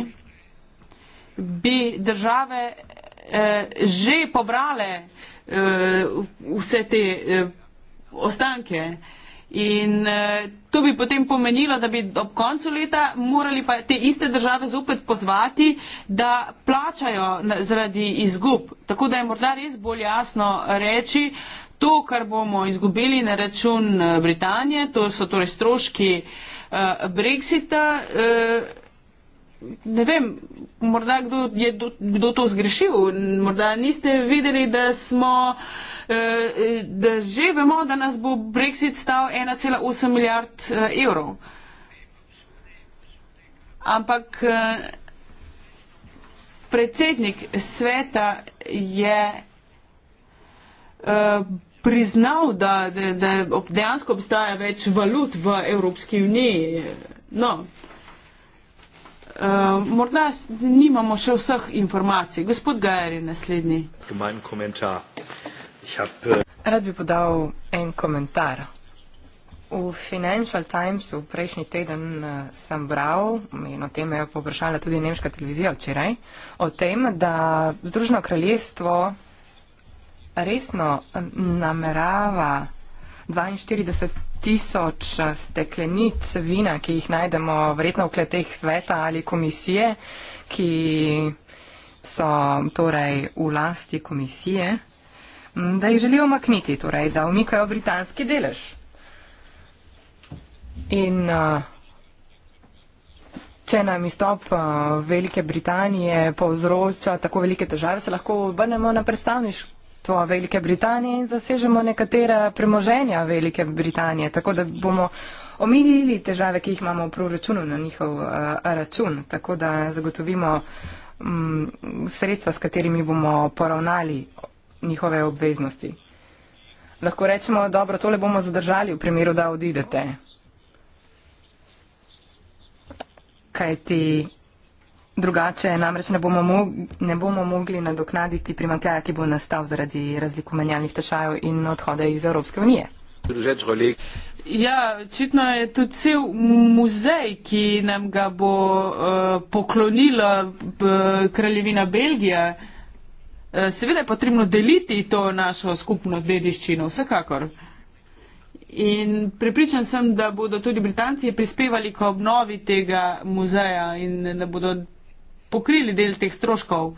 bi države eh, že pobrale eh, vse te eh, ostanke. In eh, to bi potem pomenilo, da bi ob koncu leta morali pa te iste države zopet pozvati, da plačajo na, zaradi izgub. Tako da je morda res bolj jasno reči, to, kar bomo izgubili na račun eh, Britanije, to so torej stroški eh, Brexita. Eh, ne vem, morda kdo je do, kdo to zgrešil, morda niste videli, da smo, eh, da že vemo, da nas bo Brexit stal 1,8 milijard eh, evrov. Ampak eh, predsednik sveta je priznal, da, da, da dejansko obstaja več valut v Evropski uniji. No. Uh, morda nimamo še vseh informacij. Gospod Gajer je naslednji. Eh, Rad bi podal en komentar. V Financial Timesu prejšnji teden eh, sem bral, in o tem je poprašala tudi nemška televizija včeraj, o tem, da Združeno kraljestvo resno namerava 42 tisoč eh, steklenic vina, ki jih najdemo vredno v kleteh sveta ali komisije, ki so torej v lasti komisije, da jih želijo makniti, torej da umikajo britanski delež. In eh, če nam izstop eh, Velike Britanije povzroča tako velike težave, se lahko obrnemo na predstavniško društvo Velike Britanije in zasežemo nekatera premoženja Velike Britanije, tako da bomo omilili težave, ki jih imamo v proračunu na njihov uh, račun, tako da zagotovimo um, sredstva, s katerimi bomo poravnali njihove obveznosti. Lahko rečemo, dobro, tole bomo zadržali v primeru, da odidete. Kaj ti Drugače namreč ne bomo, mog, ne bomo mogli nadoknaditi primankljaja, ki bo nastal zaradi razliku menjalnih tešajev in odhoda iz Evropske unije. Ja, očitno je tudi cel muzej, ki nam ga bo uh, poklonila uh, kraljevina Belgija. Uh, seveda je potrebno deliti to našo skupno dediščino, vsekakor. In pripričan sem, da bodo tudi Britanci prispevali k obnovi tega muzeja in da bodo pokrili del teh stroškov.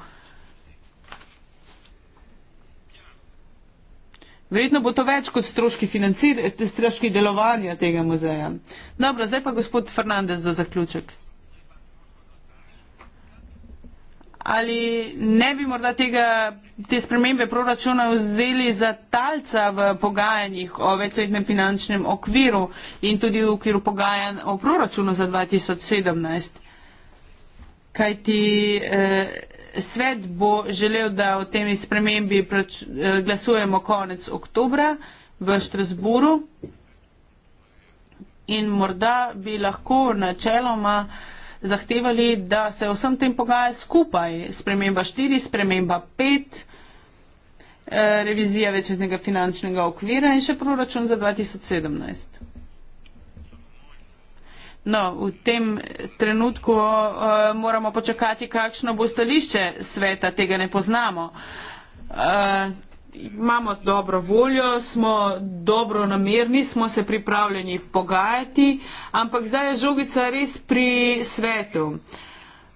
Verjetno bo to več kot stroški financiranja, stroški delovanja tega muzeja. Dobro, zdaj pa gospod Fernandez za zaključek. Ali ne bi morda tega, te spremembe proračuna vzeli za talca v pogajanjih o večletnem finančnem okviru in tudi v okviru pogajanj o proračunu za 2017? kajti eh, svet bo želel, da o temi spremembi preč, eh, glasujemo konec oktobra v Štrasburu in morda bi lahko načeloma zahtevali, da se vsem tem pogaja skupaj. Sprememba 4, sprememba 5, eh, revizija večetnega finančnega okvira in še proračun za 2017. No, v tem trenutku uh, moramo počakati, kakšno bo stališče sveta, tega ne poznamo. Uh, imamo dobro voljo, smo dobro namerni, smo se pripravljeni pogajati, ampak zdaj je žogica res pri svetu. Uh,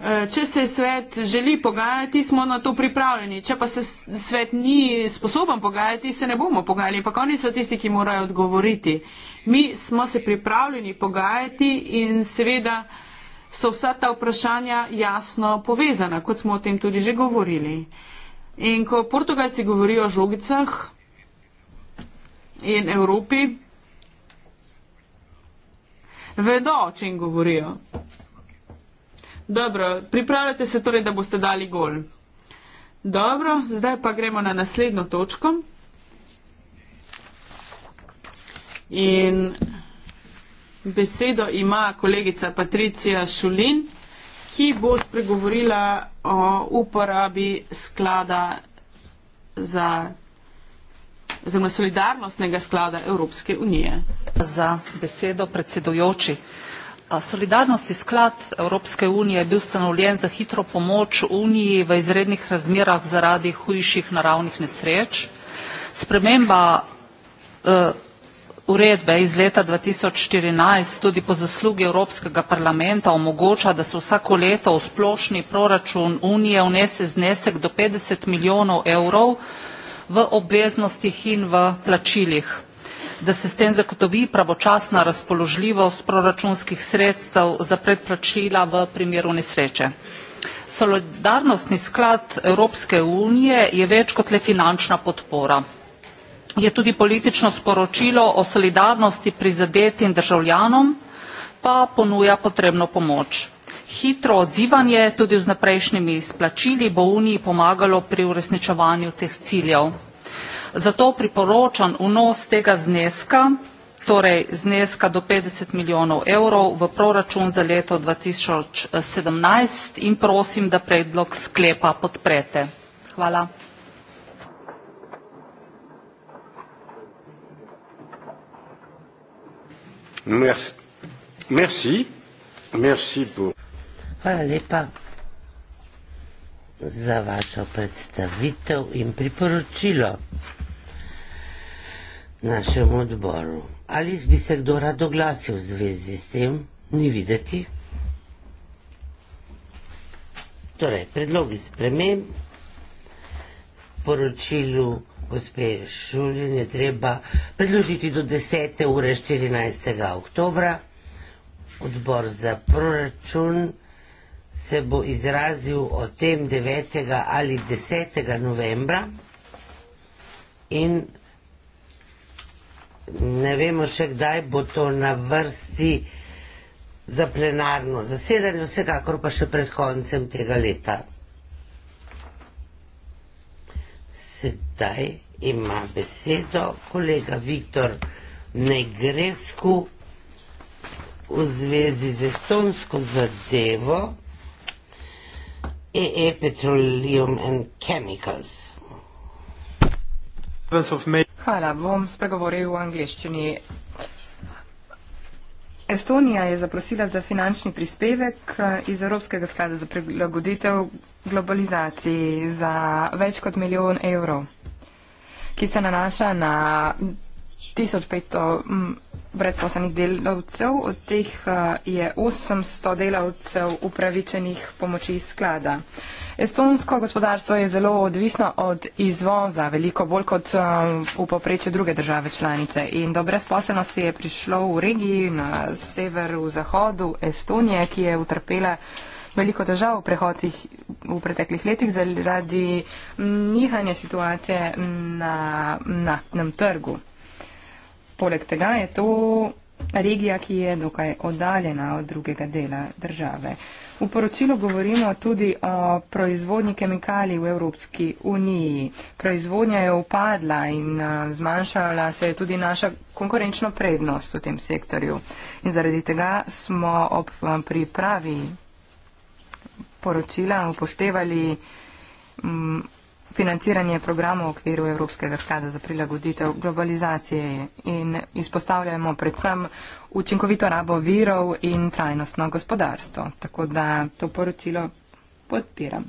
Eh, če se svet želi pogajati, smo na to pripravljeni. Če pa se svet ni sposoben pogajati, se ne bomo pogajali. Pa oni so tisti, ki morajo odgovoriti. Mi smo se pripravljeni pogajati in seveda so vsa ta vprašanja jasno povezana, kot smo o tem tudi že govorili. In ko Portugalci govorijo o žogicah in Evropi, vedo, o čem govorijo. Dobro, pripravljate se torej, da boste dali gol. Dobro, zdaj pa gremo na naslednjo točko. In besedo ima kolegica Patricija Šulin, ki bo spregovorila o uporabi sklada za oziroma solidarnostnega sklada Evropske unije. Za besedo predsedujoči solidarnostni sklad Evropske unije je bil ustanovljen za hitro pomoč Uniji v izrednih razmerah zaradi hujših naravnih nesreč. Sprememba uh, uredbe iz leta 2014 tudi po zaslugi Evropskega parlamenta omogoča, da se vsako leto v splošni proračun Unije vnese znesek do 50 milijonov evrov v obveznostih in v plačilih da se s tem zagotovi pravočasna razpoložljivost proračunskih sredstev za predplačila v primeru nesreče. Solidarnostni sklad Evropske unije je več kot le finančna podpora. Je tudi politično sporočilo o solidarnosti prizadetim državljanom, pa ponuja potrebno pomoč. Hitro odzivanje tudi z naprejšnjimi izplačili bo Uniji pomagalo pri uresničevanju teh ciljev. Zato priporočam vnos tega zneska, torej zneska do 50 milijonov evrov v proračun za leto 2017 in prosim, da predlog sklepa podprete. Hvala. Merci. Merci. Hvala lepa za vašo predstavitev in priporočilo našem odboru. Ali bi se kdo rad oglasil v zvezi s tem, ni videti. Torej, predlogi sprememb poročilu gospe Šulin je treba predložiti do 10. ure 14. oktobra. Odbor za proračun se bo izrazil o tem 9. ali 10. novembra in ne vemo še kdaj bo to na vrsti za plenarno zasedanje, vsekakor pa še pred koncem tega leta. Sedaj ima besedo kolega Viktor Negresku v zvezi z estonsko zadevo EE e Petroleum and Chemicals. Hvala, bom spregovoril v angliščini. Estonija je zaprosila za finančni prispevek eh, iz Evropskega sklada za prilagoditev globalizaciji za več kot milijon evrov, ki se nanaša na 1500 mm, brezposobnih delavcev, od teh eh, je 800 delavcev upravičenih pomoči sklada. Estonsko gospodarstvo je zelo odvisno od izvoza, veliko bolj kot eh, v poprečju druge države članice. In do brezposobnosti je prišlo v regiji na severu, zahodu Estonije, ki je utrpela veliko težav v prehodih v preteklih letih zaradi mm, nihanja situacije na naftnem trgu. Poleg tega je to regija, ki je dokaj oddaljena od drugega dela države. V poročilu govorimo tudi o proizvodnji kemikalij v Evropski uniji. Proizvodnja je upadla in zmanjšala se je tudi naša konkurenčna prednost v tem sektorju. In zaradi tega smo ob pripravi poročila upoštevali financiranje programov v okviru Evropskega sklada za prilagoditev globalizacije in izpostavljamo predvsem učinkovito rabo virov in trajnostno gospodarstvo. Tako da to poročilo podpiram.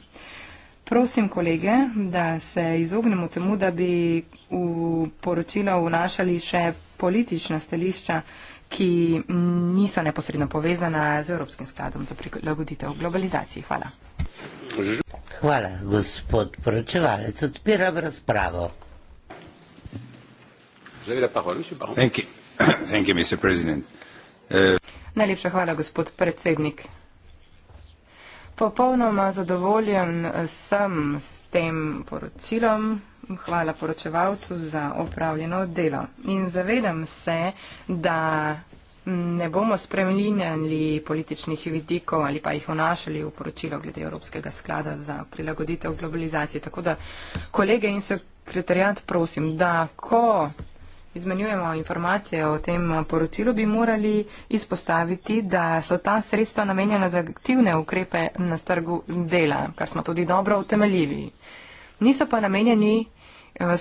Prosim kolege, da se izognemo temu, da bi v poročilo vnašali še politična stališča, ki niso neposredno povezana z Evropskim skladom za prilagoditev globalizaciji. Hvala. Hvala, gospod poročevalec. Odpiram razpravo. Thank you. Thank you, uh... Najlepša hvala, gospod predsednik. Popolnoma zadovoljen eh, sem s tem poročilom. Hvala poročevalcu za opravljeno delo. In zavedam se, da ne bomo spremljenjali političnih vidikov ali pa jih vnašali v poročilo glede Evropskega sklada za prilagoditev globalizacije. Tako da, kolege in sekretarjat, prosim, da ko izmenjujemo informacije o tem poročilu, bi morali izpostaviti, da so ta sredstva namenjena za aktivne ukrepe na trgu dela, kar smo tudi dobro utemeljili. Niso pa namenjeni eh,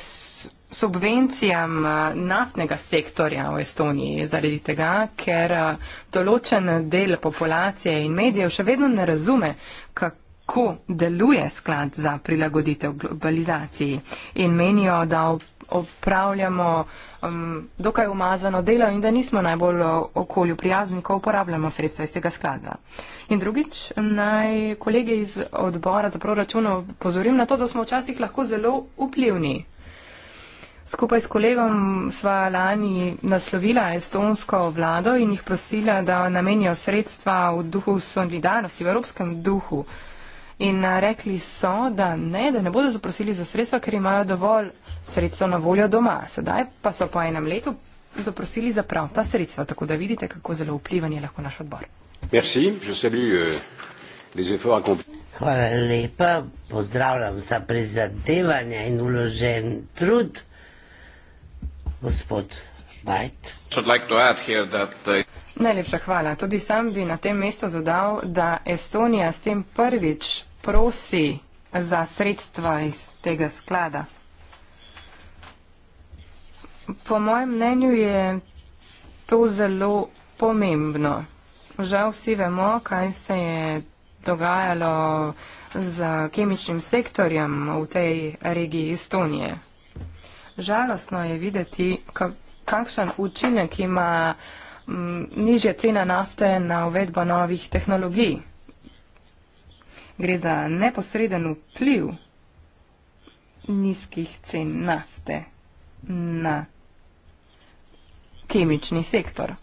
subvencijam eh, naftnega sektorja v Estoniji zaradi tega, ker eh, določen del populacije in medijev še vedno ne razume, kako deluje sklad za prilagoditev globalizaciji in menijo, da opravljamo um, dokaj umazano delo in da nismo najbolj eh, okolju prijazni, ko uporabljamo sredstva iz tega sklada. In drugič, naj kolege iz odbora za proračun pozorim na to, da smo včasih lahko zelo vplivni. Skupaj s kolegom sva lani naslovila estonsko vlado in jih prosila, da namenijo sredstva v duhu solidarnosti, v evropskem duhu. In eh, rekli so, da ne, da ne bodo zaprosili za sredstva, ker imajo dovolj sredstva na voljo doma. Sedaj pa so po enem letu zaprosili za prav ta sredstva, tako da vidite, kako zelo vplivan je lahko naš odbor. Merci, je salu, uh, eh, Hvala lepa, pozdravljam za prizadevanje in uložen trud gospod Bajt. Najlepša hvala. Tudi sam bi na tem mestu dodal, da Estonija s tem prvič prosi za sredstva iz tega sklada. Po mojem mnenju je to zelo pomembno. Žal vsi vemo, kaj se je dogajalo z kemičnim sektorjem v tej regiji Estonije žalostno je videti, kakšen učinek ima mm, nižja cena nafte na uvedbo novih tehnologij. Gre za neposreden vpliv nizkih cen nafte na kemični sektor.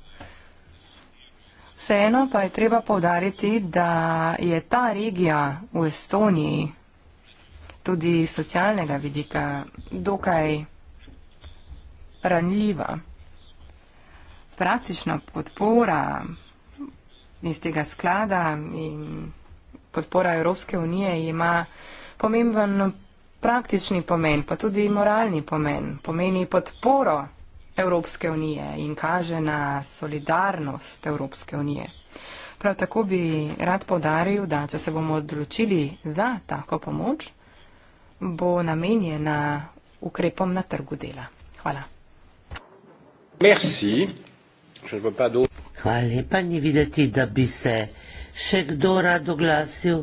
Vseeno pa je treba povdariti, da je ta regija v Estoniji tudi socialnega vidika dokaj ranljiva. Praktična podpora iz tega sklada in podpora Evropske unije ima pomemben praktični pomen, pa tudi moralni pomen. Pomeni podporo Evropske unije in kaže na solidarnost Evropske unije. Prav tako bi rad povdaril, da če se bomo odločili za tako pomoč, bo namenjena ukrepom na trgu dela. Hvala. Merci. Če ne bo pa do. Hvala lepa, ni videti, da bi se še kdo rad oglasil.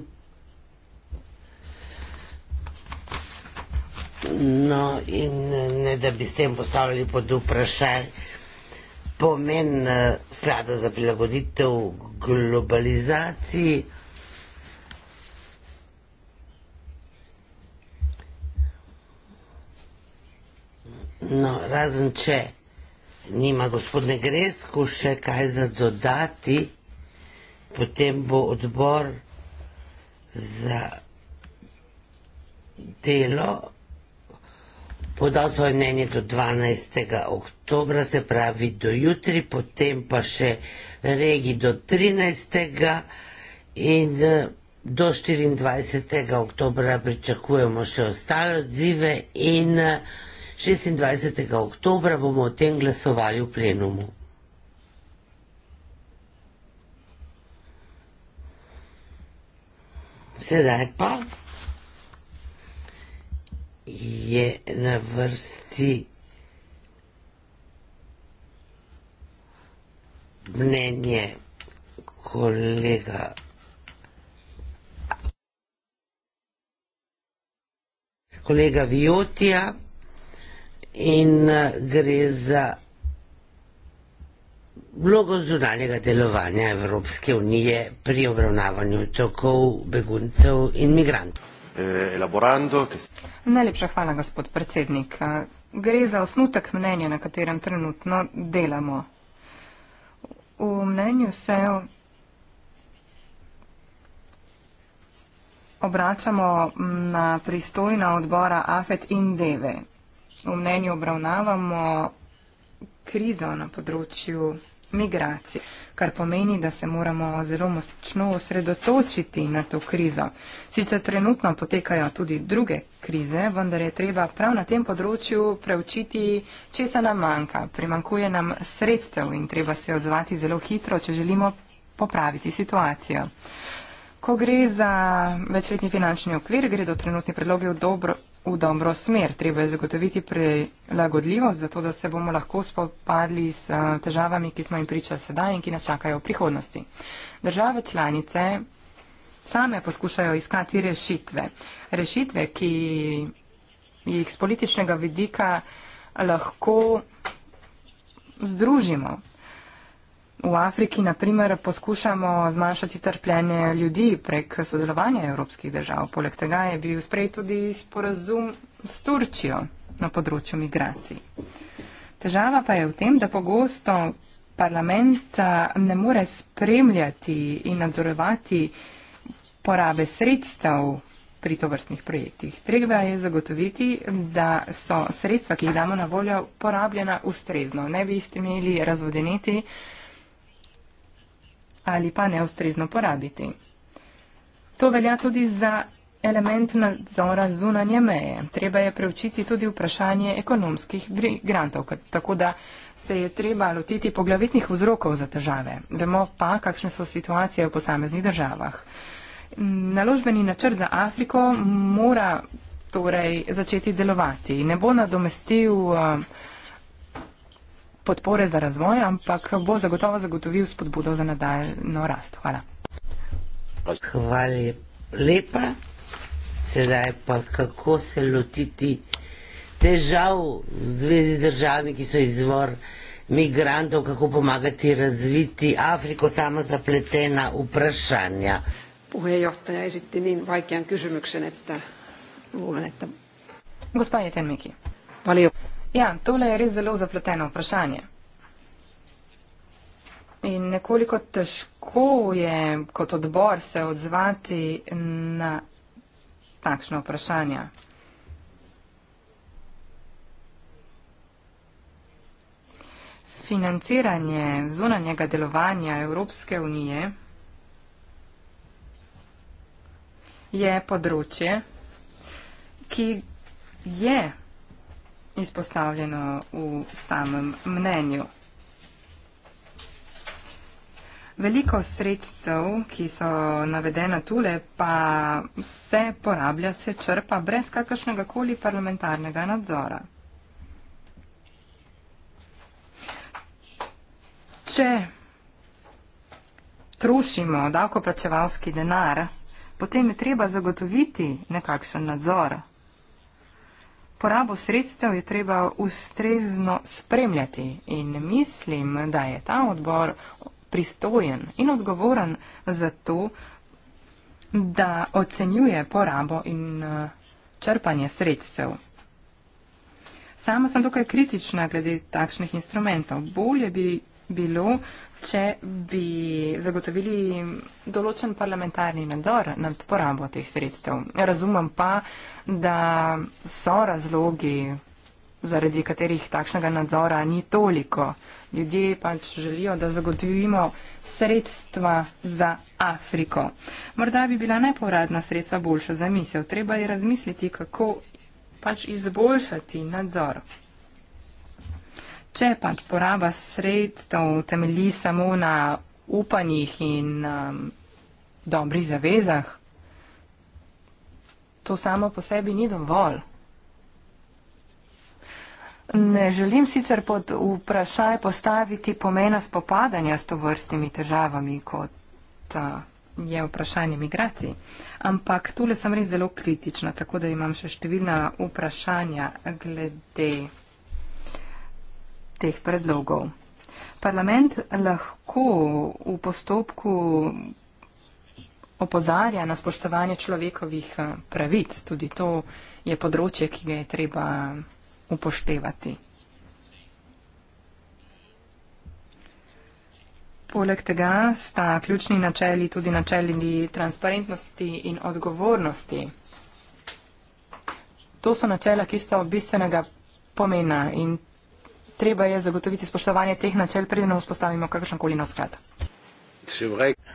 No, in ne da bi s tem postavili pod vprašanje pomen eh, slada za prilagoditev globalizaciji. No, razen če nima gospodine Gresku še kaj za dodati, potem bo odbor za delo podal svoje mnenje do 12. oktobra, se pravi do jutri, potem pa še regi do 13. in eh, do 24. oktobra pričakujemo še ostale odzive in uh, 26. oktober bomo o tem glasovali v plenumu. Sedaj pa je na vrsti mnenje kolega. Kolega Viotija in eh, gre za vlogo zunanjega delovanja Evropske unije pri obravnavanju tokov beguncev in migrantov. Eh, Najlepša hvala, gospod predsednik. Eh, gre za osnutek mnenja, na katerem trenutno delamo. V mnenju se obračamo na pristojna odbora AFET in DEVE v mnenju obravnavamo krizo na področju migracij, kar pomeni, da se moramo zelo močno osredotočiti na to krizo. Sicer trenutno potekajo tudi druge krize, vendar je treba prav na tem področju preučiti, če se nam manjka. Primankuje nam sredstev in treba se odzvati zelo hitro, če želimo popraviti situacijo. Ko gre za večletni finančni okvir, gre do trenutni predloge v dobro v dobro smer. Treba je zagotoviti prilagodljivost, zato da se bomo lahko spopadli s eh, težavami, ki smo jim pričali sedaj in ki nas čakajo v prihodnosti. Države članice same poskušajo iskati rešitve. Rešitve, ki jih z političnega vidika lahko združimo. V Afriki, na primer, poskušamo zmanjšati trpljenje ljudi prek sodelovanja evropskih držav. Poleg tega je bil sprejet tudi sporazum s Turčijo na področju migracij. Težava pa je v tem, da pogosto parlamenta ne more spremljati in nadzorovati porabe sredstev pri tovrstnih projektih. Treba je zagotoviti, da so sredstva, ki jih damo na voljo, porabljena ustrezno. Ne bi s tem imeli razvodeneti ali pa neustrezno porabiti. To velja tudi za element nadzora zunanje meje. Treba je preučiti tudi vprašanje ekonomskih migrantov, tako da se je treba lotiti poglavitnih vzrokov za težave. Vemo pa, kakšne so situacije v posameznih državah. Naložbeni načrt za Afriko mora torej začeti delovati. Ne bo nadomestil uh, podpore za razvoj, ampak bo zagotovo zagotovil spodbudo za nadaljno rast. Hvala. Hvala lepa. Sedaj pa kako se lotiti težav v zvezi z državami, ki so izvor migrantov, kako pomagati razviti Afriko, sama zapletena vprašanja. Puhejohtaja esiti nii vaikean küsimuksen, että luulen, että... Gospodin Temiki. Paljon. Ja, tole je res zelo zapleteno vprašanje. In nekoliko težko je kot odbor se odzvati na takšno vprašanje. Financiranje zunanjega delovanja Evropske unije je področje, ki je izpostavljeno v samem mnenju. Veliko sredstev, ki so navedena tule, pa se porablja, se črpa brez kakršnega koli parlamentarnega nadzora. Če trošimo davkoplačevalski denar, potem je treba zagotoviti nekakšen nadzor. Porabo sredstev je treba ustrezno spremljati in mislim, da je ta odbor pristojen in odgovoren za to, da ocenjuje porabo in eh, črpanje sredstev. Sama sem tukaj kritična glede takšnih instrumentov. Bolje bi bilo, če bi zagotovili določen parlamentarni nadzor nad porabo teh sredstev. Razumem pa, da so razlogi, zaradi katerih takšnega nadzora ni toliko. Ljudje pač želijo, da zagotovimo sredstva za Afriko. Morda bi bila nepovratna sredstva boljša za misel. Treba je razmisliti, kako pač izboljšati nadzor če pač poraba sredstev temelji samo na upanjih in um, dobrih zavezah, to samo po sebi ni dovolj. Ne želim sicer pod vprašaj postaviti pomena spopadanja s to vrstnimi težavami, kot uh, je vprašanje migracij, ampak tule sem res zelo kritična, tako da imam še številna vprašanja glede teh predlogov. Parlament lahko v postopku opozarja na spoštovanje človekovih eh, pravic. Tudi to je področje, ki ga je treba upoštevati. Poleg tega sta ključni načeli tudi načeli transparentnosti in odgovornosti. To so načela, ki so bistvenega pomena in treba je zagotoviti spoštovanje teh načel, preden vzpostavimo kakršen koli nov sklad.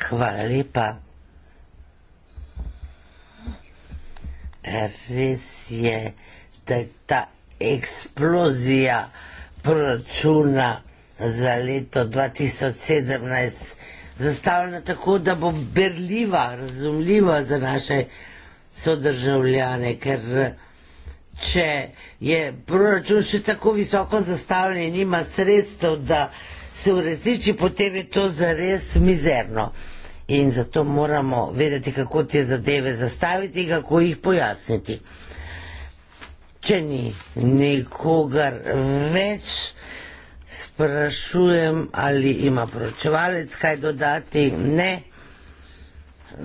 Hvala lepa. Res je, da je ta eksplozija proračuna za leto 2017 zastavljena tako, da bo berljiva, razumljiva za naše sodržavljane, ker če je proračun še tako visoko zastavljen in nima sredstev, da se uresniči, potem je to zares mizerno. In zato moramo vedeti, kako te zadeve zastaviti in kako jih pojasniti. Če ni nikogar več, sprašujem, ali ima proračevalec kaj dodati. Ne.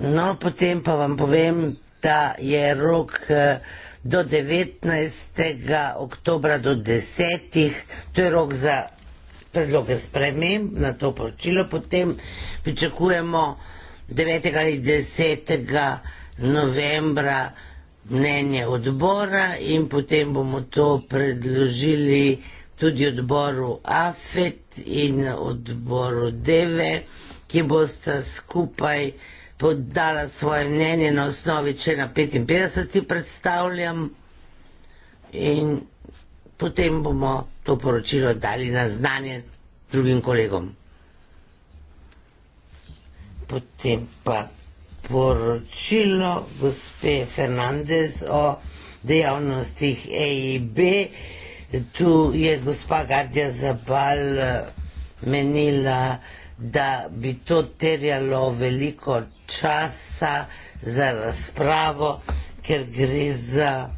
No, potem pa vam povem, da je rok. Eh, do 19. oktobra do 10. To je rok za predloge sprememb na to poročilo. Potem pričakujemo 9. ali 10. novembra mnenje odbora in potem bomo to predložili tudi odboru AFET in odboru DEVE, ki bosta skupaj podala svoje mnenje na osnovi člena 55, si predstavljam, in potem bomo to poročilo dali na znanje drugim kolegom. Potem pa poročilo gospe Fernandez o dejavnostih EIB. Tu je gospa Gardija Zabal eh, menila, da da bi to terjalo veliko časa za razpravo, ker gre za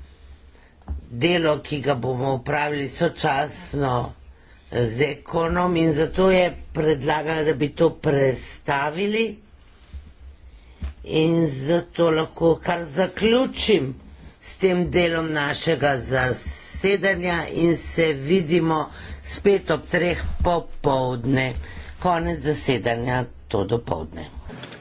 delo, ki ga bomo upravili sočasno z ekonom in zato je predlagala, da bi to prestavili in zato lahko kar zaključim s tem delom našega zasedanja in se vidimo spet ob treh popovdne konec zasedanja to do povdne.